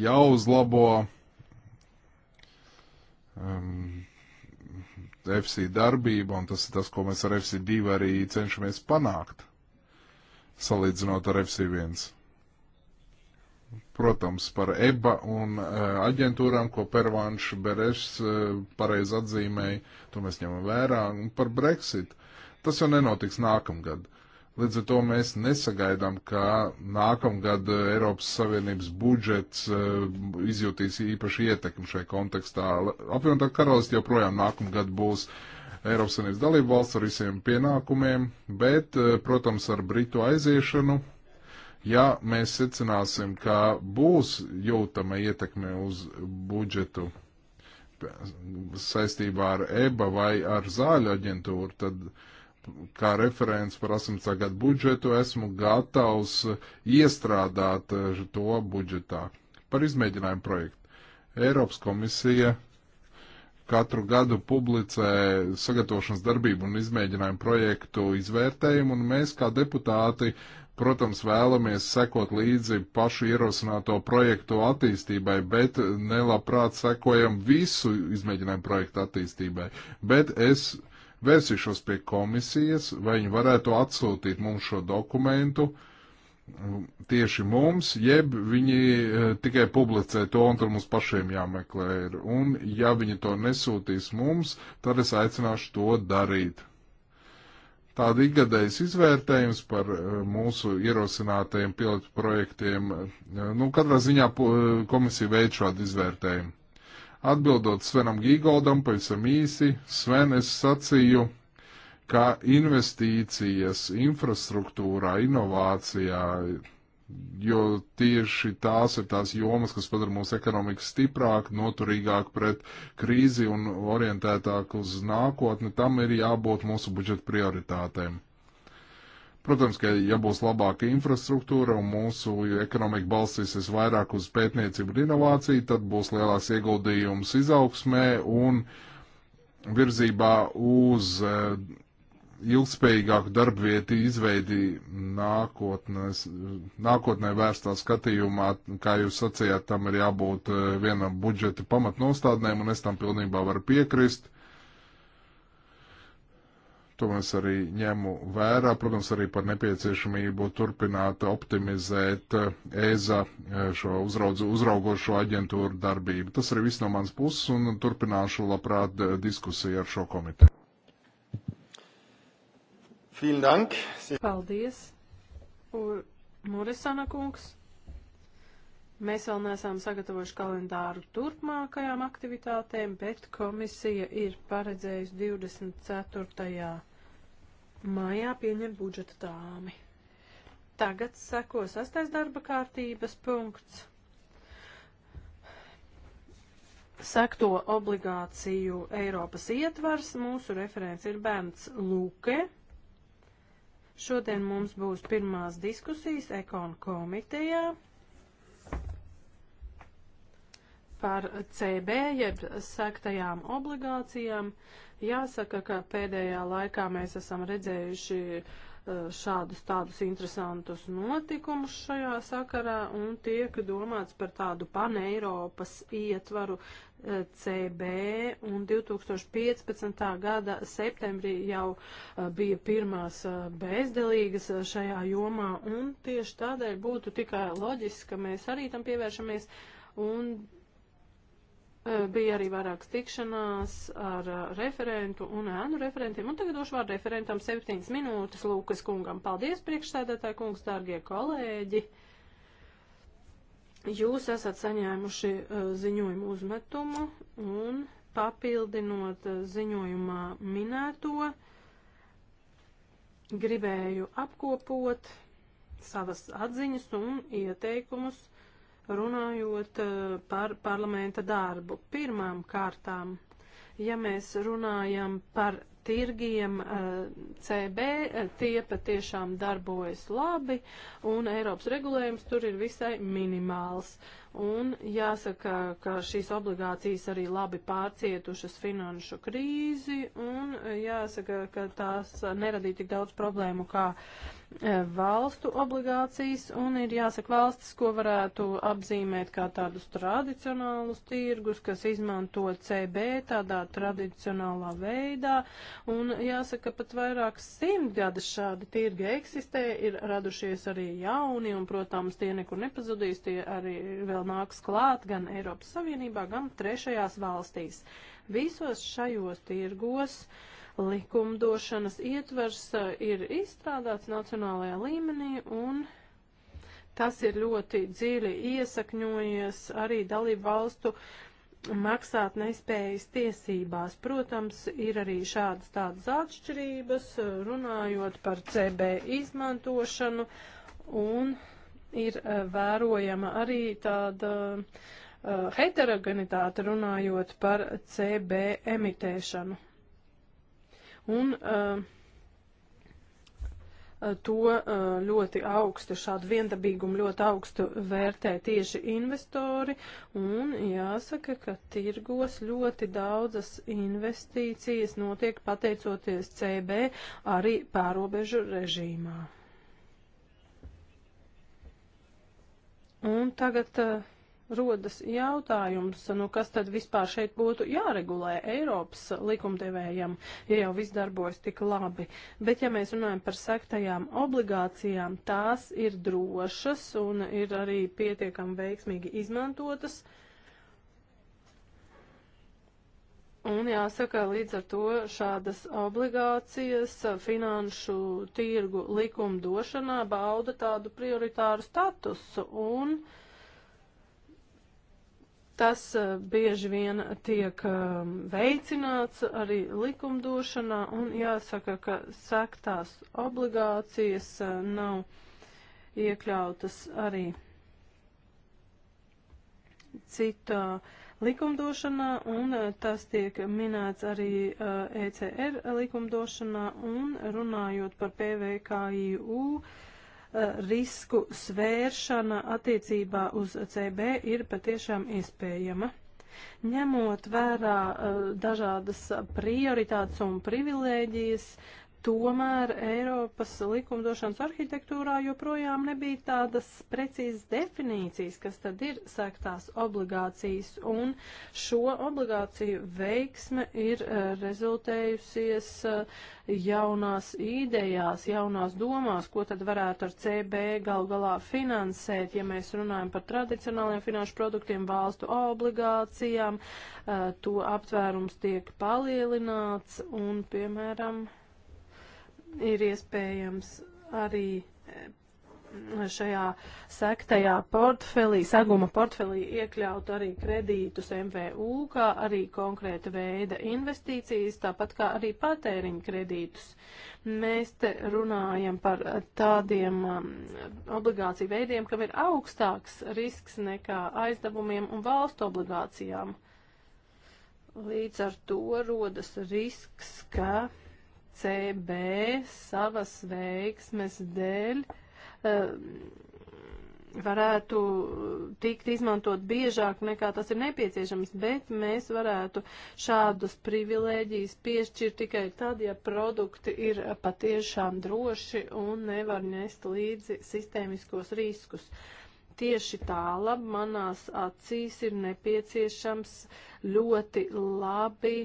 jāuzlabo um, FC darbība, un tas ir tas, ko mēs ar FC2 arī cenšamies panākt, salīdzinot ar FC1. Protams, par EBA un uh, aģentūrām, ko Pervāns Berešs uh, e, pareizi atzīmēja, to mēs ņemam vērā, un par Brexit. Tas jau nenotiks nākamgad. Uh, Līdz ar to mēs nesagaidām, ka nākamgad eh, Eiropas Savienības budžets eh, izjutīs īpaši ietekmi šai kontekstā. Apvienotā karalists joprojām nākamgad būs Eiropas Savienības dalība valsts ar visiem pienākumiem, bet, eh, protams, ar Britu aiziešanu, ja mēs secināsim, ka būs jūtama ietekme uz budžetu saistībā ar EBA vai ar zāļu aģentūru, tad kā referents par 18. gadu budžetu esmu gatavs iestrādāt eh, to budžetā par izmēģinājumu projektu. Eiropas komisija katru gadu publicē sagatavošanas darbību un izmēģinājumu projektu izvērtējumu, un mēs kā deputāti, protams, vēlamies sekot līdzi pašu ierosināto projektu attīstībai, bet nelabprāt sekojam visu izmēģinājumu projektu attīstībai. Bet es vērsīšos pie komisijas, vai viņi varētu atsūtīt mums šo dokumentu um, tieši mums, jeb viņi eh, tikai publicē to, un tur mums pašiem jāmeklē ir. Un ja viņi to nesūtīs mums, tad es aicināšu to darīt. Tāda ikgadējas izvērtējums par eh, mūsu ierosinātajiem pilotu projektiem, eh, nu, katrā ziņā komisija veic šādu izvērtējumu. Atbildot Svenam Gīgoldam, pavisam īsi, Sven, es sacīju, ka investīcijas infrastruktūrā, inovācijā, jo tieši tās ir tās jomas, kas padara mūsu ekonomiku stiprāk, noturīgāk pret krīzi un orientētāk uz nākotni, tam ir jābūt mūsu budžeta prioritātēm. Protams, ka ja būs labāka infrastruktūra un mūsu ekonomika balstīsies vairāk uz pētniecību un inovāciju, tad būs lielāks ieguldījums izaugsmē un virzībā uz eh, ilgspējīgāku darbvietu izveidi nākotnes, nākotnē vērstā skatījumā, kā jūs sacījāt, tam ir jābūt eh, vienam budžeta pamatnostādnēm, un es tam pilnībā varu piekrist To mēs arī ņemu vērā, protams, arī par nepieciešamību turpināt optimizēt EZA eh, eh, šo uzraudzu, uzraugošo aģentūru darbību. Tas arī viss no manas puses un turpināšu labprāt eh, diskusiju ar šo komiteju. Paldies, Ur Murisana kungs. Mēs vēl neesam sagatavojuši kalendāru turpmākajām aktivitātēm, bet komisija ir paredzējusi 24 mājā pieņem budžeta dāmi. Tagad seko sastais darba kārtības punkts. Sekto obligāciju Eiropas ietvars mūsu referents ir Bērns Lūke. Šodien mums būs pirmās diskusijas ekonu komitejā. par CB, jeb sektajām obligācijām. Jāsaka, ka pēdējā laikā mēs esam redzējuši e, šādus tādus interesantus notikumus šajā sakarā un tiek domāts par tādu paneiropas ietvaru e, CB un 2015. gada septembrī jau e, bija pirmās bezdelīgas šajā jomā un tieši tādēļ būtu tikai loģiski, ka mēs arī tam pievēršamies un Eh, bija arī vairākas tikšanās ar eh, referentu un ēnu referentiem. Un tagad došu vārdu referentam 7 minūtes Lūkas kungam. Paldies, priekšsēdētāji kungs, dārgie kolēģi! Jūs esat saņēmuši eh, ziņojumu uzmetumu un papildinot ziņojumā minēto, gribēju apkopot savas atziņas un ieteikumus runājot eh, par parlamenta darbu. Pirmām kārtām, ja mēs runājam par tirgiem eh, CB, eh, tie patiešām darbojas labi, un Eiropas regulējums tur ir visai minimāls. Un jāsaka, ka šīs obligācijas arī labi pārcietušas finanšu krīzi un jāsaka, ka tās neradīja tik daudz problēmu kā e, valstu obligācijas un ir jāsaka valstis, ko varētu apzīmēt kā tādus tradicionālus tirgus, kas izmanto CB tādā tradicionālā veidā un jāsaka, pat vairāk simtgadus šādi tirgi eksistē, ir radušies arī jauni un, protams, tie nekur nepazudīs, tie arī vēl vēl nāks klāt gan Eiropas Savienībā, gan trešajās valstīs. Visos šajos tirgos likumdošanas ietvers uh, ir izstrādāts nacionālajā līmenī un tas ir ļoti dziļi iesakņojies arī dalību valstu maksāt nespējas tiesībās. Protams, ir arī šādas tādas atšķirības, uh, runājot par CB izmantošanu un ir eh, vērojama arī tāda eh, heterogenitāte runājot par CB emitēšanu. Un uh, to ļoti augstu, šādu viendabīgumu ļoti augstu vērtē tieši investori, un jāsaka, ka tirgos ļoti daudzas investīcijas notiek pateicoties CB arī pārobežu režīmā. Un tagad uh, rodas jautājums, nu kas tad vispār šeit būtu jāregulē Eiropas likumdevējam, ja jau viss darbojas tik labi. Bet ja mēs runājam par sektajām obligācijām, tās ir drošas un ir arī pietiekami veiksmīgi izmantotas. Uh, Un jāsaka, līdz ar to šādas obligācijas finanšu tirgu likumdošanā bauda tādu prioritāru statusu un tas e, bieži vien tiek e, veicināts arī likumdošanā un jāsaka, ka sektās obligācijas e, nav iekļautas arī citā uh, likumdošanā, un eh, tas tiek minēts arī ECR eh, e likumdošanā, un runājot par PVKIU, eh, risku svēršana attiecībā uz CB ir patiešām iespējama ņemot vērā uh, dažādas prioritātes un privilēģijas, Tomēr Eiropas likumdošanas arhitektūrā joprojām nebija tādas precīzas definīcijas, kas tad ir sēktās obligācijas, un šo obligāciju veiksme ir eh, rezultējusies eh, jaunās idejās, jaunās domās, ko tad varētu ar CB gal galā finansēt, ja mēs runājam par tradicionāliem finanšu produktiem, valstu obligācijām, eh, to aptvērums tiek palielināts, un, piemēram, ir iespējams arī eh, šajā sektajā portfelī, seguma portfelī iekļaut arī kredītus MVU, kā arī konkrēta veida investīcijas, tāpat kā arī patēriņa kredītus. Mēs te runājam par tādiem um, obligāciju veidiem, kam ir augstāks risks nekā aizdevumiem un valstu obligācijām. Līdz ar to rodas risks, ka ECB savas veiksmes dēļ eh, varētu tikt izmantot biežāk nekā tas ir nepieciešams, bet mēs varētu šādas privilēģijas piešķirt tikai tad, ja produkti ir patiešām droši un nevar nest līdzi sistēmiskos riskus. Tieši tālāk manās acīs ir nepieciešams ļoti labi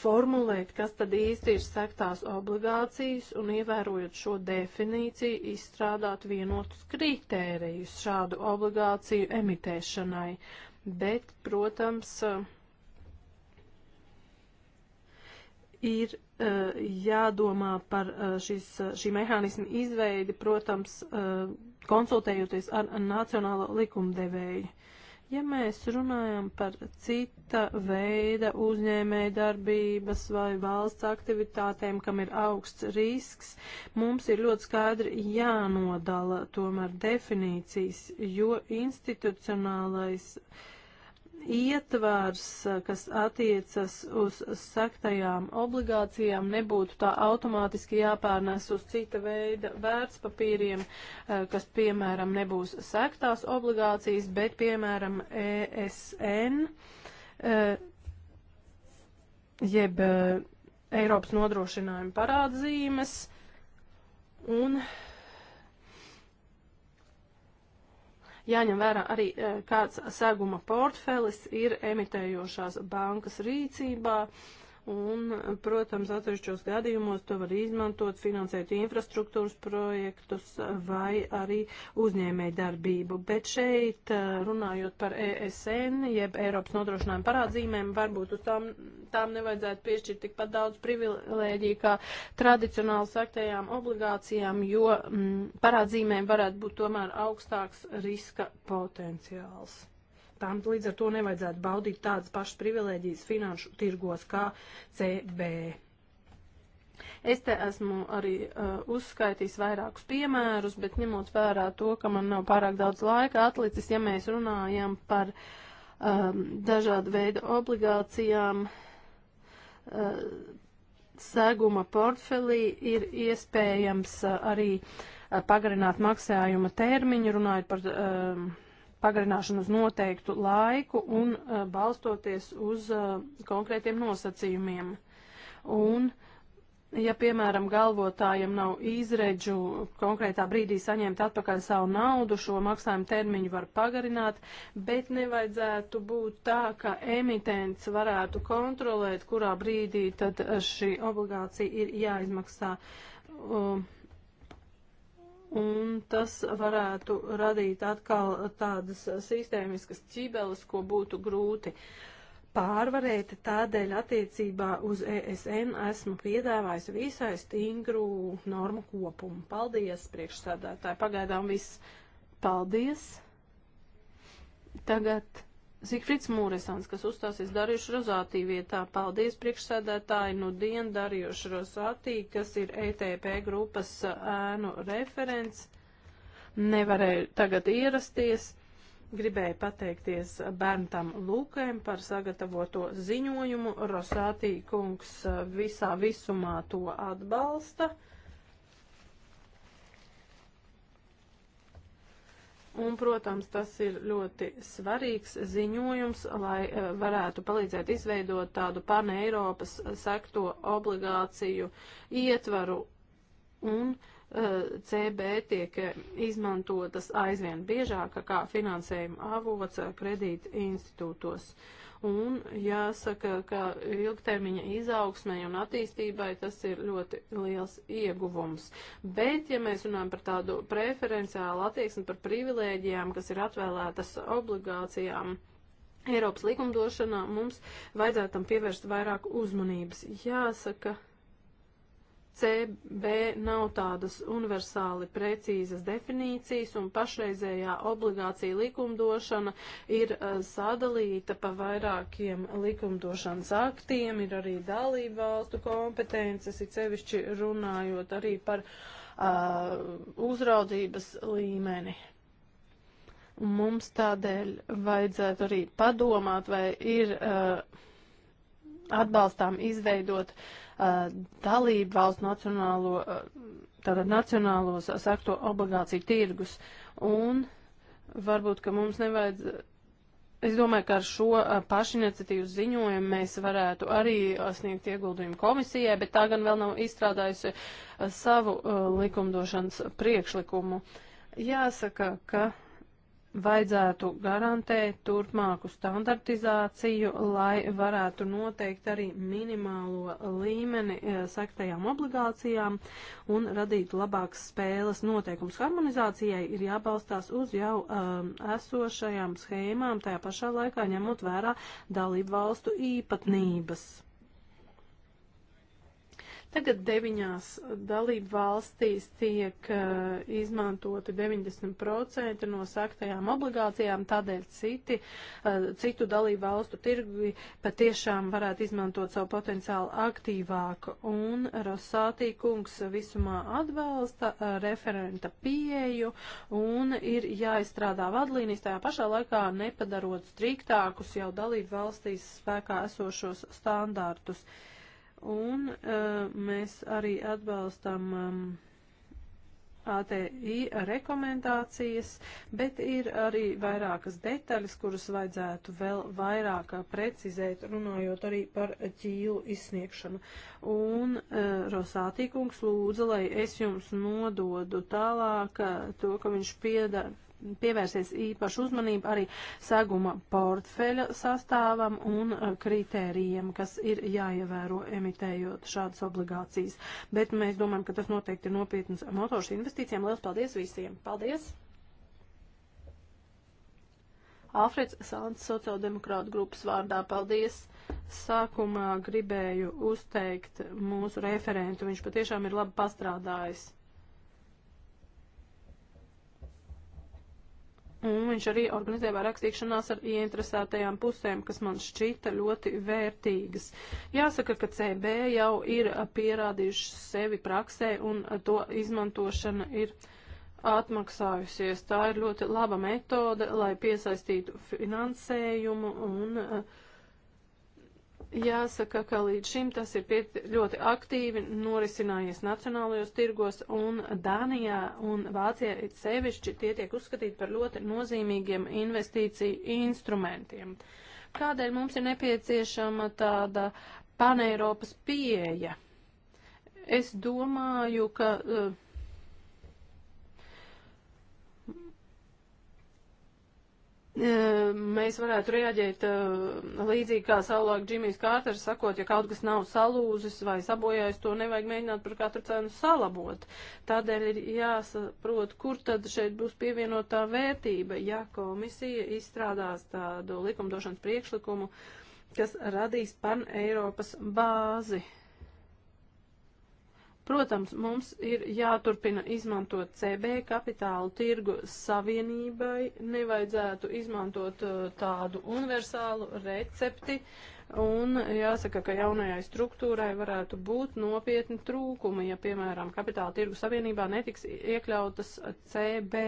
formulēt, kas tad īsti ir sektās obligācijas un ievērojot šo definīciju, izstrādāt vienotus kritērijus šādu obligāciju emitēšanai. Bet, protams, ir eh, jādomā par eh, šis, eh, šī mehānisma izveidi, protams, konsultējoties ar nacionālo likumdevēju. Ja mēs runājam par cita veida uzņēmēja darbības vai valsts aktivitātēm, kam ir augsts risks, mums ir ļoti skaidri jānodala tomēr definīcijas, jo institucionālais uh, ietvars, eh, kas attiecas uz saktajām obligācijām, nebūtu tā automātiski jāpārnēs uz cita veida vērtspapīriem, eh, kas, piemēram, nebūs saktās obligācijas, bet, piemēram, ESN, eh, jeb Eiropas nodrošinājuma parādzīmes, un Jāņem vērā arī, e, kāds seguma portfelis ir emitējošās bankas rīcībā. Uh, Un, protams, atsevišķos gadījumos to var izmantot, finansēt infrastruktūras projektus vai arī uzņēmēju darbību. Bet šeit, eh, runājot par ESN, jeb Eiropas nodrošinājuma parādzīmēm, varbūt uz tām, tām nevajadzētu piešķirt tikpat daudz privilēģiju kā tradicionāli saktajām obligācijām, jo m, mm, parādzīmēm varētu būt tomēr augstāks riska potenciāls lietām, līdz ar to nevajadzētu baudīt tādas pašas privilēģijas finanšu tirgos kā CB. Es te esmu arī uh, uzskaitījis vairākus piemērus, bet ņemot vērā to, ka man nav pārāk daudz laika atlicis, ja mēs runājam par um, dažādu veidu obligācijām, uh, seguma portfelī ir iespējams uh, arī uh, pagarināt maksājuma termiņu, runājot par. Uh, pagarināšanu uz noteiktu laiku un uh, balstoties uz uh, konkrētiem nosacījumiem. Un, ja, piemēram, galvotājiem nav izredzu konkrētā brīdī saņemt atpakaļ savu naudu, šo maksājumu termiņu var pagarināt, bet nevajadzētu būt tā, ka emitents varētu kontrolēt, kurā brīdī tad eh, šī obligācija ir jāizmaksā. Uh, Un tas varētu radīt atkal tādas sistēmiskas ķibeles, ko būtu grūti pārvarēt. Tādēļ attiecībā uz ESN esmu piedāvājis visai stingru normu kopumu. Paldies, priekšsādātāji. Pagaidām viss. Paldies. Tagad Zikfrits Mūresans, kas uzstāsies Darījuši Rozātī vietā. Paldies priekšsēdētāji nu dien Darījuši Rozātī, kas ir ETP grupas ēnu referents. Nevarēju tagad ierasties. Gribēju pateikties Berntam Lūkēm par sagatavoto ziņojumu. Rosātī kungs visā visumā to atbalsta. Uh, Un, protams, tas ir ļoti svarīgs ziņojums, lai e, varētu palīdzēt izveidot tādu paneiropas sekto obligāciju ietvaru un e, CB tiek izmantotas aizvien biežāk kā finansējuma avots kredīta institūtos. Uh, un jāsaka, ka ilgtermiņa izaugsmai un attīstībai tas ir ļoti liels ieguvums. Bet, ja mēs runājam par tādu preferenciālu attieksmi par privilēģijām, kas ir atvēlētas obligācijām, Eiropas likumdošanā mums vajadzētu tam pievērst vairāk uzmanības. Jāsaka, ka CB nav tādas universāli precīzas definīcijas, un pašreizējā obligācija likumdošana ir eh, sadalīta pa vairākiem likumdošanas aktiem, ir arī dalību valstu kompetences, ir sevišķi runājot arī par uh, uzraudzības līmeni. Un mums tādēļ vajadzētu arī padomāt, vai ir uh, atbalstām izveidot uh, Uh, dalību valstu nacionālo, uh, tātad nacionālos sakto obligāciju tirgus. Un varbūt, ka mums nevajadz. Es domāju, ka ar šo uh, pašiniciatīvu ziņojumu mēs varētu arī sniegt ieguldījumu komisijai, bet tā gan vēl nav izstrādājusi savu likumdošanas priekšlikumu. Jāsaka, ka vajadzētu garantēt turpmāku standartizāciju, lai varētu noteikt arī minimālo līmeni eh, sektajām obligācijām un radīt labākas spēles noteikums. Harmonizācijai ir jābalstās uz jau um, esošajām schēmām, tajā pašā laikā ņemot vērā dalību valstu īpatnības. Tagad deviņās dalību valstīs tiek uh, izmantoti 90% no saktajām obligācijām, tādēļ citi, uh, citu dalību valstu tirgi patiešām varētu izmantot savu potenciālu aktīvāk. Un Rosātī kungs visumā atbalsta uh, referenta pieeju un ir jāizstrādā vadlīnijas tajā pašā laikā nepadarot striktākus jau dalību valstīs spēkā esošos standārtus. Uh, Un uh, mēs arī atbalstam um, ATI rekomendācijas, bet ir arī vairākas detaļas, kuras vajadzētu vēl vairāk precizēt, runājot arī par ķīlu izsniegšanu. Un uh, e, Rosātīkungs lūdza, lai es jums nododu tālāk e, to, ka viņš piedāvā pievērsies īpašu uzmanību arī seguma portfeļa sastāvam un uh, kritērijiem, kas ir jāievēro emitējot šādas obligācijas. Bet mēs domājam, ka tas noteikti ir nopietnas motors investīcijām. Lielas paldies visiem! Paldies! Alfreds Sants, sociāldemokrāta grupas vārdā, paldies! Sākumā gribēju uzteikt mūsu referentu, viņš patiešām ir labi pastrādājis. Un viņš arī organizē vairāk tikšanās ar ieinteresētajām pusēm, kas man šķita ļoti vērtīgas. Jāsaka, ka CB jau ir pierādījuši sevi praksē un to izmantošana ir atmaksājusies. Tā ir ļoti laba metode, lai piesaistītu finansējumu un uh, Jāsaka, ka līdz šim tas ir piet, ļoti aktīvi norisinājies nacionālajos tirgos, un Dānijā un Vācijā it sevišķi tie tiek uzskatīti par ļoti nozīmīgiem investīciju instrumentiem. Kādēļ mums ir nepieciešama tāda paneiropas pieeja? Es domāju, ka. Uh, mēs varētu reaģēt līdzīgi kā savulaik Džimijs Kārters sakot, ja kaut kas nav salūzis vai sabojājis, to nevajag mēģināt par katru cenu salabot. Tādēļ ir jāsaprot, kur tad šeit būs pievienotā vērtība, ja komisija izstrādās tādu likumdošanas priekšlikumu, kas radīs pan Eiropas bāzi Protams, mums ir jāturpina izmantot CB kapitālu tirgu savienībai, nevajadzētu izmantot uh, tādu universālu recepti, Un jāsaka, ka jaunajai struktūrai varētu būt nopietni trūkumi, ja, piemēram, kapitāla tirgu savienībā netiks iekļautas CB.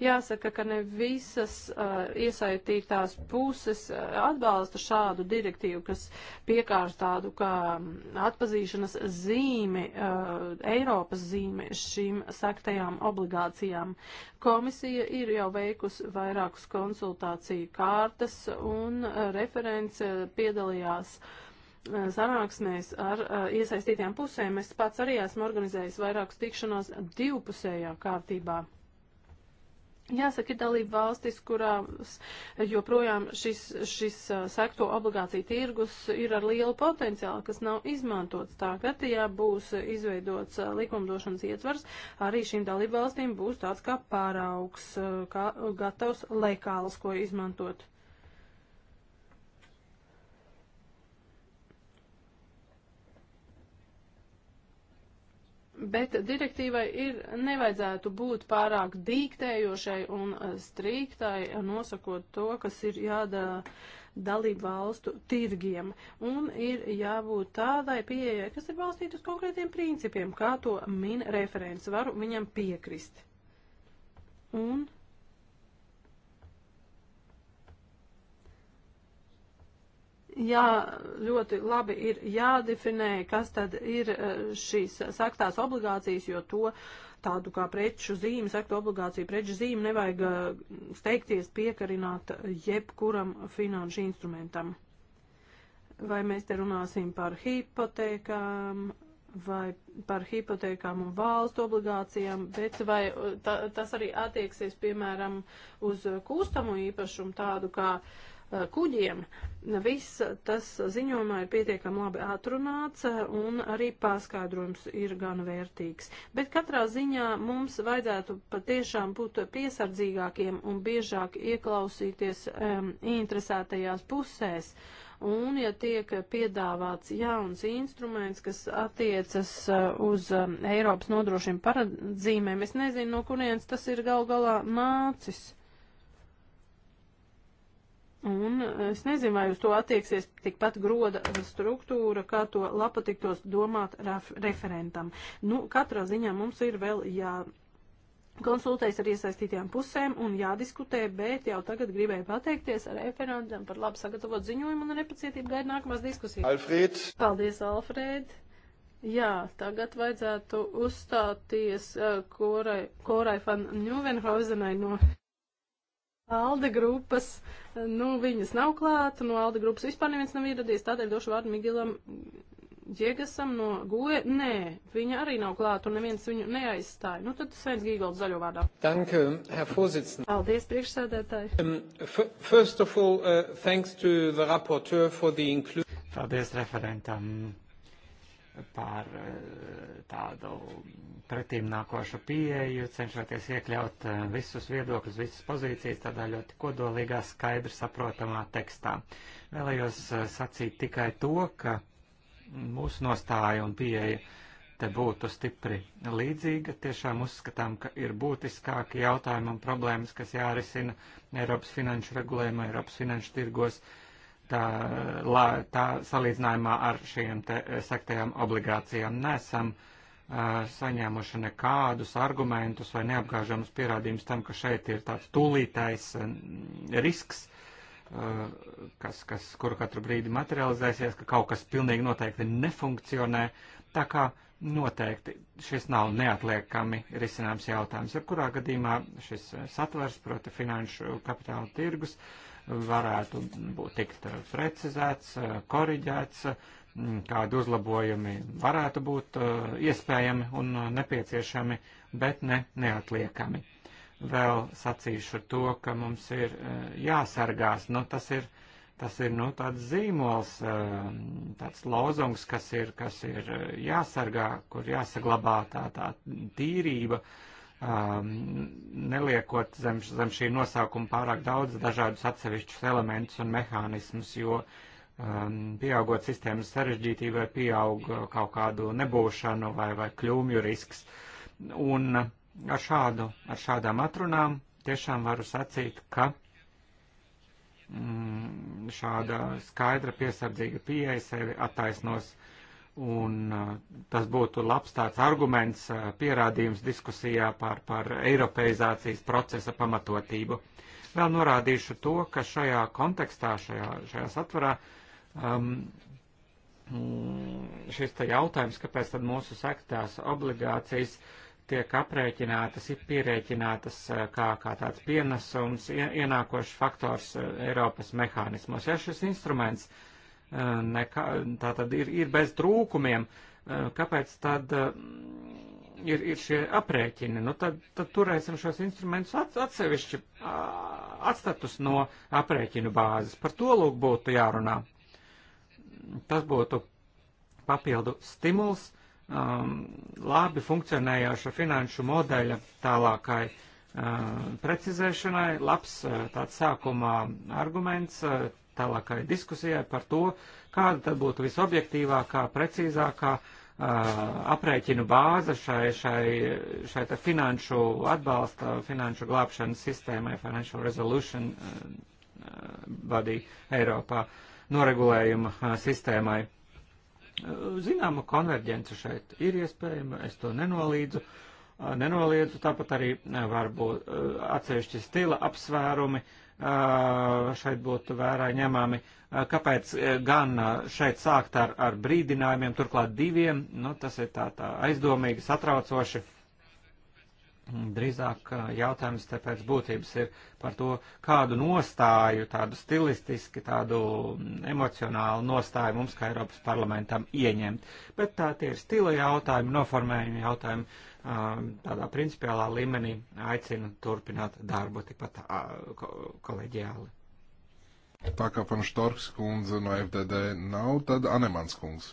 Jāsaka, ka ne visas uh, iesaistītās puses uh, atbalsta šādu direktīvu, kas piekārs tādu kā um, atpazīšanas zīmi, uh, Eiropas zīmi šīm saktajām obligācijām. Komisija ir jau veikusi vairākus konsultāciju kārtas un uh, referents uh, piedalījās uh, sanāksmēs ar iesaistītajām pusēm. Es pats arī esmu organizējis vairākus tikšanos divpusējā kārtībā. Jāsaka, ir dalība valstis, kurās joprojām šis, šis sekto obligāciju tirgus ir ar lielu potenciālu, kas nav izmantots. Tagad, ja būs izveidots likumdošanas ietvars, arī šīm dalība valstīm būs tāds kā pāraugs, kā gatavs lekāls, ko izmantot. Bet direktīvai ir nevajadzētu būt pārāk dīktējošai un eh, strīktai, nosakot to, kas ir jādara dalību valstu tirgiem. Un ir jābūt tādai pieejai, kas ir balstīta uz konkrētiem principiem, kā to min referents. Varu viņam piekrist. Un jā, ļoti labi ir jādefinē, kas tad ir e, šīs saktās obligācijas, jo to tādu kā preču zīmi, saktu obligāciju preču zīmi nevajag e, steigties piekarināt jebkuram finanšu instrumentam. Vai mēs te runāsim par hipotekām, vai par hipotekām un valstu obligācijām, bet vai e, ta, tas arī attieksies, piemēram, uz kustamo īpašumu tādu kā uh, Eh, kuģiem. Viss tas ziņojumā ir pietiekami labi atrunāts eh, un arī paskaidrojums ir gan vērtīgs. Bet katrā ziņā mums vajadzētu patiešām būt piesardzīgākiem un biežāk ieklausīties um, interesētajās pusēs. Un, ja tiek piedāvāts jauns instruments, kas attiecas eh, uz Eiropas nodrošiem paradzīmēm, es nezinu, no kurienes tas ir gal galā nācis. Un es nezinu, vai uz to attieksies tikpat groda struktūra, kā to patiktos domāt referentam. Nu, katrā ziņā mums ir vēl jā. Konsultējas ar iesaistītajām pusēm un jādiskutē, bet jau tagad gribēju pateikties ar referentam par labi sagatavot ziņojumu un nepacietību gaidu nākamās diskusijas. Alfrēd! Paldies, Alfrēd! Jā, tagad vajadzētu uzstāties uh, Korai, Korai van Ņuvenhausenai no Alde grupas, nu, viņas nav klāta, no Alde grupas vispār neviens nav ieradies, tādēļ došu vārdu Migilam Džiegasam no Gulē. Nē, viņa arī nav klāta un neviens viņu neaizstāja. Nu, tad Svens Gīgolds zaļo vārdā. Danke, Herr Vorsitzende. Paldies, priekšsēdētāji. Um, first of all, uh, thanks to the rapporteur for the inclusion. Paldies referentam par eh, tādu pretīm nākošu pieeju, cenšoties iekļaut eh, visus viedokļus, visas pozīcijas tādā ļoti kodolīgā, skaidri saprotamā tekstā. Vēlējos eh, sacīt tikai to, ka mūsu nostāja un pieeja te būtu stipri līdzīga. Tiešām uzskatām, ka ir būtiskāki jautājumi un problēmas, kas jārisina Eiropas finanšu regulējuma, Eiropas finanšu tirgos. Uh, tā, la, tā salīdzinājumā ar šiem te eh, sektajām obligācijām nesam uh, saņēmuši nekādus argumentus vai neapgāžamus pierādījumus tam, ka šeit ir tāds tūlītais eh, risks, uh, kas, kas kuru katru brīdi materializēsies, ka kaut kas pilnīgi noteikti nefunkcionē. Tā kā noteikti šis nav neatliekami risināms jautājums. Jebkurā gadījumā šis satvers, proti finanšu kapitāla tirgus, uh, varētu būt tikt precizēts, koriģēts, kādi uzlabojumi varētu būt eh, iespējami un nepieciešami, bet ne neatliekami. Vēl sacīšu to, ka mums ir eh, jāsargās, nu tas ir, tas ir, nu tāds zīmols, eh, tāds lozungs, kas ir, kas ir jāsargā, kur jāsaglabā tā, tā tīrība, uh, Um, neliekot zem, zem šī nosaukuma pārāk daudz dažādus atsevišķus elementus un mehānismus, jo um, pieaugot sistēmas sarežģītībai pieaug kaut kādu nebūšanu vai, vai kļūmju risks. Un ar, šādu, ar šādām atrunām tiešām varu sacīt, ka mm, šāda skaidra piesardzīga pieeja sevi attaisnos Un uh, tas būtu labs tāds arguments, uh, pierādījums diskusijā par, par eiropeizācijas procesa pamatotību. Vēl norādīšu to, ka šajā kontekstā, šajā, šajā satvarā um, mm, šis te jautājums, kāpēc tad mūsu sektās obligācijas tiek aprēķinātas, ir pierēķinātas uh, kā, kā tāds pienesums, ienākošs faktors Eiropas mehānismos. Ja šis instruments uh, Eh, nekā, tā tad ir, ir bez trūkumiem, eh, kāpēc tad eh, ir, ir šie aprēķini? Nu, tad, tad turēsim šos instrumentus atsevišķi, atstatus no aprēķinu bāzes. Par to lūk būtu jārunā. Tas būtu papildu stimuls um, labi funkcionējoša finanšu modeļa tālākai uh, precizēšanai, labs uh, tāds sākumā arguments, uh, tālākai diskusijai par to, kāda tad būtu visobjektīvākā, precīzākā aprēķinu bāze šai, šai, šai finanšu atbalsta, finanšu glābšanas sistēmai, Financial Resolution vadī Eiropā, noregulējuma sistēmai. Zināma konverģence šeit ir iespējama, es to nenolīdzu, nenoliedzu, tāpat arī varbūt atsevišķi stila apsvērumi, uh, šeit būtu vērā ņemami. Kāpēc gan šeit sākt ar, ar brīdinājumiem, turklāt diviem? Nu, tas ir tā, tā aizdomīgi, satraucoši. Drīzāk jautājums te pēc būtības ir par to, kādu nostāju, tādu stilistiski, tādu emocionālu nostāju mums kā Eiropas parlamentam ieņemt. Bet tā tie ir stila jautājumi, noformējumi jautājumi. Uh, tādā principiālā līmenī aicinu turpināt darbu tikpat kolēģiāli. Tā kā pan Štorks kundze no FDD nav, tad Anemans kungs.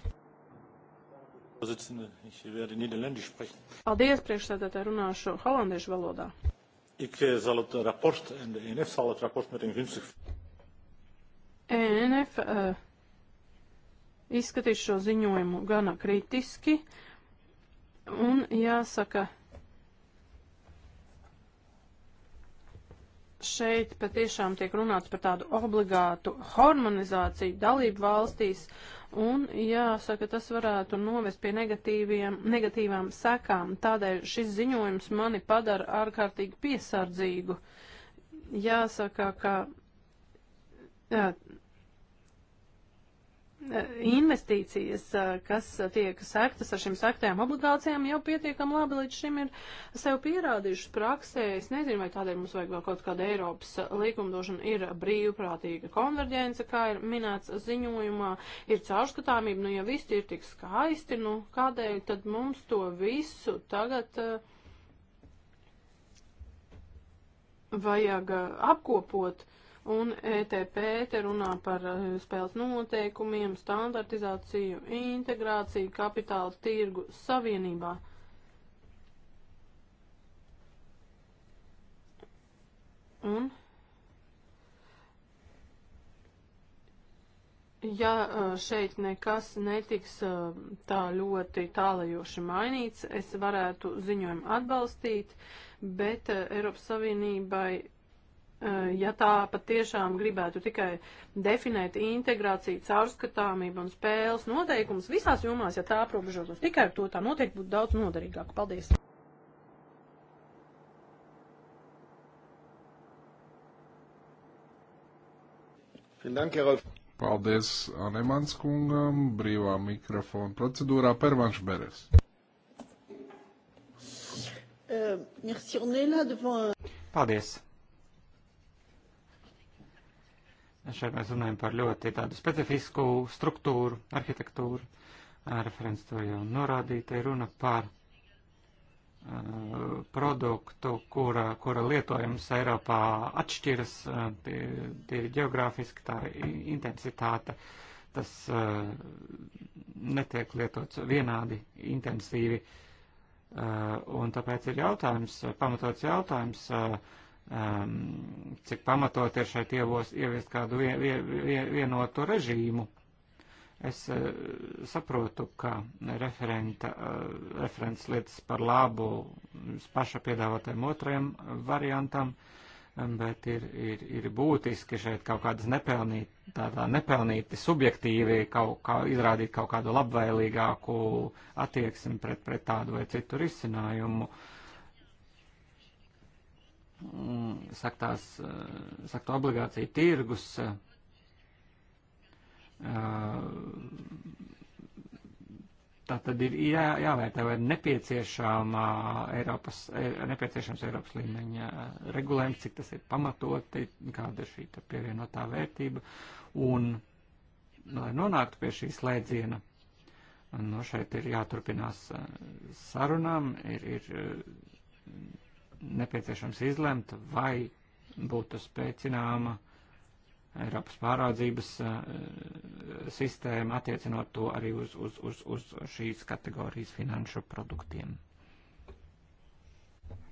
Paldies, priekšsēdētāji, runāšu holandiešu valodā. Ik eh, zal het rapport en de ENF zal het rapport met een gunstig. ENF uh, eh, izskatīs šo ziņojumu gana kritiski. Uh, Un jāsaka, šeit patiešām tiek runāts par tādu obligātu harmonizāciju dalību valstīs, un jāsaka, tas varētu novest pie negatīvām sekām. Tādēļ šis ziņojums mani padara ārkārtīgi piesardzīgu. Jāsaka, ka jā, investīcijas, kas tiek sektas ar šīm sektējām obligācijām, jau pietiekam labi līdz šim ir sev pierādījušas praksē. Es nezinu, vai tādēļ mums vajag vēl kaut kāda Eiropas likumdošana. Ir brīvprātīga konverģence, kā ir minēts ziņojumā, ir caurskatāmība. Nu, ja viss ir tik skaisti, nu, kādēļ tad mums to visu tagad vajag apkopot? Un ETP te runā par eh, spēles noteikumiem, standartizāciju, integrāciju kapitāla tirgu savienībā. Un ja eh, šeit nekas netiks eh, tā ļoti tālajoši mainīts, es varētu ziņojumu atbalstīt, bet Eiropas Savienībai ja tā patiešām gribētu tikai definēt integrāciju, caurskatāmību un spēles noteikumus visās jomās, ja tā aprobežotos tikai ar to, tā noteikti būtu daudz noderīgāk. Paldies! Paldies Anemans kungam, brīvā mikrofona procedūrā Pervanš Beres. Paldies. Šeit mēs runājam par ļoti tādu specifisku struktūru, arhitektūru. Referents to jau norādīja. Te runa par uh, produktu, kura, kura lietojums Eiropā atšķiras, uh, tie, tie ir geogrāfiski, tā intensitāte, tas uh, netiek lietots vienādi intensīvi. Un tāpēc ir jautājums, pamatots jautājums, um, cik pamatot ir šeit ievos, ieviest kādu vie, vie, vie, vienotu režīmu. Es uh, saprotu, ka referenta, uh, referents lietas par labu paša piedāvātajam otrajam variantam, ehm, bet ir, ir, ir būtiski šeit kaut kādas nepelnīt, tādā nepelnīti subjektīvi kaut kā izrādīt kaut kādu labvēlīgāku attieksmi pret, pret tādu vai citu risinājumu. Uh, Mm, saktās, eh, saktu obligāciju tirgus eh, tā tad ir jā, jāvērtē, vai nepieciešama Eiropas, e, nepieciešams Eiropas līmeņa eh, regulējums, cik tas ir pamatoti, kāda ir šī pievienotā vērtība. Un, lai nonāktu pie šī slēdziena, no nu, šeit ir jāturpinās sarunām, ir, ir nepieciešams izlemt, vai būtu spēcināma Eiropas pārādzības eh, sistēma, attiecinot to arī uz, uz, uz, uz šīs kategorijas finanšu produktiem.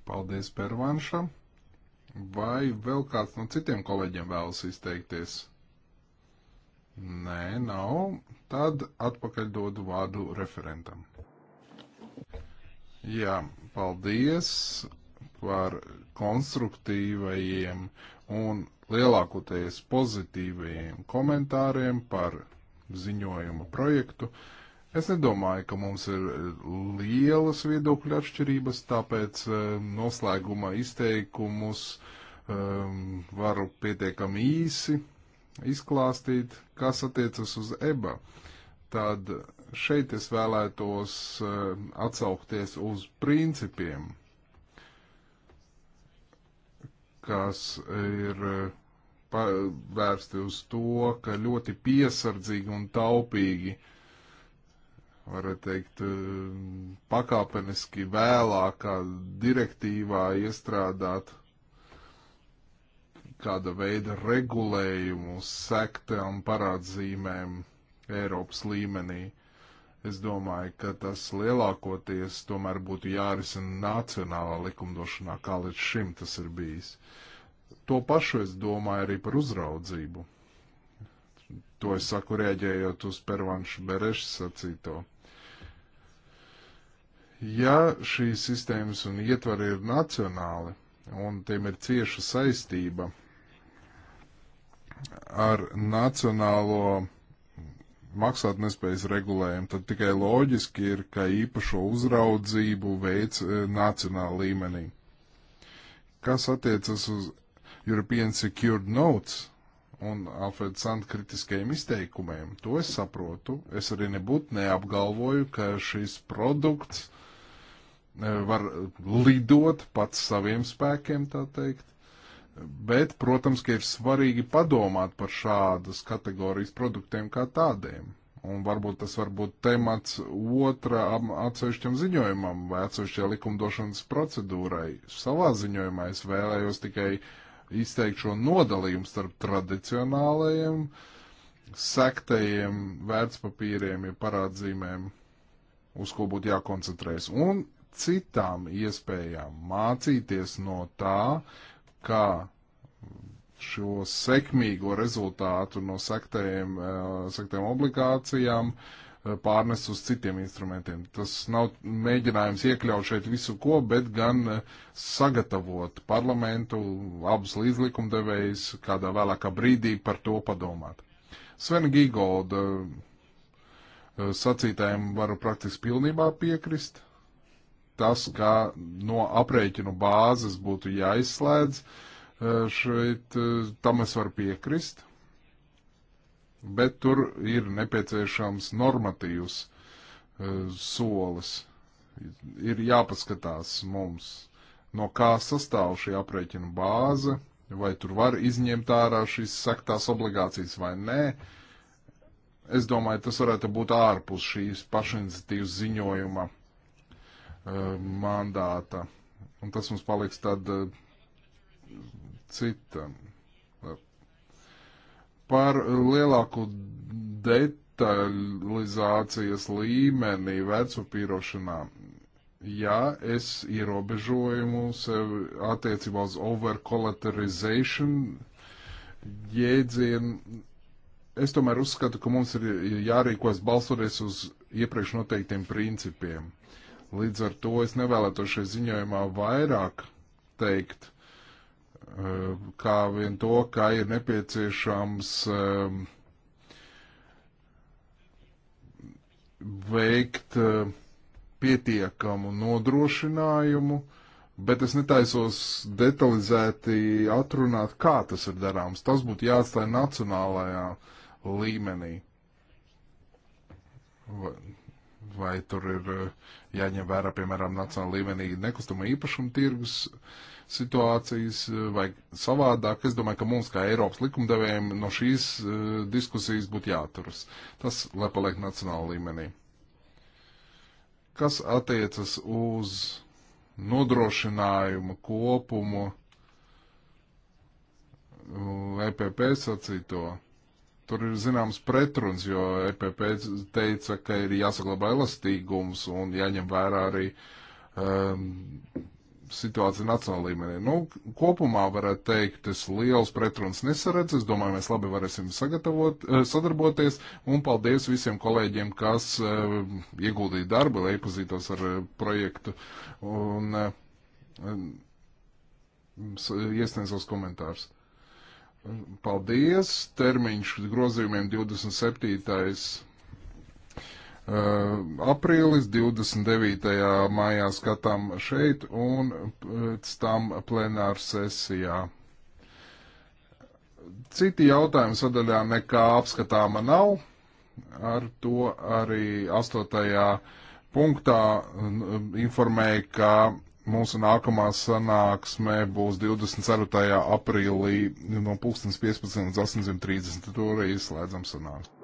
Paldies, Pervanša. Vai vēl kāds no citiem kolēģiem vēlas izteikties? Nē, nav. Tad atpakaļ dodu vārdu referentam. Jā, paldies par konstruktīvajiem un lielākoties pozitīvajiem komentāriem par ziņojuma projektu. Es nedomāju, ka mums ir lielas viedokļu atšķirības, tāpēc eh, noslēguma izteikumus um, varu pietiekami īsi izklāstīt, kas attiecas uz EBA. Tad šeit es vēlētos uh, atsaukties uz principiem, kas ir eh, vērsti uz to, ka ļoti piesardzīgi un taupīgi, varētu teikt, eh, pakāpeniski vēlākā direktīvā iestrādāt kāda veida regulējumu sektām parādzīmēm Eiropas līmenī. Uh, Es domāju, ka tas lielākoties tomēr būtu jārisina nacionālā likumdošanā, kā līdz šim tas ir bijis. To pašu es domāju arī par uzraudzību. To es saku rēģējot uz pervanšu berešu sacīto. Ja šīs sistēmas un ietvari ir nacionāli un tiem ir cieša saistība ar nacionālo maksātnespējas regulējumu, tad tikai loģiski ir, ka īpašo uzraudzību veids e, nacionāla līmenī. Kas attiecas uz European Secured Notes un Alfreds Sant kritiskajiem izteikumiem, to es saprotu. Es arī nebūtu neapgalvoju, ka šis produkts e, var e, lidot pats saviem spēkiem, tā teikt Bet, protams, ka ir svarīgi padomāt par šādas kategorijas produktiem kā tādiem. Un varbūt tas var būt temats otra atsevišķam ziņojumam vai atsevišķai likumdošanas procedūrai. Savā ziņojumā es vēlējos tikai izteikt šo nodalījumu starp tradicionālajiem, sektajiem vērtspapīriem, ja parādzīmēm, uz ko būtu jākoncentrēs, un citām iespējām mācīties no tā, uh, kā šo sekmīgo rezultātu no sektējiem, eh, sektējiem obligācijām eh, pārnest uz citiem instrumentiem. Tas nav mēģinājums iekļaut šeit visu ko, bet gan eh, sagatavot parlamentu, abus līdzlikumdevējus, kādā vēlākā brīdī par to padomāt. Svena Gīgolda sacītājiem varu praktiski pilnībā piekrist tas, ka no aprēķinu bāzes būtu jāizslēdz, e, šeit e, tam es varu piekrist, bet tur ir nepieciešams normatīvs e, solis. Ir jāpaskatās mums, no kā sastāv šī aprēķinu bāze, vai tur var izņemt ārā šīs saktās obligācijas vai nē. Es domāju, tas varētu būt ārpus šīs pašiniciatīvas ziņojuma Eh, mandāta. Un tas mums paliks tad eh, citam. Par lielāku detalizācijas līmenī vecu pīrošanā. Jā, es ierobežojumu sev attiecībā uz over-collateralization jēdzienu. Es tomēr uzskatu, ka mums ir jārīkojas balsoties uz iepriekš noteiktiem principiem Līdz ar to es nevēlētos šajā ziņojumā vairāk teikt, eh, kā vien to, ka ir nepieciešams eh, veikt eh, pietiekamu nodrošinājumu, bet es netaisos detalizēti atrunāt, kā tas ir darāms. Tas būtu jāatstāj nacionālajā līmenī. Vai, vai tur ir jāņem vērā, piemēram, nacionāla līmenī nekustama īpašuma tirgus situācijas e, vai savādāk. Es domāju, ka mums, kā Eiropas likumdevējiem, no šīs uh, diskusijas būtu jāturas. Tas, lai paliek nacionāla līmenī. Kas attiecas uz nodrošinājumu kopumu EPP sacīto? tur ir zināms pretruns, jo EPP teica, ka ir jāsaglabā elastīgums un jāņem vērā arī um, situācija nacionāla līmenī. Nu, kopumā varētu teikt, es liels pretruns nesaredzu. Es domāju, mēs labi varēsim sagatavot, eh, sadarboties un paldies visiem kolēģiem, kas uh, ieguldīja darbu, lai iepazītos ar uh, projektu un uh, iesniedz savus komentārus. Paldies! Termiņš grozījumiem 27. Eh, aprīlis, 29. maijā skatām šeit un pēc tam plenāra sesijā. Citi jautājumi sadaļā nekā apskatāma nav. Ar to arī 8. punktā informēja, ka Mūsu nākamā sanāksme būs 24. aprīlī no 15.15 līdz 18.30. Toreiz slēdzam sanāksmi.